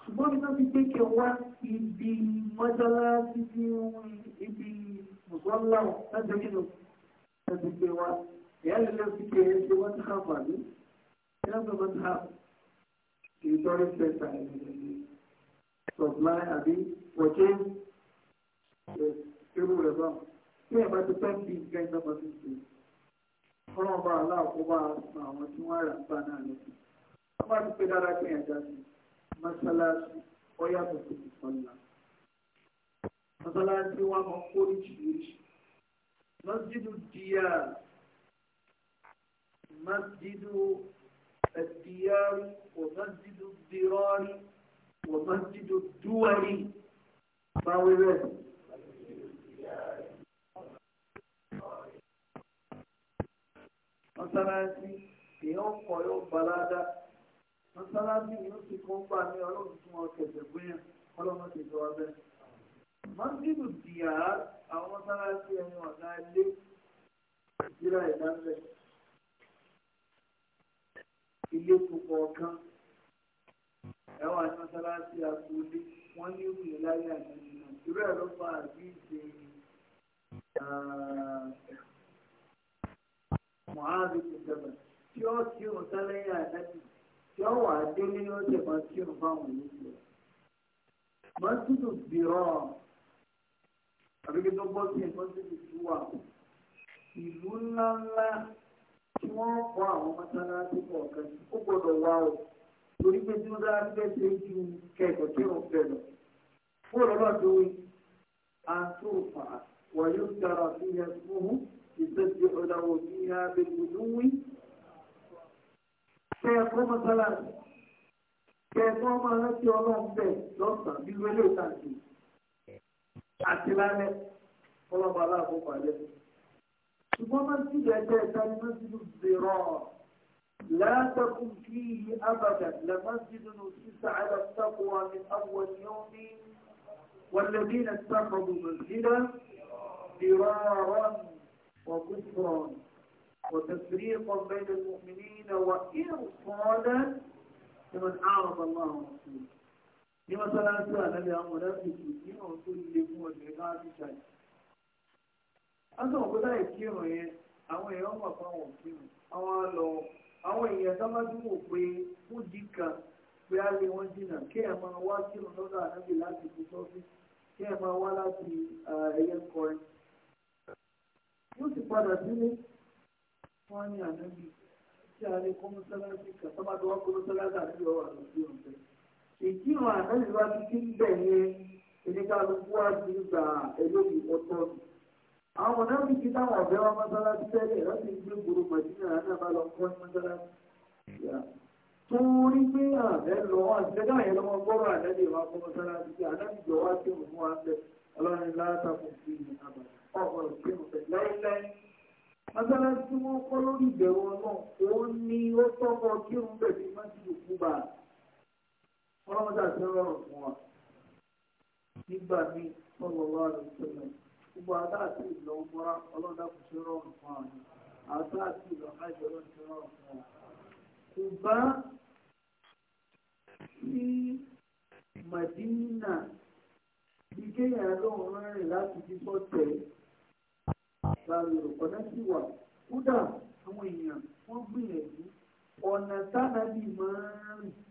ṣùgbọ́n mi náà ti pé kí wá ibi mọ́ṣáláṣí tí ibi mùsọ́lá láti kí ló láti pé wá ìyá lè lọ sí kéré ṣe wọ́n ti hàfà ní ìyá lọ wọ́n ti hàfà ìtọ́rí pẹ̀sà supply àbí purchase irú rẹ̀ báwọn. Bí ẹ̀ bá ti pẹ́ bí nǹkan ìjọba ọlọ́run bá aláàkóbá san àwọn tí wọ́n rà bá náà lẹ́sìn wọ́n bá ti pé dára pé ẹ̀dá sí mọ́sálásí ọ̀yàtọ̀ sí ìsọ̀lá mọ́sálásí wọn mọ́ oríṣiríṣi mọ́sídù díà mọ́sídù ẹ̀díyàrí wọ́n mọ́sídù dírọ́rí wọ́n mọ́sídù dúwárí báwẹ́rẹ́. mọ́sálásí èèyàn kọ̀ yóò balada mọ́sálásí yóò ti kó gbà ní ọlọ́run fún ọ̀kẹ̀dẹ̀ gbéyàn ọlọ́run ti jọ abẹ́. mọ́sídù dìyà àwọn mọ́sálásí ẹni ọ̀gá ilé ìdíra ìdálẹ̀ ilé púpọ̀ kan ẹwà ní mọ́sálásí agboolé wọ́n ní ìwé láyé àgbẹ̀yìn náà ló fa àbí ìṣe mọ̀háàbí ti dọ̀bà tí ó kí òun sálẹ́yìn àdájú tí ó wà délé ní ó tẹ̀ máa kí òun fáwọn olóṣèlú mọ́tútù bìrọ̀ àbíkí tó sí ìlú tí wọ́n kọ́ àwọn ó gbọ́dọ̀ wá o torí pé tí ju kẹ̀kọ́ tí fẹ́ lọ. fún ọ̀rọ̀ náà tó wí wọ̀nyí ó dára sí يسبح له فيها بالغدو كيقوم ثلاثة كيقوم التي ولهم به لطا بالولي تاكي àtìlálẹ̀ ọlọ́pàá aláàbò pàdé ṣùgbọ́n máa ti dẹ̀dẹ̀ ìtàní mẹ́sìlú zèrọ̀ látàkùn kí abàdà lẹ́mọ́sìlú sísà àdàtàkùn wa ní àwọn yóò ní والذين اتخذوا مسجدا ضرارا وكفرا وتفريقا بين المؤمنين وإرصادا لمن أعرض الله ورسوله لما ثلاثة النبي المنافقين ní ọdún ilé fún ọdún láti ṣàyẹ̀. Látọ̀kọ́ láì kírun yẹn, àwọn èèyàn mọ̀ fáwọn kírun, àwọn lọ, àwọn èèyàn tó bá dúró pé ó di kan pé á lé wọn dínà kí ẹ máa wá kírun lọ́dọ̀ ànábì láti fi sọ́fí, kí ẹ máa wá láti ah, ẹyẹ kọrin yóò sì padà sílé wọ́n ní ànábì tí a lè kó mọ́sálásí kàtàbàdà wá kó mọ́sálásí àti ọwọ́ àti ọ̀fẹ́. ìkírun ànábì wá ti kí bẹ̀ yẹn oníkálukú wá sí gbà ẹlẹ́yìí ọ̀tọ̀ ni. àwọn ọ̀nà mi ti táwọn ọ̀fẹ́ wá mọ́sálásí tẹ́lẹ̀ láti gbé gbòòrò màdínà àná bá lọ kọ́ mọ́sálásí. torí pé àbẹ́ lọ àti ẹgbẹ́ àyẹ̀lọ́mọ gbọ́rọ̀ àdáde wa kó mọ́sálásí ọlọ́run látàkùn sí ìyẹn àbàdà ọ̀pọ̀ ìpinnu pẹ̀lú láíláí mọ́sálásí tí wọ́n kọ́ lórí ìbẹ̀wò náà òun ni ó tọ́kọ kí òun bẹ̀bí má ti dùkú bá ọlọ́run dàbí rọrùn fún wa nígbà míì sọ̀rọ̀ wá rẹ̀ sọ̀rọ̀ gbogbo adáàtì ìlọ mọ́ra ọlọ́run dàbí ṣe rọrùn fún wa adáàtì ìlọ àjọ ọlọ́run ṣe rọrùn fún wa kò bá sí Màdínà bí kéèyàn lóun rẹ́rìn láti fi bọ́ tẹ̀ lára ọ̀nà sí wà kódà àwọn èèyàn wọ́n gbìyànjú ọ̀nà tánàbí máa ń rìn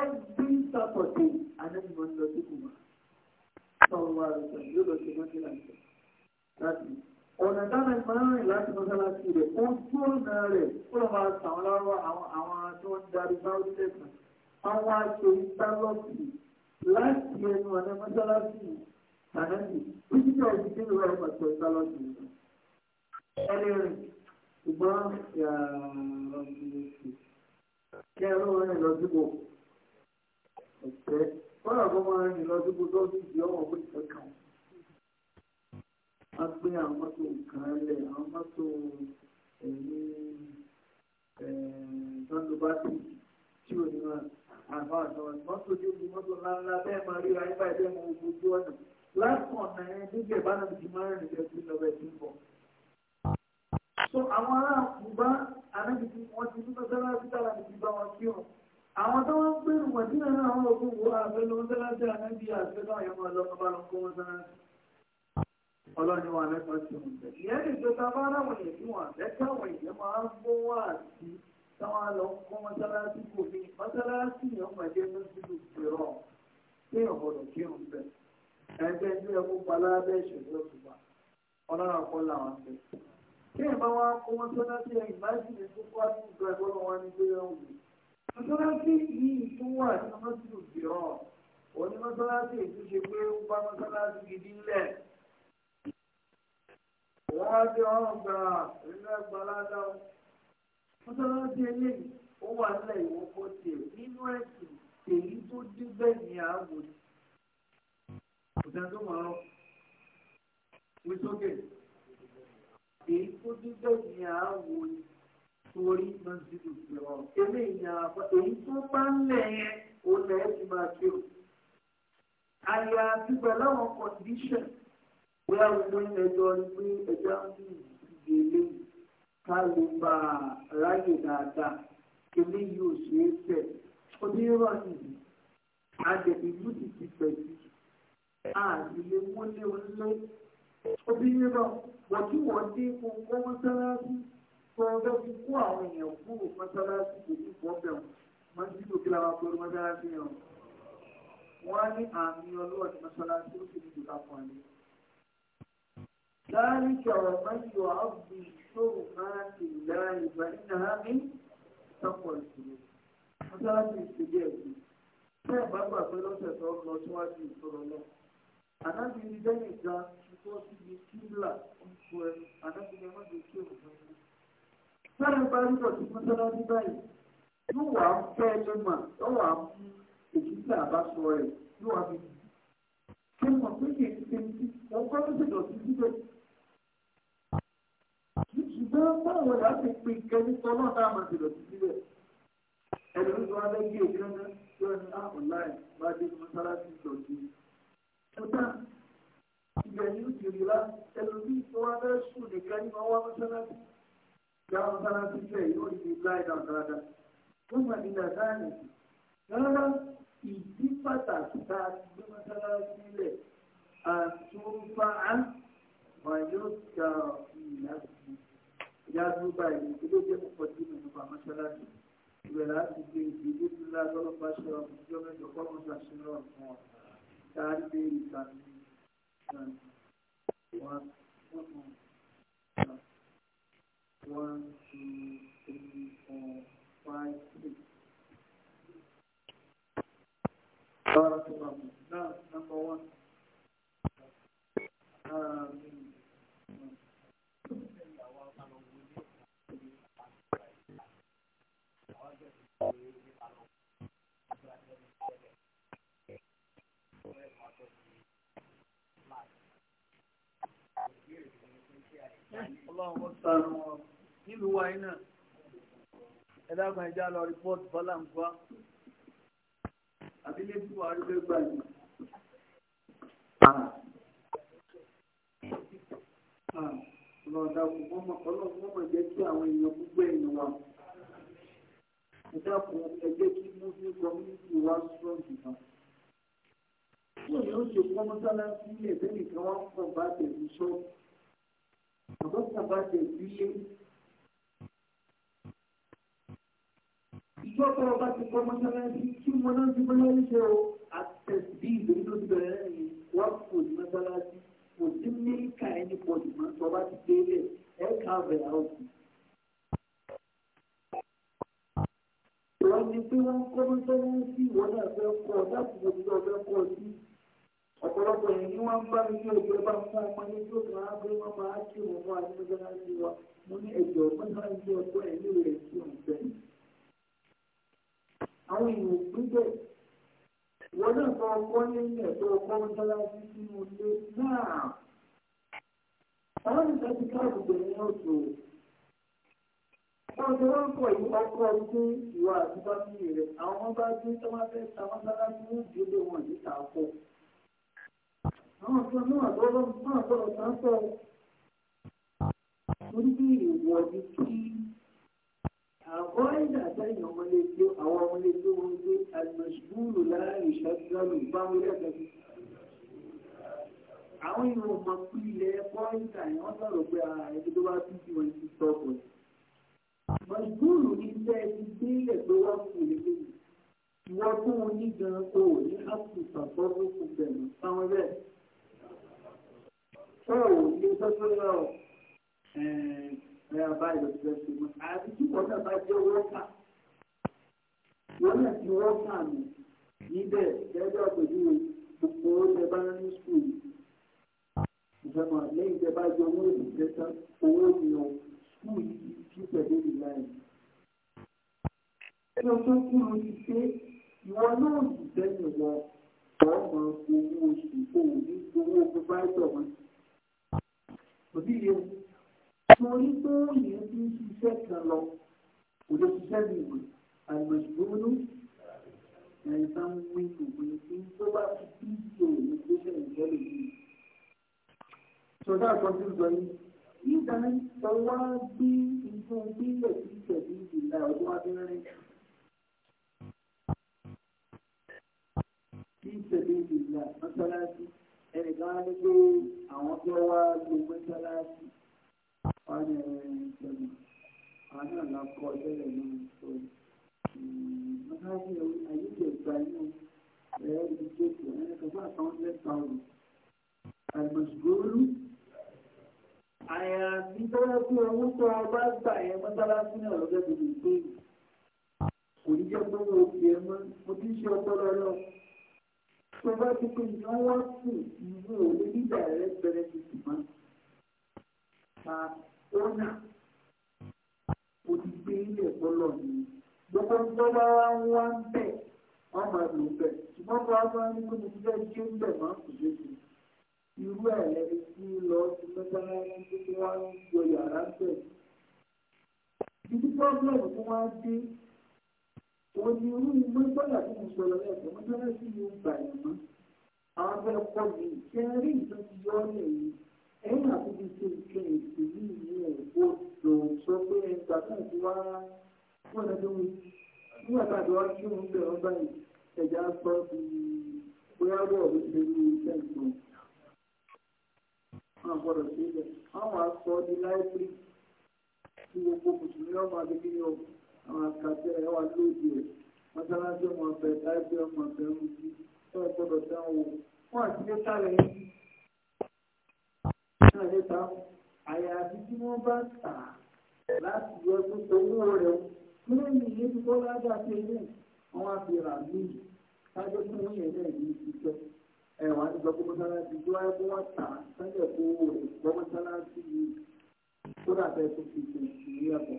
every Saturday ànábì máa ń lọ sí kùmà sọ̀rọ̀ wa rẹ̀ yóò lọ sí mọ́tíláṣí láti ọ̀nà tánà máa ń rìn láti mọ́sálásí rẹ̀ ojú ọ̀nà rẹ̀ ó lọ́ máa sàwọn lárọ́ àwọn tí wọ́n ń darí báwọ́lẹ́sàn láti ẹnu ọ̀nà mọ́sálásì ànábì ó ti jẹ́ òbí tí ìwé ọmọ ìpè sálọ́sì ẹni rìn ṣùgbọ́n yàrá ìrìnsì kí ẹnu wọn rìn lọ́síbò ọ̀tẹ́ wọ́n àgbọ̀n máa rìn lọ́síbò lọ́síbì ọmọ ògbé kankan wọ́n gbé àwọn mọ́tò kan lẹ̀ àwọn mọ́tò ẹ̀yìn ẹ̀ẹ́dọ́ndọ́bátì tí ò ní máa àbá ọ̀nà mọ́tò tí ojú mọ́tò ńláńlá bẹ́ẹ̀ máa ríra nígbà ìbẹ́ mọ ojú ọ̀nà lásán ọ̀nà eh, ẹ̀ níbẹ̀ bá náà ti máa rìn lẹ́sìn lọ́wọ́ ẹ̀sìn bọ̀. so àwọn ará àkùnbá anábìtì wọn ti ní mọ́sálásí tára ti bá wọn kí wọn. àwọn tó wọn gbé ìwọ̀n tí náà náà wọn kò wọ àfẹlẹ mọ́sálásí anábì àfẹlẹ àwọn ẹ̀mọ́ ọlọ́mọba lọ kó mọ́sálásí. wọn alẹ́ táwọn lọ kọ́ mọ́sálásí kò ní mọ́sálásí yẹn máa jẹ́ mọ́sílù pẹ̀rọ tí yẹn gbọ́dọ̀ kí òun bẹ̀ ẹgbẹ́ tí ẹ kó palá bẹ́ ṣẹ̀dọ̀ tùbà ọlọ́run kọ́ làwọn ń bẹ̀. kí ẹ bá wọn kọ́ mọ́sálásí ẹ ìmájìlì tó kọ́ àti ìgbà ìbọ́lọ́ wọn ní gbé wọn wù. mọ́sálásí yìí tó wà ní mọ́sílù pẹ̀rọ òní mọ́sálásí ètò ṣe pé ó bá mọ́sálásí gidi ńlẹ̀ wọ́n á dé ọ̀rùn gbà nígbà gbọ́lá dáhùn mọ́sálásí eléyìí ó wà nílẹ̀ ìwọ́n kọ́ tiẹ̀ nínú ẹ̀sìn èyí tó dín bẹ́ẹ̀ ni à ń wò ní. kò sẹ́ni tó máa ń rọ wí sókè èyí tó dín bẹ́ẹ̀ ni à ń wò ní torí mọ́sídù eléyìí ni àpá èyí tó bá ń lẹ̀ yẹn ó lẹ̀ ẹ́ ti máa ṣe o. àyà àti pẹ̀lú àwọn kọ̀ǹdíṣẹ̀ bóyá gbogbo ilẹ̀ ẹjọ́ ni pé ń bí ìdíje eléyìí ká lè bá a ráyè dáadáa kele yóò ṣe é fẹ́ onírọ̀ yìí àjẹ̀bí lùdì ti pẹ̀lú àdìlé múlé onílé obìnrin wọ́n tí wọ́n dé gbogbo mọ́sálásí tọ́jọ́ fi kó àwọn èèyàn kúrò mọ́sálásí kò ní fọ́ bẹ̀rù wọ́n ti lò kí la wá pẹ̀lú mọ́sálásí yẹn wọ́n á ní àmì ọlọ́ọ̀dì mọ́sálásí ó sì ní ìdíkà fún àlejò. ذلك ومن يعظم حرمات الله فإنها من تقوى القلوب مثلا في استجابة tẹ́ ẹ̀ bá gbà pé lọ́sẹ̀ tó ń lọ síwájú ìṣòro náà ànábì ní lẹ́yìn ìgbà tó síbi kíbla ń fọ ẹnu ànábì ní ọmọdé kí òun lọ sí. sẹ́yìn bá ń lọ sí mọ́sálásí báyìí yóò wá ń fẹ́ ẹni mà yóò wá ń mú èkìtì àbáṣọ rẹ̀ yóò wá bí. kí n mọ̀ pé kì í ṣe ní ọgbọ́n tó ṣèjọ́ sí síbẹ̀ pé báwo la ti pè kẹ́ ní sọ́nà tá a máa ti lọ sí síbẹ̀ ẹ̀rọ ń sọ abẹ́ yé ìkan náà tí wọ́n ní àpò ah, láì bá dé mọ́sálásí lọ sí i. kódà ibẹ̀ ni ó ti rí la ẹlòmíì tó wá fẹ́ sùn àtúnfà á wà yóò ga ìyá tó bá ìlú tó ló jẹ́ púpọ̀ sí ìjọba mọ́ṣáláṣí ìwẹ̀ láti gbé ìgbé tó ti lá lọ́lọ́pàá ṣe ọmọ ìjọ mẹ́jọ kọ́ mọ́ṣá ṣe náà fún ọ táàrí pé ìtàkùn one one two three four five six. Bára tó bá mú. Náà, number one. Um, ọlọ́run kọ́ sànù wọn nílùú wa iná ẹ̀dàgbà ìjà lọ rìpọ́ọ̀tù bọ́lá ń gbá àbílẹ̀ tí wàá rí bẹ́ẹ̀ gbà yìí. Ah, ah, ọlọ́run dákun ọlọ́run mọ̀ jẹ́ kí àwọn èèyàn gbogbo ẹ̀yìn wa ẹ dákun ẹ jẹ́ kí muslim community wa strong enough wọ́n yóò ṣe kọ́ mọ́sálásí ilé ìfẹ́ nìkan wọ́n kọ̀ bá tẹ̀sí ṣọ́ọ̀bù àbọ̀tà bá ti ìdílé. ìjọba ọba ti kọ́ mọ́sálásí tí mo náà ti bọ́lá níṣẹ́ o àtẹ̀sí ìdòwú tó ti bẹ̀rẹ̀ ní wọ́n kò ní mọ́sálásí kò sí ní ká ẹni pọ̀ jù mọ́ tọ́ba ti délé ẹ̀ ká bẹ̀ àwòsí. ìwọ ni pé wọ́n kọ́ mọ́sálásí ìwọ náà fẹ́ kọ́ láti mọ̀ ọ̀pọ̀lọpọ̀ yẹn ni wọ́n bá mi ní òkú ẹ bá fún ọmọ ní tí ó tún á gbé wọn máa kí wọn fún àdúgbò láti wa mo ní ẹ̀jọ̀ ọ̀pọ̀n náà ń gbé ọgbọ́n ẹ̀ ní ìrẹ̀ sí ọ̀fẹ́. àwọn èèyàn gbígbẹ́ wọn náà fọ ọkọ nínú ẹ̀tọ́ ọkọ mọ́ṣáláṣí sínú ilé náà. àwọn nìkan ti ká àbùkù ní ọ̀tọ̀. wọ́n ti wọ́n pọ̀ yí ọkọ ọdún ìwà àti àwọn kan náà lọ́wọ́ náà lọ́wọ́ kan sọ orí bí ìwọ ni kí àwọn ẹ̀dá àtẹ̀yìn ọmọlé tó àwọn ọmọlé tó wọn gbé àlùmọ̀ṣùgbùrù láàrin ìṣàkóso ìbáwọlé àtẹ̀yìn àwọn èèyàn ọmọ pé ilẹ̀ pọ́ńtà ni wọ́n sọ̀rọ̀ pé ah, ẹni tó bá tún ti wọn ti sọ pọ̀ sí. mọ̀júùrù ní iṣẹ́ ti gbé ilẹ̀ tó wá fún ilé ìwọ́n tó wọn ní gan-an kò ní àpò ìtàkọ́ ló kù bẹ̀rù bẹ́ẹ̀ sọ̀rọ̀ ní sọ́tún náà ẹ̀ẹ́dẹ́gbẹ̀rún báyìí ló ti fẹ́ ṣe àti tí wọ́n náà bá jẹ́ wọ́pà wọ́n náà ti wọ́pà mi níbẹ̀ lẹ́jọ́ pẹ̀lú gbogbo oúnjẹ bá ń ní skul ìjọba lẹ́yìn tẹ́ bá jọ owó ìgbẹ́ta owó ìyàn skul yìí ti pẹ̀lú ìlànà. ẹni tó kú ló ti ìwọ náà sì tẹ́lẹ̀ wọ ọmọ owó oṣù kò ní owó pípa ìtọ̀ wọn kò sí ilé o mo rí pé ìyẹn ti ń ṣiṣẹ́ kan lọ kò lè ṣiṣẹ́ bí ìwé àgbẹ̀sùgbónú ẹ̀ka ń wí gbogbo ìpín tó bá fi bí ìṣe òun tó ṣe ìjẹ́ lè yí. sọdá àkọsí ìgbà yìí nígbà tó wá bí nǹkan bílẹ̀ sí ìṣẹ̀lẹ̀ ìdìlà ọdún abẹ́rẹ́. sí ìṣẹ̀lẹ̀ ìdìlà mọ́ṣáláṣí ẹnìkan á ní pé àwọn tí wọ́n wá gbogbo mọ́ṣáláṣí wọ́n ní ìṣẹ̀lẹ̀ àwọn náà la kọ́ ẹgbẹ́rẹ̀ náà sọ hmm, mọ́ṣáláṣí àyíkè ìgbà inú ẹ̀rọ ìdíjẹ́kù ẹnìkan fún àtàwọn lẹ́ta ọ̀rọ̀ àgbọ̀ṣùgbọ́rú àyàfi bọ́lá tí owó tó a bá gbà yẹn mọ́ṣáláṣí náà lọ́jọ́ gbogbo ìgbéyìí kò ní jẹ́ pé o fi ẹ mọ́ mo ti ń ṣe ọpọlọ lọ tó bá ti pé ìyàn wá sí ìlú òwe nígbà rẹ bẹ̀rẹ̀ ti sì mọ́ ta ọ̀nà o ti gbé ilé pọ́lọ̀ ni gbogbo ń tọ́ bá wá ń wá ń bẹ̀ wọ́n máa lò bẹ̀ ṣùgbọ́n bá wá ní kó mo ti fẹ́ ṣe ń bẹ̀ máa kò ṣe irú ẹ̀ lẹ́ni tí lọ sí mẹ́tàlá tó wá ń yọ yàrá bẹ̀. ìdí pọ́blẹ̀mù tó wá dé wọ́n ní irú ìgbé gbọ́dọ̀ tó ń sọ̀rọ̀ lẹ́sẹ̀ mọ́ṣáláṣí ló ń bà yẹn mọ́ àwọn abẹ́rẹ́ pọ̀ ní ṣe ń rí ìtọ́ ti yọ ọ́ nìyí ẹ̀yìn àkókò ṣe ìkẹ́ ìṣèlú ìlú ẹ̀kọ́ tó sọ pé ẹgbà náà ti wá wọ́n lọ tó wí nígbà tá a ti kí òun bẹ̀rẹ̀ ọ́ báyìí ẹ̀já sọ ti bóyá bọ̀ ló ṣe ní iṣẹ́ ìgbọ̀n wọn gbọ́dọ̀ di láìpẹ́ àwọn akásí ẹ̀ wà lóde ẹ̀ mọ́sálásí ọmọ ọ̀fẹ́ táìpé ọmọ ọ̀fẹ́ ń bí tó ẹ̀ gbọ́dọ̀ tán wò wọ́n àti ní sálẹ̀ yìí náà lè ta àyàfi tí wọ́n bá tà láti yọ tó owó rẹ̀ nínú ìyè tí wọ́n bá dà sí ilé wọn á fi rà míì kájọ́ tí wọ́n yẹn náà yìí ti tẹ́ ẹ̀ wọ́n á ti sọ pé mọ́sálásí tó wáyé kó tà sáyẹ̀ owó rẹ̀ gbọ́ mọ́sálásí yìí kó dà tó fi ṣe ìrírí ẹ̀kọ́.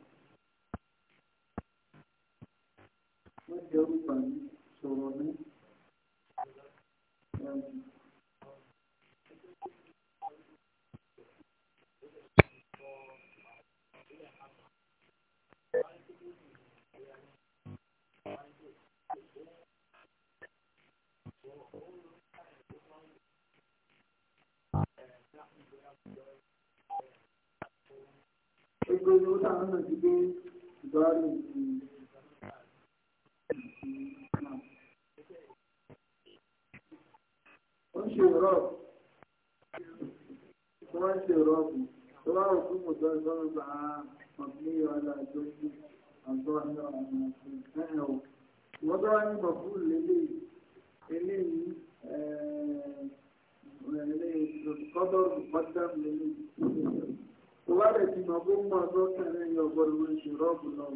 wọ́n jẹ́ orúkọ mi sọ̀rọ̀ mi. Gbogbo ìlú táwọn náà ti gbé ìgbárí ìlú wọ́n ṣe rọ́ọ̀bù wọ́n ṣe rọ́ọ̀bù tó bá wù fún mọ̀tò ìsọ́nù bá ọ̀gbìn ọ̀la ìjọ́jú àgbọ̀ ọ̀la ọ̀la ẹ̀hìn ọ̀ wọ́n tó wá ní bọ̀fún lélẹ̀ eléyìí eléyìí kọ́dọ̀rù pátám lélẹ̀ tó bá rẹ̀ ti mọ̀ fún mọ̀ ọ̀dọ́ kẹrin ọgbọ́n ló ń ṣe rọ́ọ̀bù náà.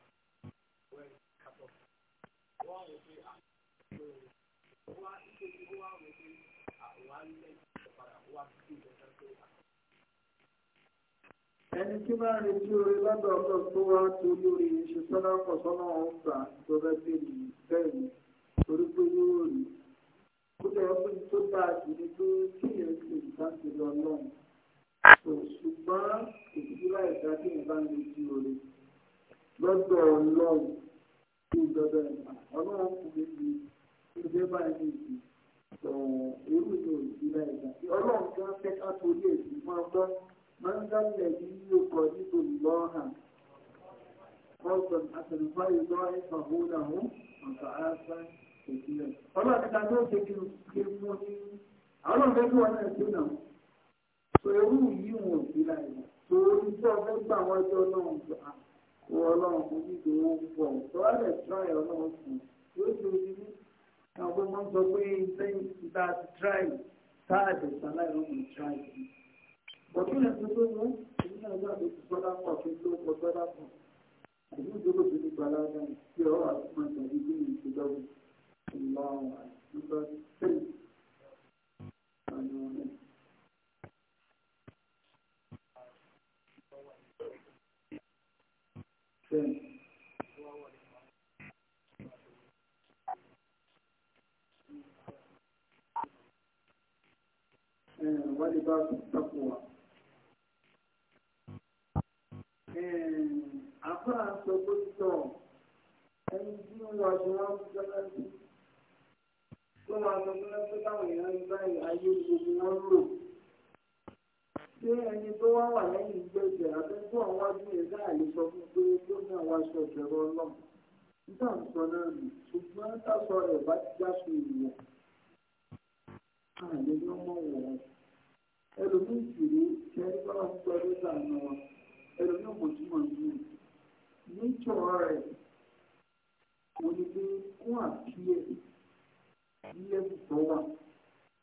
ẹni tí máa retí orí lọ́dọ̀ ọ̀pọ̀ tó wá torí orí ṣe sọ́dọ̀ pọ̀ sọ́nà ọ̀hún gbà tó fẹ́ bèèrè bẹ́ẹ̀ ni torí pé yóò rí kó lè ọkùn tó dáa jù ní pé kí èèyàn ṣe ìdáǹdè lọ lọ́hùn kò ṣùgbọ́n èyí láì dá orí lọ́dọ̀ ọlọ́hùn ìjọba ọlọ́run kò lè di ìjọba báyìí ní ìdí irú ìlú ìdílé ìgbà tí ọlọ́run kan fẹ́ ká torí èsì máa gbọ́ máa ń dálẹ̀ ní yóò kọ nítorí lọ́hàn ọ̀sán àtẹnufá ìlú ẹ̀sán òun làwọn ọ̀sán àáfà òsìlẹ̀. ọlọ́run kan tó ṣe kí n mú ní àwọn ọ̀fẹ́ tí wọ́n náà tó nà so wọ ọlọ́run fún jíjẹ owó púpọ̀ ìtọ́lẹ̀ tíráì ọlọ́run fún yóò ṣe ojú ní àwọn pé wọ́n sọ pé sẹ́yìn ìta tíráì táàdì sàláì ọmọ tíráì sí. bọ̀dún yẹn tó tó mú èyí náà yóò àti ti gbọ́dá pọ̀ tó tó pọ̀ gbọ́dá pọ̀ àbí ìjókòó tó ní gbàlágà tí ọ̀rọ̀ àti máa tàbí gbé ìṣèjọba ìlú àwọn àti ولباس التقوى àbá àtọ̀gbọ́tọ̀ ẹni tí ń wọ aṣọ tó máa lọ mọ́sálásí láwọn èèyàn ń báyìí ayé gbogbo wọn lò ṣé ẹni tó wá wà lẹ́yìn ìgbẹ́jẹ̀ àtẹ́tọ́ àwọn abúlé náà lè sọ fún pé tó ní àwọn aṣọ ìṣẹ̀rọ ọlọ́run nígbà ń sọ náà nì ṣùgbọ́n táṣọ rẹ̀ bá ti já sí ìwọ̀ àlẹ́ ni ọmọ wọ̀ọ́ ẹlòmíì sì rí kẹrí bọ́lá ń sọ ní ìlànà wọn ẹlòmíì kò túmọ̀ sí i níjọ rẹ̀ kò ní pé kún àkíyè ilé ìtọ́wà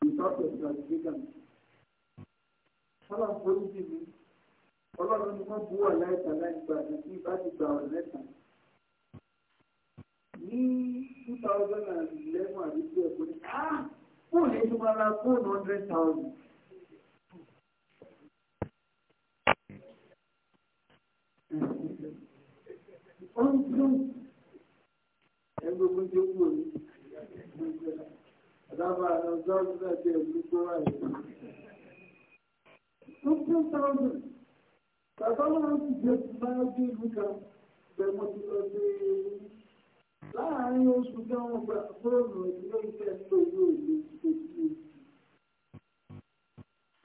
ìtọ́tẹ̀ ìgbàlódé gàmù ọlọ́run forí jì mí ọlọ́run ni wọ́n bu ọ̀la ẹ̀ta láìgbà àti ìbádìgbà ọ̀lẹ́ta. ní two thousand and eleven àti two ẹ̀kọ́ ni ah! fóònù ètò máa ra fóònù hundred thousand. ọ̀hún ẹgbẹ́gbẹ́ tó kú òní. Àdábà àdábà àti ẹ̀gbẹ́ tó wà ní fifteen thousand bàbá náà ti jẹ báyọ̀ bí ìlú kan bẹ́ẹ̀ mo ti lọ sí láàárín oṣù tí wọ́n gba fóònù ilé iṣẹ́ tó yóò lè ṣe sí i.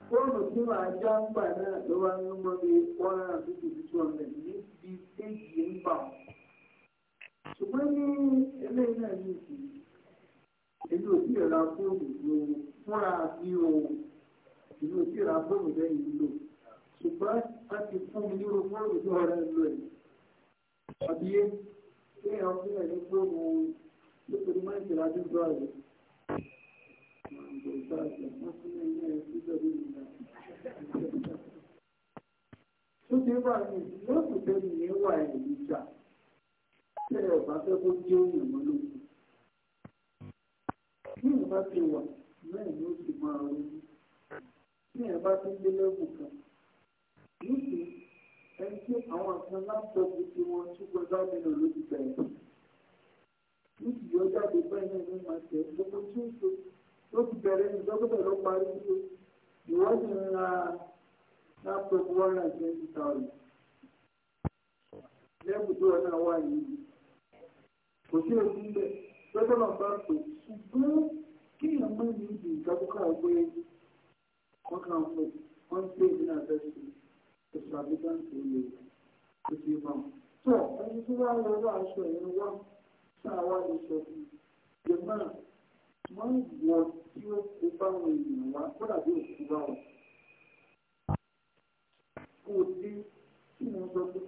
fóònù tí màá já ń gbà náà ló wá ń mọ́ mi one hundred and fifty two hundred níbi éjì ń bà wọ́n. ṣùgbọ́n ní eléyìí náà ní ìsìn èmi ò tí ì ra fóònù fúnra bí ohun ìlú tí ra fóònù lẹ́yìn lò ṣùgbọ́n a ti fún mi nírú fóònù tó ọ̀rẹ́ lò ẹ̀ àbíyé kéèyàn fún ẹ̀ ní fóònù nítorí máa ń ṣe láti gbọ́ àyè. Tó ti wà ní yóò sì tẹ́lẹ̀ ní wà ẹ̀yìn ìjà tẹ́ ọ̀bá fẹ́ kó jẹ́ òyìn mọ́ lókun. Bí ìwà ti wà, bẹ́ẹ̀ ni ó máa ronú tí ẹ bá ti gbé lẹ́gùn kan níbi ẹni tí àwọn kan lápọ̀jù tí wọ́n tún gbọ́dọ̀ nínú ló ti bẹ̀rẹ̀ níbi yóò jáde bẹ́ẹ̀ náà ní màá tẹ̀ gbogbo tí ó ṣe ló ti bẹ̀rẹ̀ ní dókítà ló parí ṣe ìwọ́sì ń ra lápọ̀jù one hundred and twenty lẹ́gùn tó wọn wà yìí kò sí òkú bẹ́ẹ̀ lọ́jọ́ náà bá pè ṣùgbọ́n kéèyàn mọ̀ ní ibi ìkápúkà wọ́n kàn fún wọ́n ń pè ní àfẹ́sì oṣù àbíkáǹtì olè oṣù ìbọn. tó ẹni tó wá lọ wá aṣọ ìrìn wá sáà wá lè sọ fún jẹmọ́ wọ́n wọ tí ó kó báwọn èèyàn wá kódà bí òkú báwọn. kò dé tí wọ́n sọ pé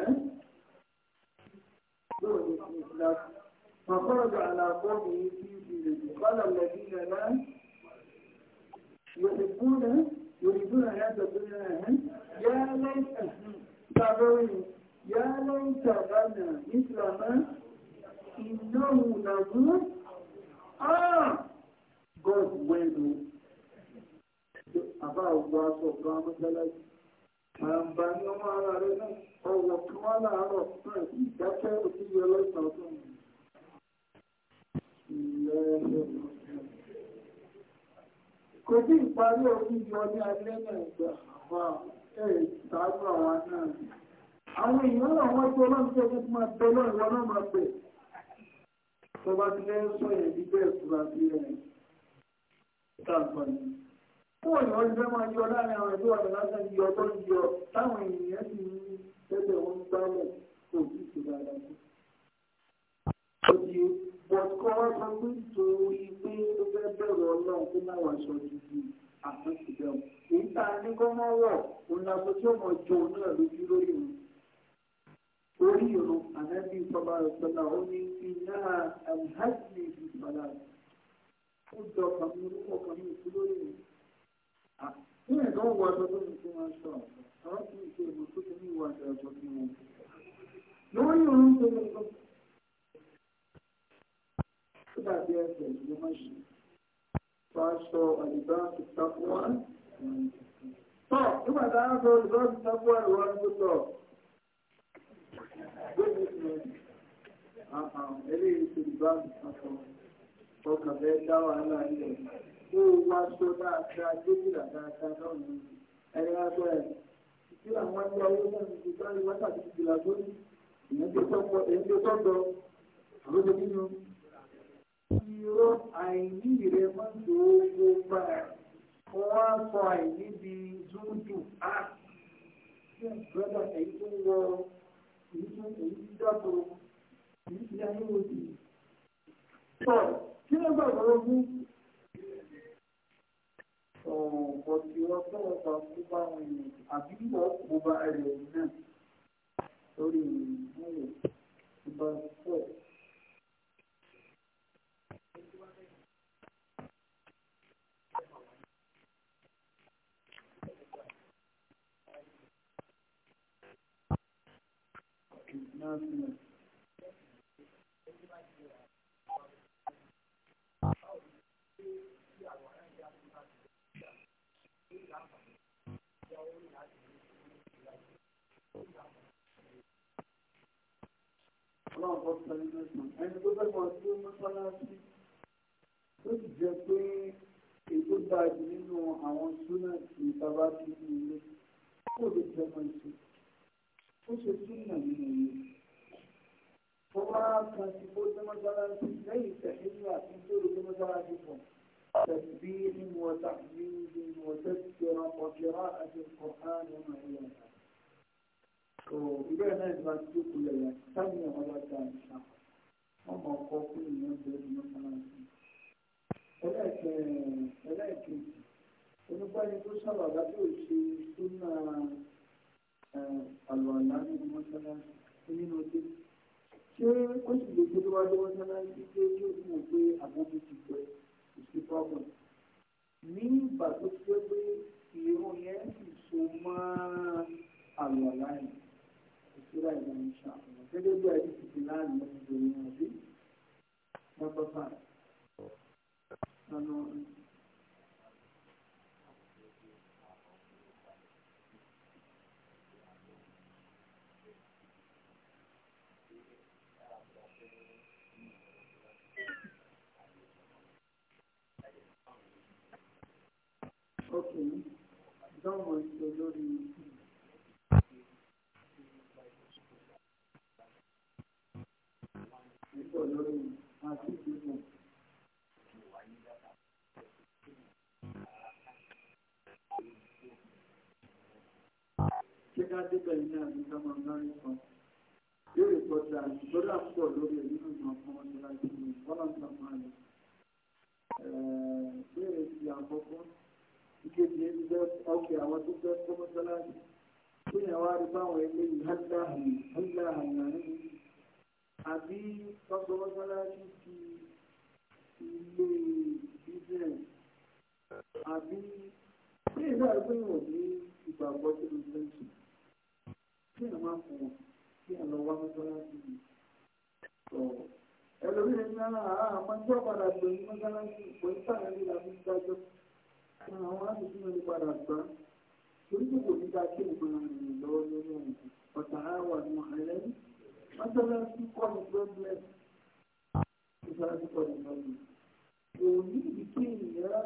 kó فخرج على قومه في سجده قال الذين لا يحبون يريدون حياة الدنيا هم يا ليت تعبرين يا ليت لنا مثل ما إنه لظن آه God went to about what of God àǹbá ní ọmọ ara rẹ náà ọwọ́ kí wọ́n láàárọ̀ náà sí ìdákẹ́ òsì yọ lọ́sàn-án tó ń kò sí ìparí òfin yọ ní alẹ́ náà ìgbà àwọn ẹ̀ẹ́dàgbà wa náà àwọn èèyàn náà wọ́n tó lọ́n tó fún máa bẹ lọ́rùn wọn náà máa bẹ̀ tó bá ti sọ yẹn bí bẹ́ẹ̀ fúra sí ẹ̀ tàbí fún òyìnbó ti fẹ́ máa yọ láàrin àwọn ẹgbẹ́ ọ̀dọ̀ lásán yọ tó ń yọ táwọn ènìyàn sì ń tẹ́tẹ̀ wọn gbá mọ̀ kò sí ìṣèlú ara wọn. ó di bọ̀dùkọ́ wá sọ pé nítorí pé ó fẹ́ bẹ̀rù ọlọ́run kó má wàá sọ dídì àmọ́ ti bẹ̀rù. èyí tá a ní kọ́ mọ́ wọ̀ òun la sọ tí ó mọ̀ jọ òun náà lójú lórí òun. orí ìrùn ànábì sọba ìpẹ́lá ó ní iná àìhájì ìfàlà ó jọ kàmí orúkọ kàmí ìfúlórí òun ní ẹ̀dọ́ wọ aṣọ tó ní kí wọ́n ṣọ arákùnrin ṣe ìmọ̀ tó ti ní ìwà àti aṣọ tí wọ́n ṣe. lórí òun tó ní kọ́. ó dàbí ẹsẹ̀ ìlú má ṣe. fàṣọ àdìbá ti takò wá. tọ́ nígbà tá a sọ ìlú ti takò wá ìwà ń tó tọ̀. gbẹ́gbẹ́ ti lọ sí. eléyìí ti ìbá ti takò. ọkàn fẹ́ dá wàhálà ilẹ̀ tó wá tó dáadáa tó jìlá dáadáa lọ́rùn ẹ̀rọ aṣọ ẹ̀ tí àwọn ẹgbẹ́ ayé náà ti bá rí wákàtí jìlá tó ní èyí tó tọ́pọ̀ èyí tó tọ́pọ̀ àwọn ọmọdé nínú. irọ́ àìní rẹ̀ máa ń tó owó bá ẹ̀ wọ́n á sọ àìní di zúdù á. brọ́dà èyí tó ń wọ èyí tó èyí ọ̀pọ̀ tí wọ́n tọ́wọ́ pa kó bá wọn ènìyàn àbí wọ́n kó bá ẹ̀rọ náà Thank you. ọlọ́run kọ́ sí ẹni mẹ́sàn-án ẹni tó fẹ́ mọ sí mọ́sálásí tó sì jẹ́ pé ètò dáa jù nínú àwọn súnàtì bàbá ti ní ilé kó lè jẹ́ mọ́ ìṣe ó ṣe súnà nínú ilé tó wá kan sí kó jẹ́ mọ́sálásí lẹ́yìn tẹ̀síwá àti tó lè jẹ́ mọ́sálásí pọ̀ تسبيح وتحميد وتذكرة وقراءة القرآن وما إلى ذلك ìbéèrè náà ìgbà tí ó kulẹ̀ yà sábì ní ọmọ ọjà ìṣà wọn mọ ọkọ fún ìyẹn bẹ́ẹ̀ ní mọ́sálásí. ẹlẹ́ẹ̀kejì onígbàyẹn tó ṣàlàyé tó ṣe súnà àlùwàlá nínú mọ́sálásí nínú ọdẹ ṣé ó sì lè gbé tó wá dé mọ́sálásí pé kí ó mọ̀ pé àwọn ti ti gbẹ ìṣe problem. ní ìgbà tó ṣe pé ìrún yẹn sì so mọ́ àlùwàlá yìí síra ìgbà ìṣà gẹ́gẹ́ bí ẹni ti ti láàrin lọ́sí ìdòwò wọn sí mọ́tò fáì. Okay, don't worry, so don't ṣé ká débẹ̀ ní àbíká máa ń lárí kan yóò pọ̀ sí àgbọ̀dá pọ̀ lórí ẹ̀ nínú ìmọ̀ ọmọ ọmọ láti ní bọ́lá ń tàn máa lọ. béèrè ti àkọ́kọ́ ìkejì ẹni bẹ́ ọkẹ́ àwọn tó fẹ́ kọ́ mọ́sálásí tó yẹn wá rí báwọn eléyìí hádà hàn hádà àbí tọ́gbọ́n mọ́sálásí ti ilé bísẹ̀n àbí bí ìlú àgbéyàn ní ìgbàgbọ́ tó lè sẹ́ńtì kí ẹ̀ máa fún wọn kí ẹ̀ lọ wá mọ́sálásí yìí sọ̀rọ̀ ẹlòmíràn ní ara ah, ah, àwọn ẹgbẹ́ padà gbé ní mọ́sálásí ìpò ìtàn ní ìlànà ìdájọ́ àwọn aṣojú náà ní padà gbá torí kò ní dáa kí ìgbọràn lọ́wọ́ lórí ọ̀tà àwọn àmọ́ ẹlẹ́yìn mọ́sálásí kọ́ ní problem mọ́sálásí kọ́ ní problem òní ìdí kí ènìyàn béèrè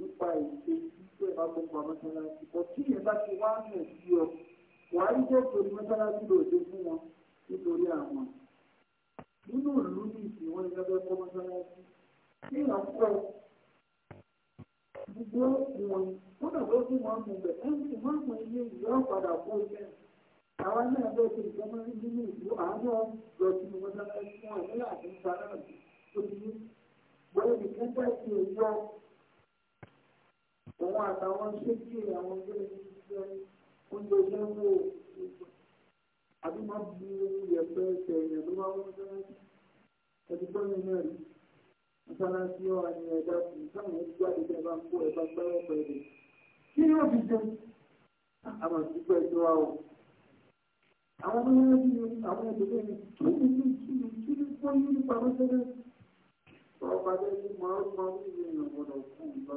nípa ìṣe ìṣe ìbágbọ́pọ̀ mọ́sálásí kọ́ tí èèyàn bá ti wá nù sí ọ wàá rí jẹ́ torí mọ́sálásí lòdì fún wọn nítorí àwọn nínú ìlú ní ìsìn wọn ní ẹgbẹ́ kọ́ mọ́sálásí kí èèyàn kọ́ gbogbo wọn kódà wọ́n fún wọn mú bẹ̀ ẹ́ ń sìn wọ́n mú ilé ìyá padà kó bẹ́ẹ̀ àwọn náà lọ sí ìjọba nínú ìlú àánú lọ sí ìwọ náà fún ẹ nílà àti nípa náà tó ti ní wọlé ní kẹta sí ìwọ òun àtàwọn ṣéjì àwọn ọjọ́ ìṣiṣẹ́ oúnjẹ iṣẹ́ ń wò àbí máa bu ìyẹ̀pẹ̀ ẹsẹ̀ ìyẹn tó máa ń wọ́n sẹ́yìn ẹbí tó ní náà rí mọ́sálásí ọ̀hún ni ẹ̀dá kù sáwọn ẹgbẹ́ àdéhùn ẹ̀ bá ń kó ẹ̀ bá gbẹ́rọ̀ pẹ̀lú kí ni ó fi jẹun àmọ̀ sí pẹ̀lú àwọn àwọn ọmọ yẹn bí àwọn ẹgbẹ̀rẹ̀ ní kíni ní kíni kíni fún yín nípa lọ́sẹ̀rẹ̀ ọba lẹ́yìn máa ń máa ń ní èèyàn gbọ́dọ̀ kú lọ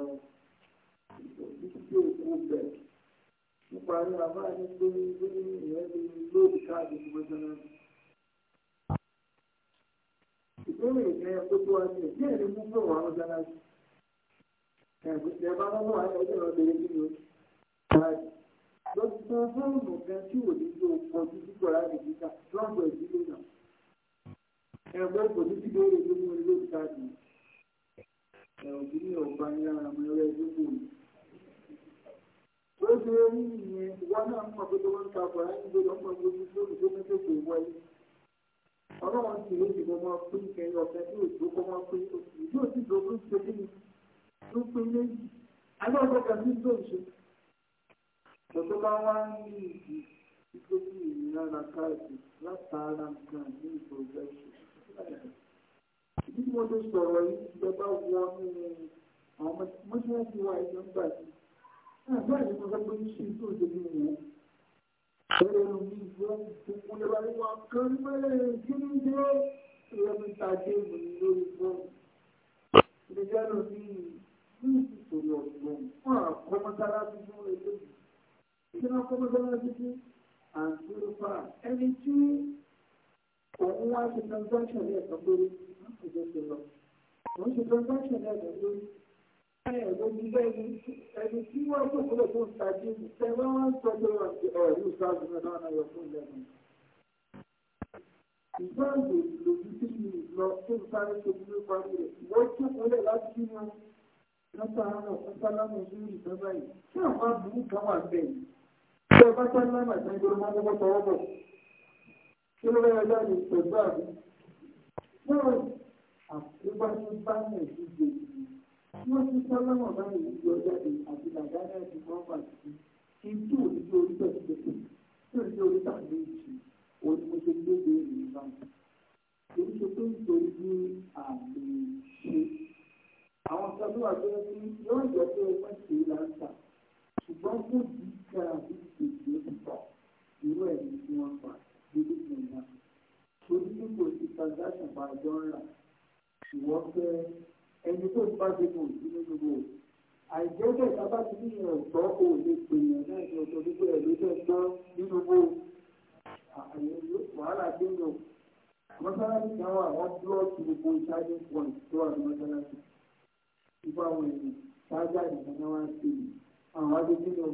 títí tí ò kú bẹ̀ nípa rí àbá ní pé ilé ìyẹn lè lóòdì káàdì ní mọ́tánà ìbéèrè ìyẹn tó tó wá sí ẹ̀ díẹ̀ ní mú pé wàá mọ́tánà ẹ̀ẹ́dẹ̀ẹ́bá lọ́wọ́ àwọn ẹgbẹ́ ìrọ̀lẹ́ yìí ni ó ti lọ́sọ̀tàn fọ́ọ̀mù kan tí ò ní yóò kọjú sí kọ̀ọ̀rá rẹ̀ níta lọ́sọ̀ ìdílé náà ẹ̀gbọ́n kò ní sí lórí ìlú mú ilé ìtajà ẹ̀rọ tí ní ọba ní ara mọ ẹ̀rọ ẹgbẹ́ kò ní. ó ṣe rí ìyẹn wọn náà mọ̀ pé tó wọ́n ń ta kọ̀ọ̀rá ní gbọ́dọ̀ mọ̀ pé ojú fóònù tó mẹ́tẹ̀ kò wọlé ọlọ́run sì ló ti gbọmọ pín kẹyìn ọ̀fẹ́ tí òjò tọ́tọ́ bá wá ní ìdí tó bí ìnira káàdì látara nǹkan ní ìgbòho bí mo ṣe sọ̀rọ̀ yìí ìjọba wọ nínú àwọn mọ́ṣáláṣí wa ìjọ ń bàjẹ́ àgbà yìí mo fẹ́ pé ní ṣe tó ṣe bí wọ́n ẹ̀rọ mi ìjọ gbogbo lè wá wá kan mẹ́rin kí ní dé ẹ̀rọ mi ta dé ìwé lórí fọ́ọ̀mù ìdíjẹ́ tí wọ́n kọ́ mọ́sálásí sí àǹtúrúfà ẹni tí òun wá ṣe transaction ní ẹ̀sán pé wọ́n kò jẹ́ ṣe lọ. òun ṣe transaction ní ẹ̀sán pé ẹ̀rọ ní bẹ́ẹ̀ni ẹni tí wọ́n tó kúrò tó ń ta jíìmù tẹ́ wọ́n wá ń sọ pé wọ́n ti ọ̀rọ̀ yóò ṣáàbù náà náà náà yọ fún ìlẹ́nu. ìgbàgbọ́ lòdì sí mi lọ tó ń sáré tó ń lé parí rẹ̀ wọ́n tó kúrò láti kí wọn. lọ́sàn-án náà ọ̀sán lámọ̀ sí ìtọ́ báyìí. kí àwọn aburú kan wà bẹ́ẹ̀ Ṣé ẹ bá tán lẹ́mà ìṣẹ́ ìgboro máa ń mọ́ tọwọ́ bọ̀? Kí ló rẹ̀ ẹja ní pẹ̀lú àbí? Náà àkóbá tó bá ní ìdíje wọ́n ti sọ lọ́nà báyìí ìjọ jáde àti bàbá náà ti wọ́n wà sí kí n tó òdìjọ orí bẹ́ẹ̀ ti tètè tó òdìjọ orí tà méjì òun mo ṣe gbé dé ìlú báyìí. Èyí ṣe pé nítorí bí àmì ṣe àwọn kan ló wà tó yẹ kí yóò pé ẹgbẹ́ ṣe é là ń tà ṣùgbọ́n kò dì kára bí èdè ó ti tà irú ẹ̀ ní kí wọ́n pa dédé kan náà. torí bí kò sí transaction bá jọ ń rà ìwọ fẹ́ ẹni tó ń bá débò nínú gbogbo àìjẹ́ bẹ́ẹ̀ sábà ti ní ọ̀tọ́ ò lè pèèyàn náà ní ọjọ́ gbogbo ẹ̀ ló jẹ́ gbọ́ nínú gbogbo wàhálà tí ń lò mọ́sálásí kan wà wọ́n búlọ́ọ̀kì gbogbo charging point tó wà ní mọ́sálásí. ìfọ̀ àwọn èèyàn ṣáájà ìdáná wá sí i àwọn adójú náà.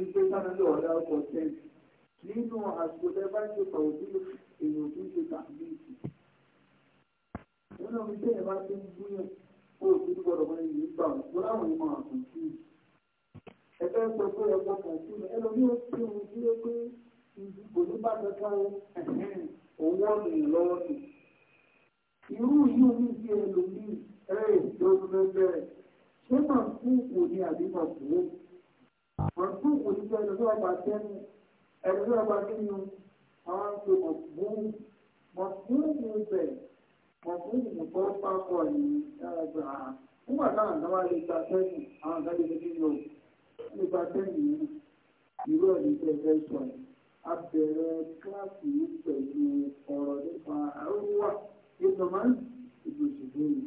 wípé sánadọ̀ ọ̀dà ọkọ̀ tẹ́ǹtì nínú àsìkò tẹ́fà ṣe pàwọ́dí èèyàn tó ṣe tàbí ìsìn. nínú mi tẹ́yẹ̀ bá ti ń gúnyàn kó o ti gbọ́dọ̀ mọ ẹ̀yìn nígbà tó láwọn ìmọ̀ àkùn sí i. ẹ fẹ́ sọ pé ẹ gbọ́ kàn sí mi ẹlòmíì ó ti ohun tí ó pé kò ní bá kankan òun ọ̀nà ìlọ́wọ́ ni. irú yìí ó ní sí ẹlòmíì ẹ̀ẹ́dọ́gbẹ́gbẹ́ ṣé màá fún òní àbí màá fún òun wọ́n tún kò sí ẹni tó ọgbà tẹ́nu ẹni tó ọgbà tẹ́nu àwọn àti ọ̀gbọ́n mọ̀tún ní ibẹ̀ mọ̀tún ní ìbọn pápọ̀ yìí dáadáa hàn nígbà táwọn àgbà wà lè gba tẹ́nu àwọn àgbà lè fi lò lè gba tẹ́nu yìí ìlú ẹ̀mí tẹ́ fẹ́ sọ yìí a bẹ̀rẹ̀ kíláàsì yìí pẹ̀lú ọ̀rọ̀ nípa àrùwà ìgbọ̀nmọ́ ìgbòsìgbò yìí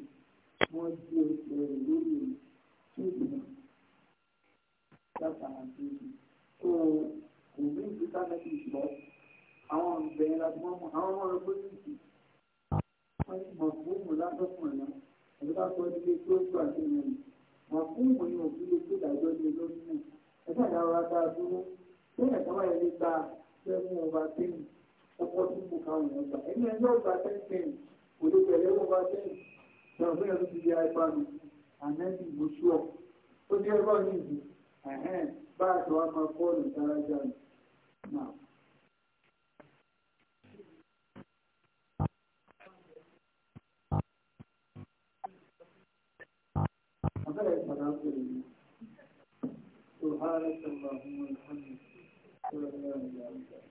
wọ́n ti ẹ̀rẹ̀ lórí ìtumọ̀ látara bíbí tó kò ní ìlú sánẹ́tì lọ àwọn ìbẹ̀rẹ̀ láti wọ́n mọ̀ àwọn ọmọ ẹgbẹ́ ìdí wọ́n ti mọ̀ fún òun látọ̀kùn ẹ̀yà ẹ̀rọ bá sọ ilé tó ń gbà sí ẹ̀yìn mọ̀ fún òun ní òfin lè tó dájọ́ ní olórí náà ẹ̀ka ìdáwọ́ lágbá dúró tó yẹ káwá yẹn lè gba fẹ́ mú ọba tẹ́yìn ọkọ̀ tó mú káwọn èèyàn gbà ẹni ẹjọ́ ọba tẹ́yìn kò lè tẹ̀lé ọba tẹ́yìn sọ̀rọ̀ fún ẹ̀rọ ti di àìpanu ànẹ́bì lóṣù ọ̀ tó jẹ́ ọgọ́rin ìdí bá a sọ wá máa bọ́ọ̀lù dáradá náà. أبدا سلام عليكم سبحانك اللهم وبحمدك لا إله إلا أنت